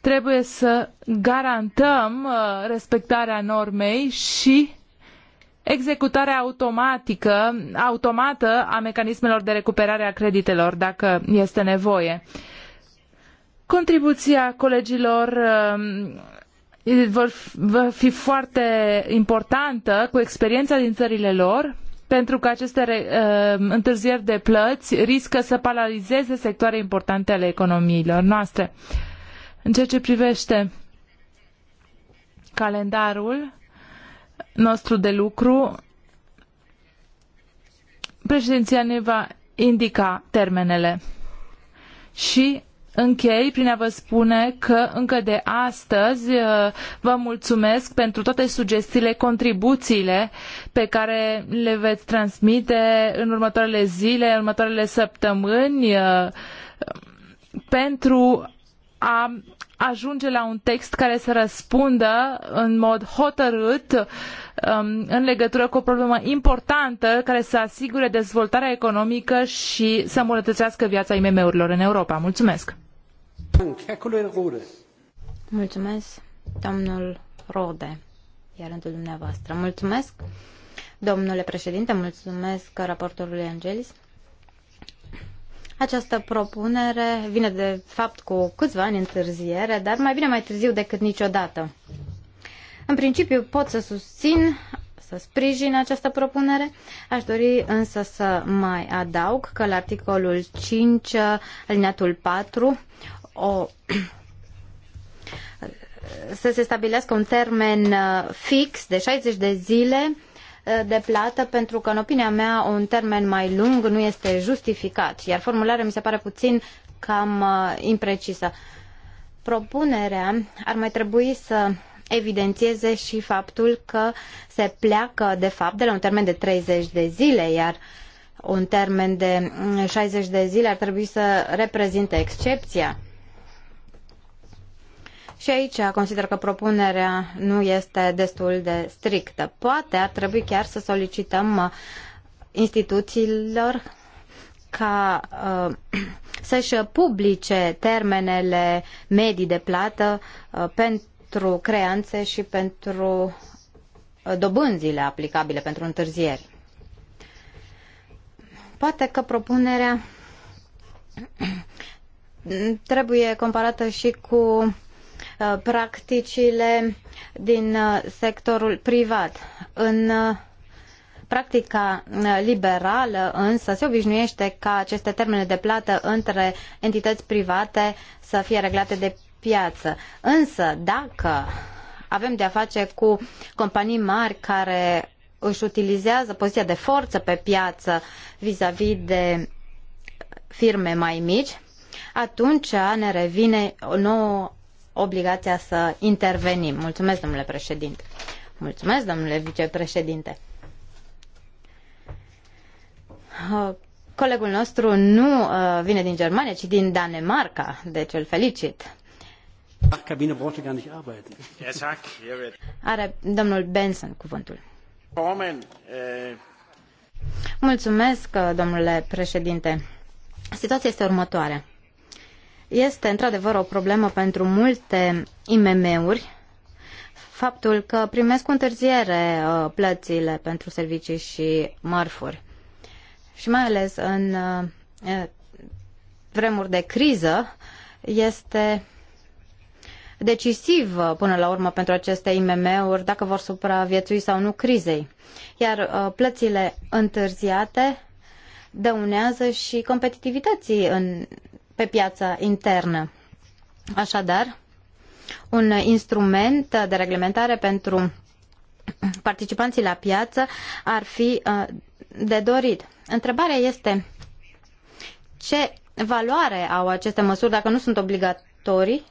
trebuie să garantăm respectarea normei și executarea automatică, automată a mecanismelor de recuperare a creditelor, dacă este nevoie. Contribuția colegilor vor fi foarte importantă cu experiența din țările lor, pentru că aceste uh, întârzieri de plăți riscă să paralizeze sectoare importante ale economiilor noastre. În ceea ce privește calendarul nostru de lucru, președinția ne va indica termenele și Închei prin a vă spune că încă de astăzi uh, vă mulțumesc pentru toate sugestiile, contribuțiile pe care le veți transmite în următoarele zile, în următoarele săptămâni uh, pentru a ajunge la un text care să răspundă în mod hotărât um, în legătură cu o problemă importantă care să asigure dezvoltarea economică și să îmbunătățească viața IMM-urilor în Europa. Mulțumesc! Mulțumesc, domnul Rode, iar rândul dumneavoastră. Mulțumesc, domnule președinte, mulțumesc raportorului Angelis. Această propunere vine de fapt cu câțiva ani întârziere, dar mai bine mai târziu decât niciodată. În principiu pot să susțin, să sprijin această propunere. Aș dori însă să mai adaug că la articolul 5, alineatul 4, o să se stabilească un termen uh, fix de 60 de zile uh, de plată pentru că, în opinia mea, un termen mai lung nu este justificat, iar formularea mi se pare puțin cam uh, imprecisă. Propunerea ar mai trebui să evidențieze și faptul că se pleacă, de fapt, de la un termen de 30 de zile, iar un termen de 60 mm, de zile ar trebui să reprezinte excepția. Și aici consider că propunerea nu este destul de strictă. Poate ar trebui chiar să solicităm uh, instituțiilor ca uh, să-și publice termenele medii de plată uh, pentru creanțe și pentru uh, dobânzile aplicabile pentru întârzieri. Poate că propunerea trebuie comparată și cu Uh, practicile din uh, sectorul privat. În uh, practica liberală însă se obișnuiește ca aceste termene de plată între entități private să fie reglate de piață. Însă dacă avem de-a face cu companii mari care își utilizează poziția de forță pe piață vis-a-vis -vis de firme mai mici, atunci ne revine nouă obligația să intervenim. Mulțumesc, domnule președinte. Mulțumesc, domnule vicepreședinte. Uh, colegul nostru nu uh, vine din Germania, ci din Danemarca, deci îl felicit. Are domnul Benson cuvântul. Eh. Mulțumesc, uh, domnule președinte. Situația este următoarea. Este într-adevăr o problemă pentru multe IMM-uri faptul că primesc cu întârziere uh, plățile pentru servicii și mărfuri. Și mai ales în uh, uh, vremuri de criză este decisiv până la urmă pentru aceste IMM-uri dacă vor supraviețui sau nu crizei. Iar plățile întârziate dăunează și competitivității în pe piața internă. Așadar, un instrument de reglementare pentru participanții la piață ar fi uh, de dorit. Întrebarea este ce valoare au aceste măsuri dacă nu sunt obligatorii?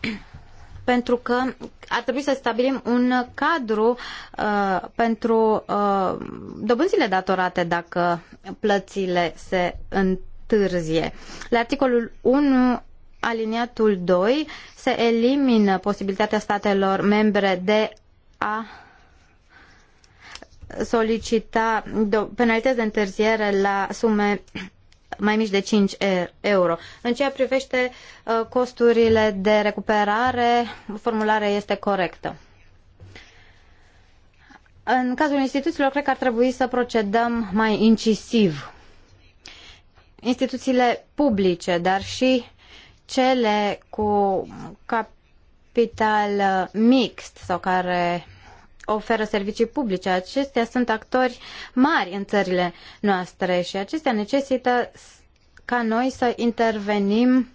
Pentru că ar trebui să stabilim un cadru uh, pentru uh, dobânzile datorate dacă plățile se întâmplă întârzie. La articolul 1 aliniatul 2 se elimină posibilitatea statelor membre de a solicita penalități de întârziere la sume mai mici de 5 euro. În ceea privește uh, costurile de recuperare, formularea este corectă. În cazul instituțiilor, cred că ar trebui să procedăm mai incisiv instituțiile publice, dar și cele cu capital uh, mixt sau care oferă servicii publice. Acestea sunt actori mari în țările noastre și acestea necesită ca noi să intervenim.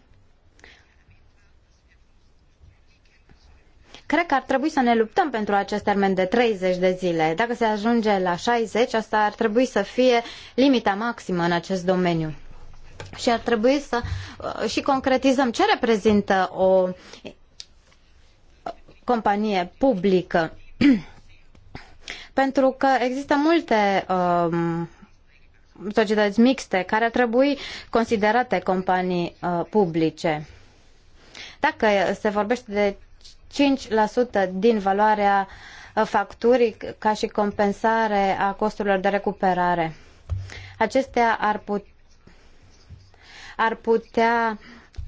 Cred că ar trebui să ne luptăm pentru acest termen de 30 de zile. Dacă se ajunge la 60, asta ar trebui să fie limita maximă în acest domeniu și ar trebui să uh, și concretizăm ce reprezintă o companie publică. Pentru că există multe um, societăți mixte care ar trebui considerate companii uh, publice. Dacă se vorbește de 5% din valoarea uh, facturii ca și compensare a costurilor de recuperare, acestea ar putea ar putea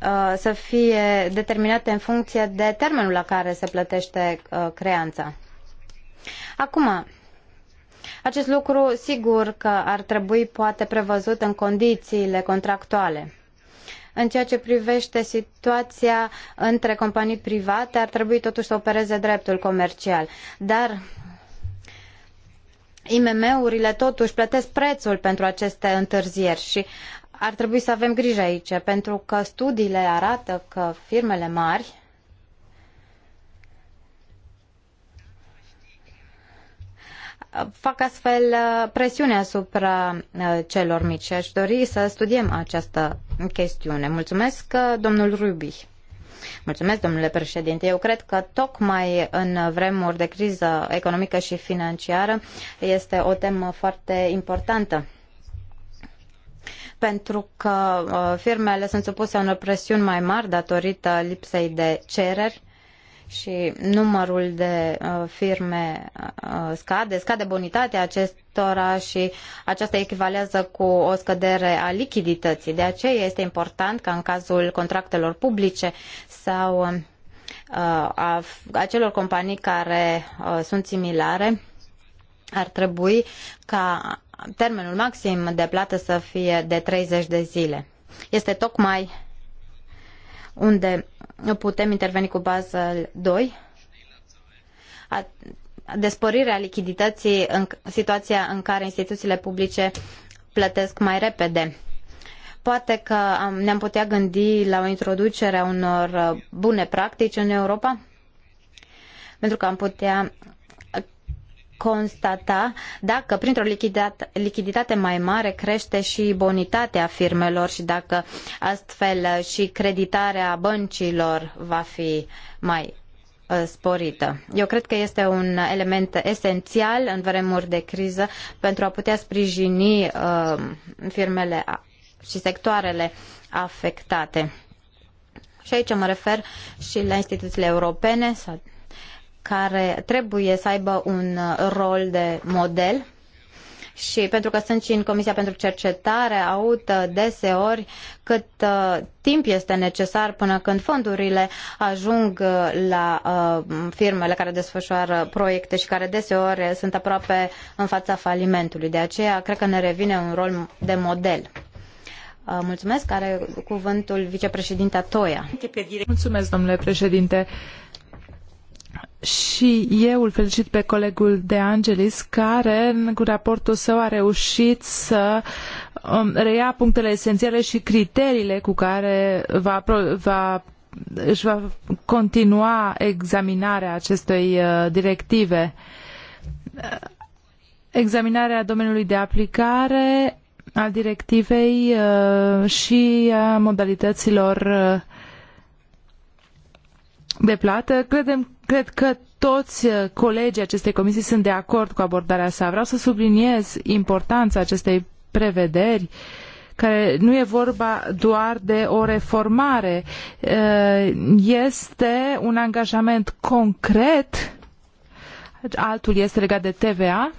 uh, să fie determinate în funcție de termenul la care se plătește uh, creanța. Acum, acest lucru sigur că ar trebui poate prevăzut în condițiile contractuale. În ceea ce privește situația între companii private, ar trebui totuși să opereze dreptul comercial. Dar IMM-urile totuși plătesc prețul pentru aceste întârzieri și ar trebui să avem grijă aici, pentru că studiile arată că firmele mari fac astfel uh, presiune asupra uh, celor mici aș dori să studiem această chestiune. Mulțumesc, uh, domnul Rubi. Mulțumesc, domnule președinte. Eu cred că tocmai în vremuri de criză economică și financiară este o temă foarte importantă pentru că uh, firmele sunt supuse unor presiuni mai mari datorită lipsei de cereri și numărul de uh, firme uh, scade, scade bonitatea acestora și aceasta echivalează cu o scădere a lichidității. De aceea este important ca în cazul contractelor publice sau a acelor companii care sunt similare, ar trebui ca termenul maxim de plată să fie de 30 de zile. Este tocmai unde putem interveni cu bază 2, despărirea lichidității în situația în care instituțiile publice plătesc mai repede. Poate că ne-am putea gândi la o introducere a unor bune practici în Europa, pentru că am putea constata dacă printr-o lichiditate mai mare crește și bonitatea firmelor și dacă astfel și creditarea băncilor va fi mai ă, sporită. Eu cred că este un element esențial în vremuri de criză pentru a putea sprijini ă, firmele și sectoarele afectate. Și aici mă refer și la instituțiile europene, sau care trebuie să aibă un uh, rol de model și pentru că sunt și în Comisia pentru Cercetare, aud uh, deseori cât uh, timp este necesar până când fondurile ajung uh, la uh, firmele care desfășoară proiecte și care deseori sunt aproape în fața falimentului. De aceea, cred că ne revine un rol de model. mulțumesc. Are cuvântul vicepreședinta Toia. Mulțumesc, domnule președinte și eu îl felicit pe colegul De Angelis, care cu raportul său a reușit să um, reia punctele esențiale și criteriile cu care va, va, își va continua examinarea acestei uh, directive. Uh, examinarea domeniului de aplicare al directivei uh, și a modalităților de plată. Credem, cred că toți uh, colegii acestei comisii sunt de acord cu abordarea sa. Vreau să subliniez importanța acestei prevederi care nu e vorba doar de o reformare, uh, este un angajament concret, altul este legat de TVA,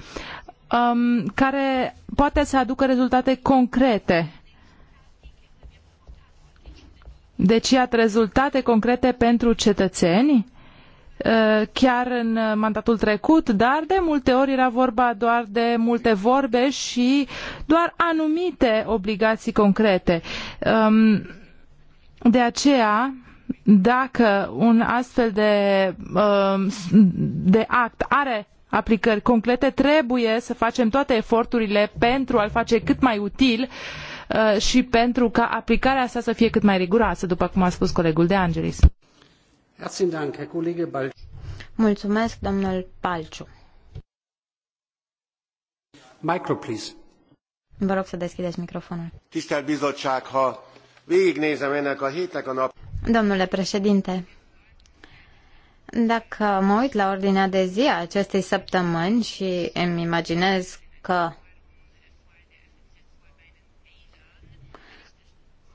um, care poate să aducă rezultate concrete deci, iată, rezultate concrete pentru cetățeni, ă, chiar în mandatul trecut, dar de multe ori era vorba doar de multe vorbe și doar anumite obligații concrete. De aceea, dacă un astfel de, ă, de act are aplicări concrete, trebuie să facem toate eforturile pentru a-l face cât mai util Uh, și pentru ca aplicarea sa să fie cât mai riguroasă, după cum a spus colegul de Angelis. Mulțumesc, domnul Palciu. Micro, please. Vă rog să deschideți microfonul. Tisztelt bizottság, ha végignézem ennek a hétnek a nap... Domnule președinte, dacă mă uit la ordinea de zi a acestei săptămâni și îmi imaginez că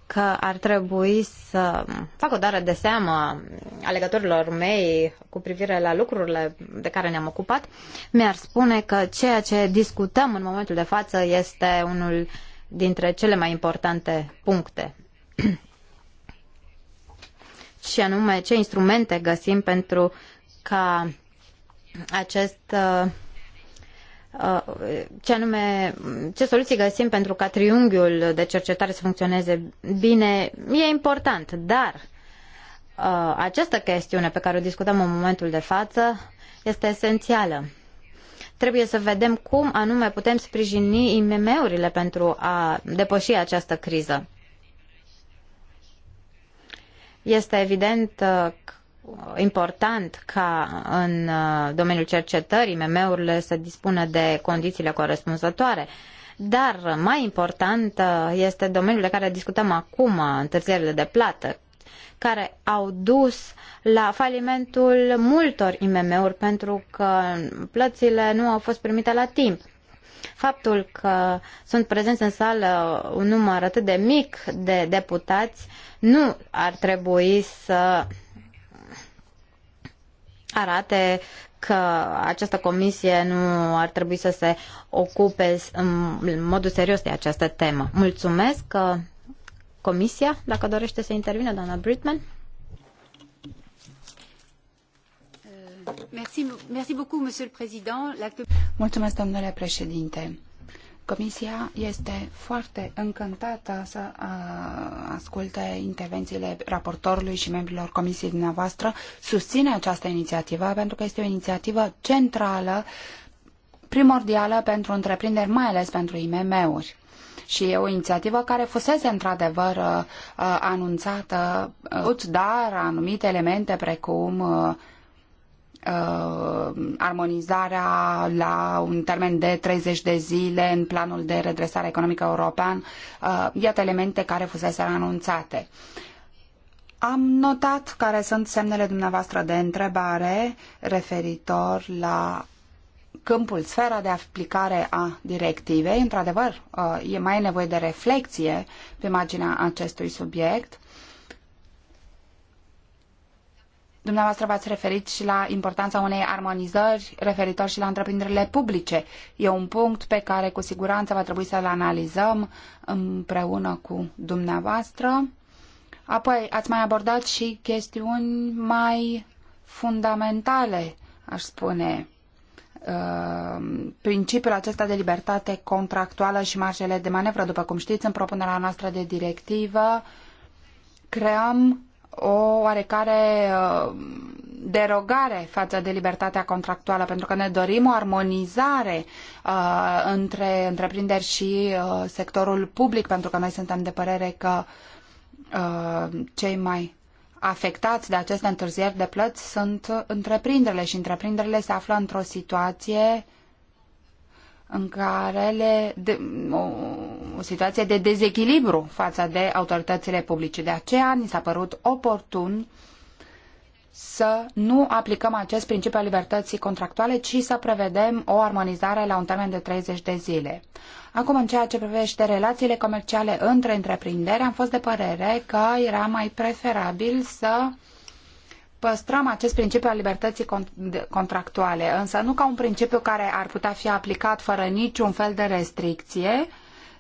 că ar trebui să fac o dară de seamă alegătorilor mei cu privire la lucrurile de care ne-am ocupat, mi-ar spune că ceea ce discutăm în momentul de față este unul dintre cele mai importante puncte. și anume ce instrumente găsim pentru ca acest uh, Uh, ce anume, ce soluții găsim pentru ca triunghiul de cercetare să funcționeze bine, e important, dar uh, această chestiune pe care o discutăm în momentul de față este esențială. Trebuie să vedem cum anume putem sprijini IMM-urile pentru a depăși această criză. Este evident uh, important ca în uh, domeniul cercetării mm urile să dispună de condițiile corespunzătoare. Dar mai important uh, este domeniul de care discutăm acum, uh, întârzierile de plată, care au dus la falimentul multor IMM-uri pentru că plățile nu au fost primite la timp. Faptul că sunt prezenți în sală un număr atât de mic de deputați nu ar trebui să arate că această comisie nu ar trebui să se ocupe în modul serios de această temă. Mulțumesc că comisia, dacă dorește să intervină, doamna Britman. Euh, Mulțumesc, domnule președinte Comisia este foarte încântată să asculte intervențiile raportorului și membrilor comisiei dumneavoastră. Susține această inițiativă pentru că este o inițiativă centrală, primordială pentru întreprinderi, mai ales pentru IMM-uri. Și e o inițiativă care fusese într-adevăr anunțată, uh, dar anumite elemente precum uh, uh, armonizarea la un termen de 30 de zile în planul de redresare economică european, uh, iată elemente care fusese anunțate. Am notat care sunt semnele dumneavoastră de întrebare referitor la câmpul, sfera de aplicare a directivei. Într-adevăr, uh, e mai nevoie de reflexie pe marginea acestui subiect Dumneavoastră v-ați referit și la importanța unei armonizări referitor și la întreprinderile publice. E un punct pe care cu siguranță va trebui să-l analizăm împreună cu dumneavoastră. Apoi ați mai abordat și chestiuni mai fundamentale, aș spune, uh, principiul acesta de libertate contractuală și marjele de manevră. După cum știți, în propunerea noastră de directivă creăm o oarecare uh, derogare față de libertatea contractuală, pentru că ne dorim o armonizare uh, între întreprinderi și uh, sectorul public, pentru că noi suntem de părere că uh, cei mai afectați de aceste întârzieri de plăți sunt întreprinderile și întreprinderile se află într-o situație în care le de, o, o situație de dezechilibru față de autoritățile publice. De aceea ni s-a părut oportun să nu aplicăm acest principiu al libertății contractuale, ci să prevedem o armonizare la un termen de 30 de zile. Acum, în ceea ce privește relațiile comerciale între întreprinderi, am fost de părere că era mai preferabil să păstrăm acest principiu al libertății contractuale, însă nu ca un principiu care ar putea fi aplicat fără niciun fel de restricție,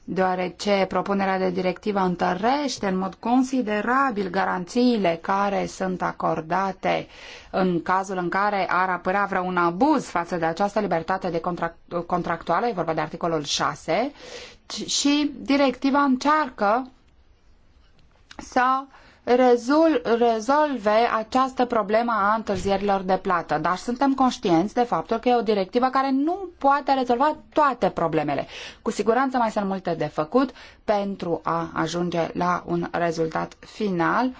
deoarece propunerea de directivă întărește în mod considerabil garanțiile care sunt acordate în cazul în care ar apărea vreun abuz față de această libertate de contract, contractuală, e vorba de articolul 6, și directiva încearcă să uh, rezol rezolve această problemă a întârzierilor de plată, dar suntem conștienți de faptul că e o directivă care nu poate rezolva toate problemele. Cu siguranță mai sunt multe de făcut pentru a ajunge la un rezultat final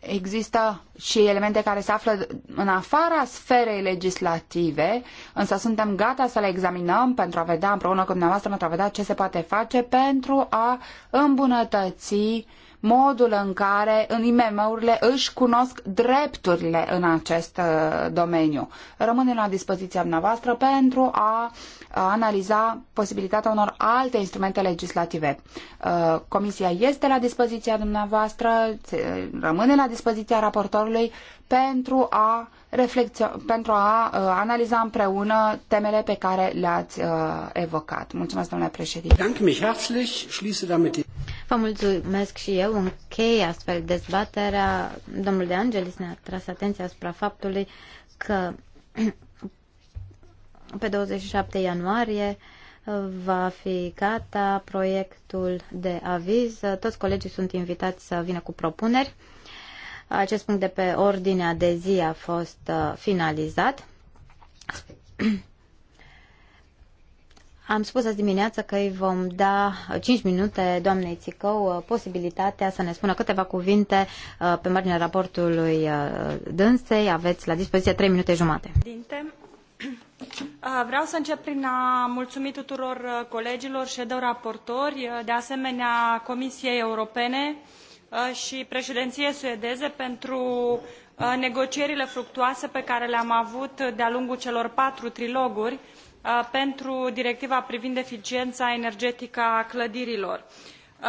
există și elemente care se află în afara sferei legislative, însă suntem gata să le examinăm pentru a vedea împreună cu dumneavoastră, pentru a vedea ce se poate face pentru a îmbunătăți modul în care în IMM-urile își cunosc drepturile în acest uh, domeniu. Rămâne la dispoziția noastră pentru a uh, analiza posibilitatea unor alte instrumente legislative. Uh, comisia este la dispoziția dumneavoastră, rămâne la dispoziția raportorului pentru a, reflecția, pentru a analiza împreună temele pe care le-ați evocat. Mulțumesc, domnule președinte. Vă mulțumesc și eu. Închei astfel dezbaterea. Domnul De Angelis ne-a tras atenția asupra faptului că pe 27 ianuarie va fi gata proiectul de aviz. Toți colegii sunt invitați să vină cu propuneri. Acest punct de pe ordinea de zi a fost uh, finalizat. Am spus azi dimineață că îi vom da 5 minute doamnei Țicău uh, posibilitatea să ne spună câteva cuvinte uh, pe marginea raportului uh, dânsei. Aveți la dispoziție 3 minute jumate. Dinte. Vreau să încep prin a mulțumi tuturor colegilor, și de raportori, de asemenea Comisiei Europene și președinției suedeze pentru negocierile fructuoase pe care le-am avut de-a lungul celor patru triloguri Uh, pentru directiva privind eficiența energetică a clădirilor. Uh,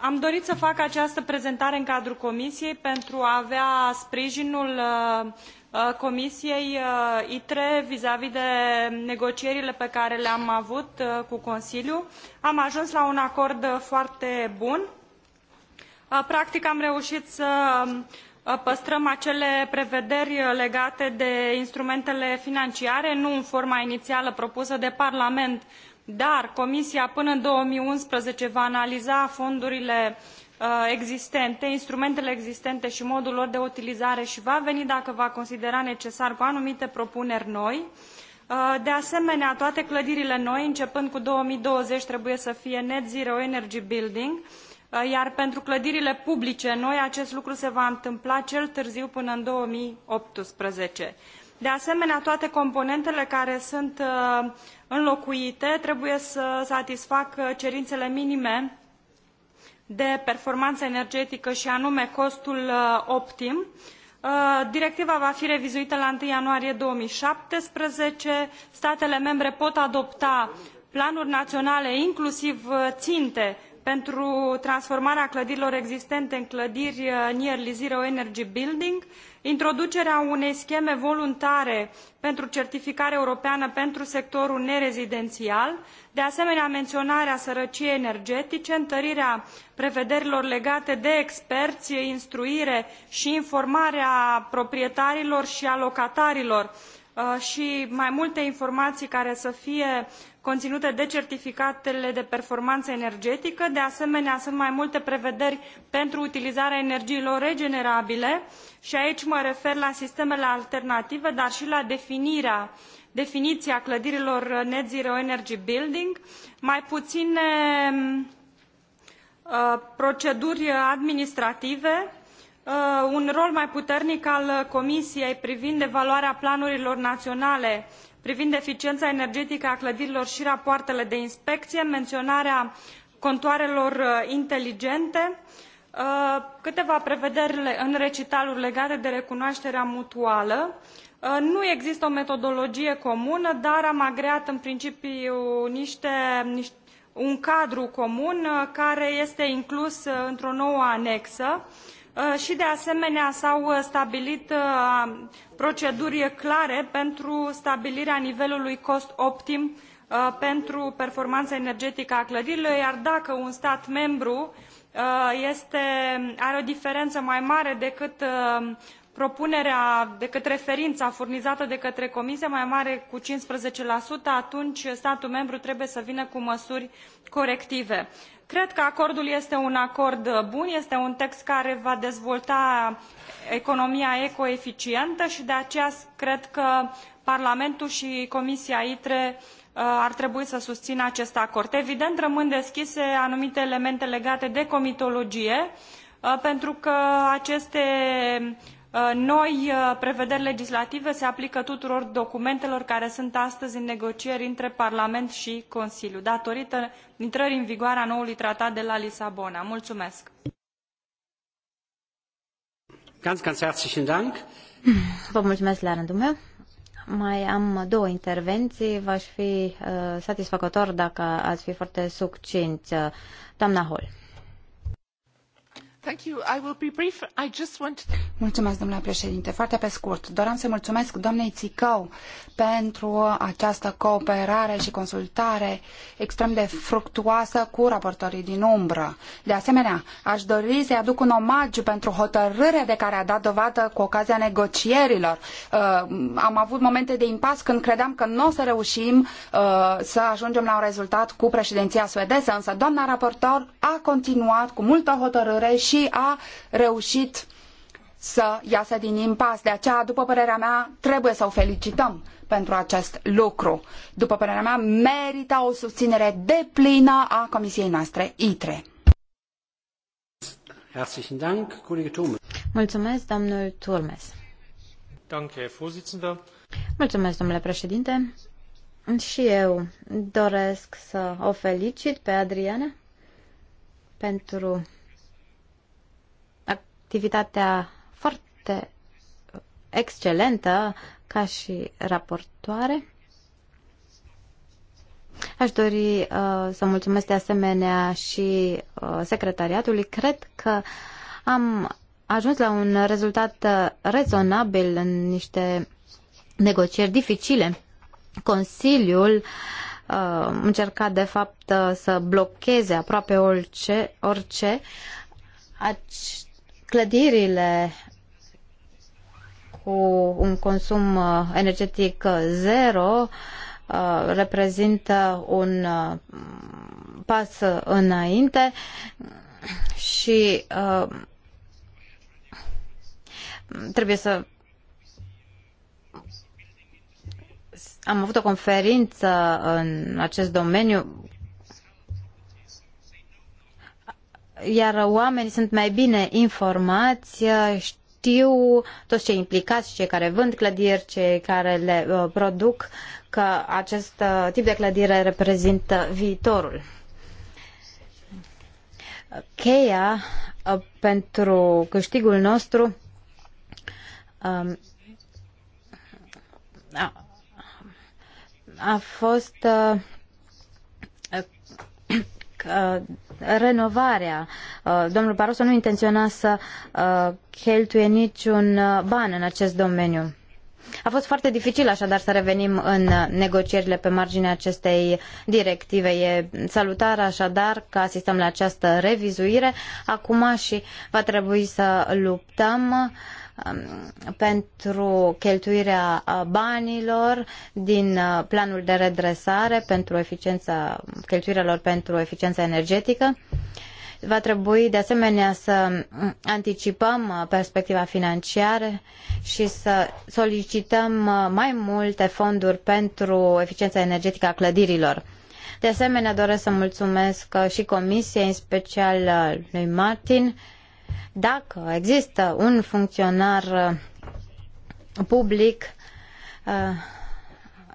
am dorit să fac această prezentare în cadrul Comisiei pentru a avea sprijinul uh, Comisiei ITRE vizavi de negocierile pe care le-am avut cu Consiliul. Am ajuns la un acord foarte bun. Practic am reușit să um, Ă, păstrăm acele prevederi ă, legate de instrumentele financiare nu în forma iniială propusă de parlament dar comisia până în două mii unsprezece va analiza fondurile ă, existente instrumentele existente i modul lor de utilizare i va veni dacă va considera necesar cu anumite propuneri noi. de asemenea toate clădirile noi începând cu două mii douăzeci trebuie să fie net zero energy buildings Uh, iar pentru clădirile publice noi acest lucru se va întâmpla cel târziu până în. două mii optsprezece de asemenea toate componentele care sunt uh, înlocuite trebuie să satisfacă cerinele minime de performană energetică i anume costul uh, optim directiva va fi revizuită la 1 ianuarie 2017. Statele membre pot adopta planuri naționale, inclusiv ținte, pentru transformarea clădirilor existente în clădiri uh, nearly zero energy building introducerea unei scheme voluntare pentru certificare europeană pentru sectorul nerezidenial de asemenea menionarea sărăciei energetice întărirea prevederilor legate de experi instruire i informarea proprietarilor i a locatarilor uh, i mai multe informaii care să fie conținute de certificatele de performanță energetică. De asemenea, sunt mai multe prevederi pentru utilizarea energiilor regenerabile și aici mă refer la sistemele alternative, dar și la definirea definiția clădirilor net zero energy building, mai puține uh, proceduri administrative, uh, un rol mai puternic al comisiei privind evaluarea planurilor naionale privind eficiena energetică a clădirilor i rapoartele de inspecie menionarea contoarelor uh, inteligente uh, câteva prevederi în recitaluri legate de recunoaterea mutuală uh, nu există o metodologie comună dar am agreat în principiu un cadru comun care este inclus într o nouă anexă i Uh, și de asemenea s-au uh, stabilit uh, proceduri clare pentru stabilirea nivelului cost optim pentru performanța energetică a clădirilor, iar dacă un stat membru este, are o diferență mai mare decât propunerea decât referința furnizată de către comisie mai mare cu 15%, atunci statul membru trebuie să vină cu măsuri corective cred că acordul este un acord bun este un text care va dezvolta economia eco eficientă i de aceea cred că parlamentul i comisia itre uh, ar trebui să susină acest acord. evident rămân deschise anumite elemente legate de comitologie uh, pentru că aceste Uh, noi uh, prevederi legislative se aplică tuturor documentelor care sunt astăzi în negocieri între parlament i consiliu datorită intrării în vigoare a noului tratat de la lisabona. Vă mulțumesc Mai am două intervenții. V-aș fi uh, satisfăcător dacă ați fi foarte succinți. Doamna Hall. Mulțumesc, domnule președinte. Foarte pe scurt, doream să mulțumesc doamnei icău pentru această cooperare și consultare extrem de fructuoasă cu raportorii din umbră. De asemenea, a dori să-i aduc un omagiu pentru hotărârea de care a dat dovadă cu ocazia negocierilor. Uh, am avut momente de impas când credeam că nu o să reușim uh, să ajungem la un rezultat cu preedinia suedeză, însă doamna raportor a continuat cu multă hotărâre și și a reușit să iasă din impas. De aceea, după părerea mea, trebuie să o felicităm pentru acest lucru. După părerea mea, merită o susținere deplină a comisiei noastre ITRE. Mulțumesc, domnul Turmes. Mulțumesc, domnule președinte. Și eu doresc să o felicit pe Adriana pentru activitatea foarte excelentă ca și raportoare. Aș dori uh, să mulțumesc de asemenea și uh, secretariatului. Cred că am ajuns la un rezultat uh, rezonabil în niște negocieri dificile. Consiliul uh, încerca de fapt uh, să blocheze aproape orice, orice. Aci, clădirile cu un consum uh, energetic uh, zero uh, reprezintă un pas înainte și trebuie să am avut o conferință în acest domeniu iar oamenii sunt mai bine informați, uh, știu toți cei implicați, cei care vând clădiri, cei care le uh, produc, că acest uh, tip de clădire reprezintă viitorul. Cheia pentru câștigul nostru um, a, a fost renovarea. Uh, domnul Barroso nu intenționa să uh, cheltuie niciun uh, ban în acest domeniu. A fost foarte dificil așadar să revenim în negocierile pe marginea acestei directive. E salutar așadar că asistăm la această revizuire acum și va trebui să luptăm uh, Um, pentru cheltuirea uh, banilor din uh, planul de redresare pentru eficiența cheltuirilor pentru eficiența energetică. Va trebui de asemenea să um, anticipăm uh, perspectiva financiară și să solicităm mai multe fonduri pentru eficiența energetică a clădirilor. De asemenea, doresc să mulțumesc și Comisiei, în special lui Martin, dacă există un funcționar uh, public uh,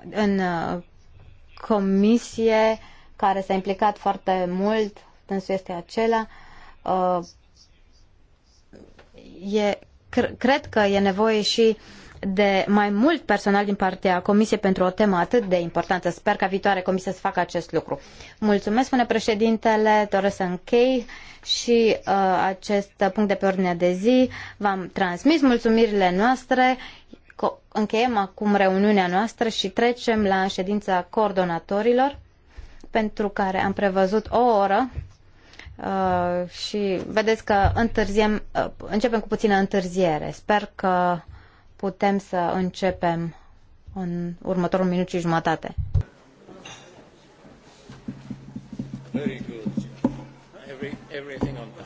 în uh, comisie care s-a implicat foarte mult, tânsul este acela, e, cred că e nevoie și uh, de mai mult personal din partea Comisiei pentru o temă atât de importantă. Sper ca viitoare Comisie să facă acest lucru. Mulțumesc, spune președintele, doresc să închei și uh, acest punct de pe ordinea de zi v-am transmis mulțumirile noastre. Co- încheiem acum reuniunea noastră și trecem la ședința coordonatorilor pentru care am prevăzut o oră uh, și vedeți că întârziem, uh, începem cu puțină întârziere. Sper că putem să începem în următorul minut și jumătate. Very good. Every, everything on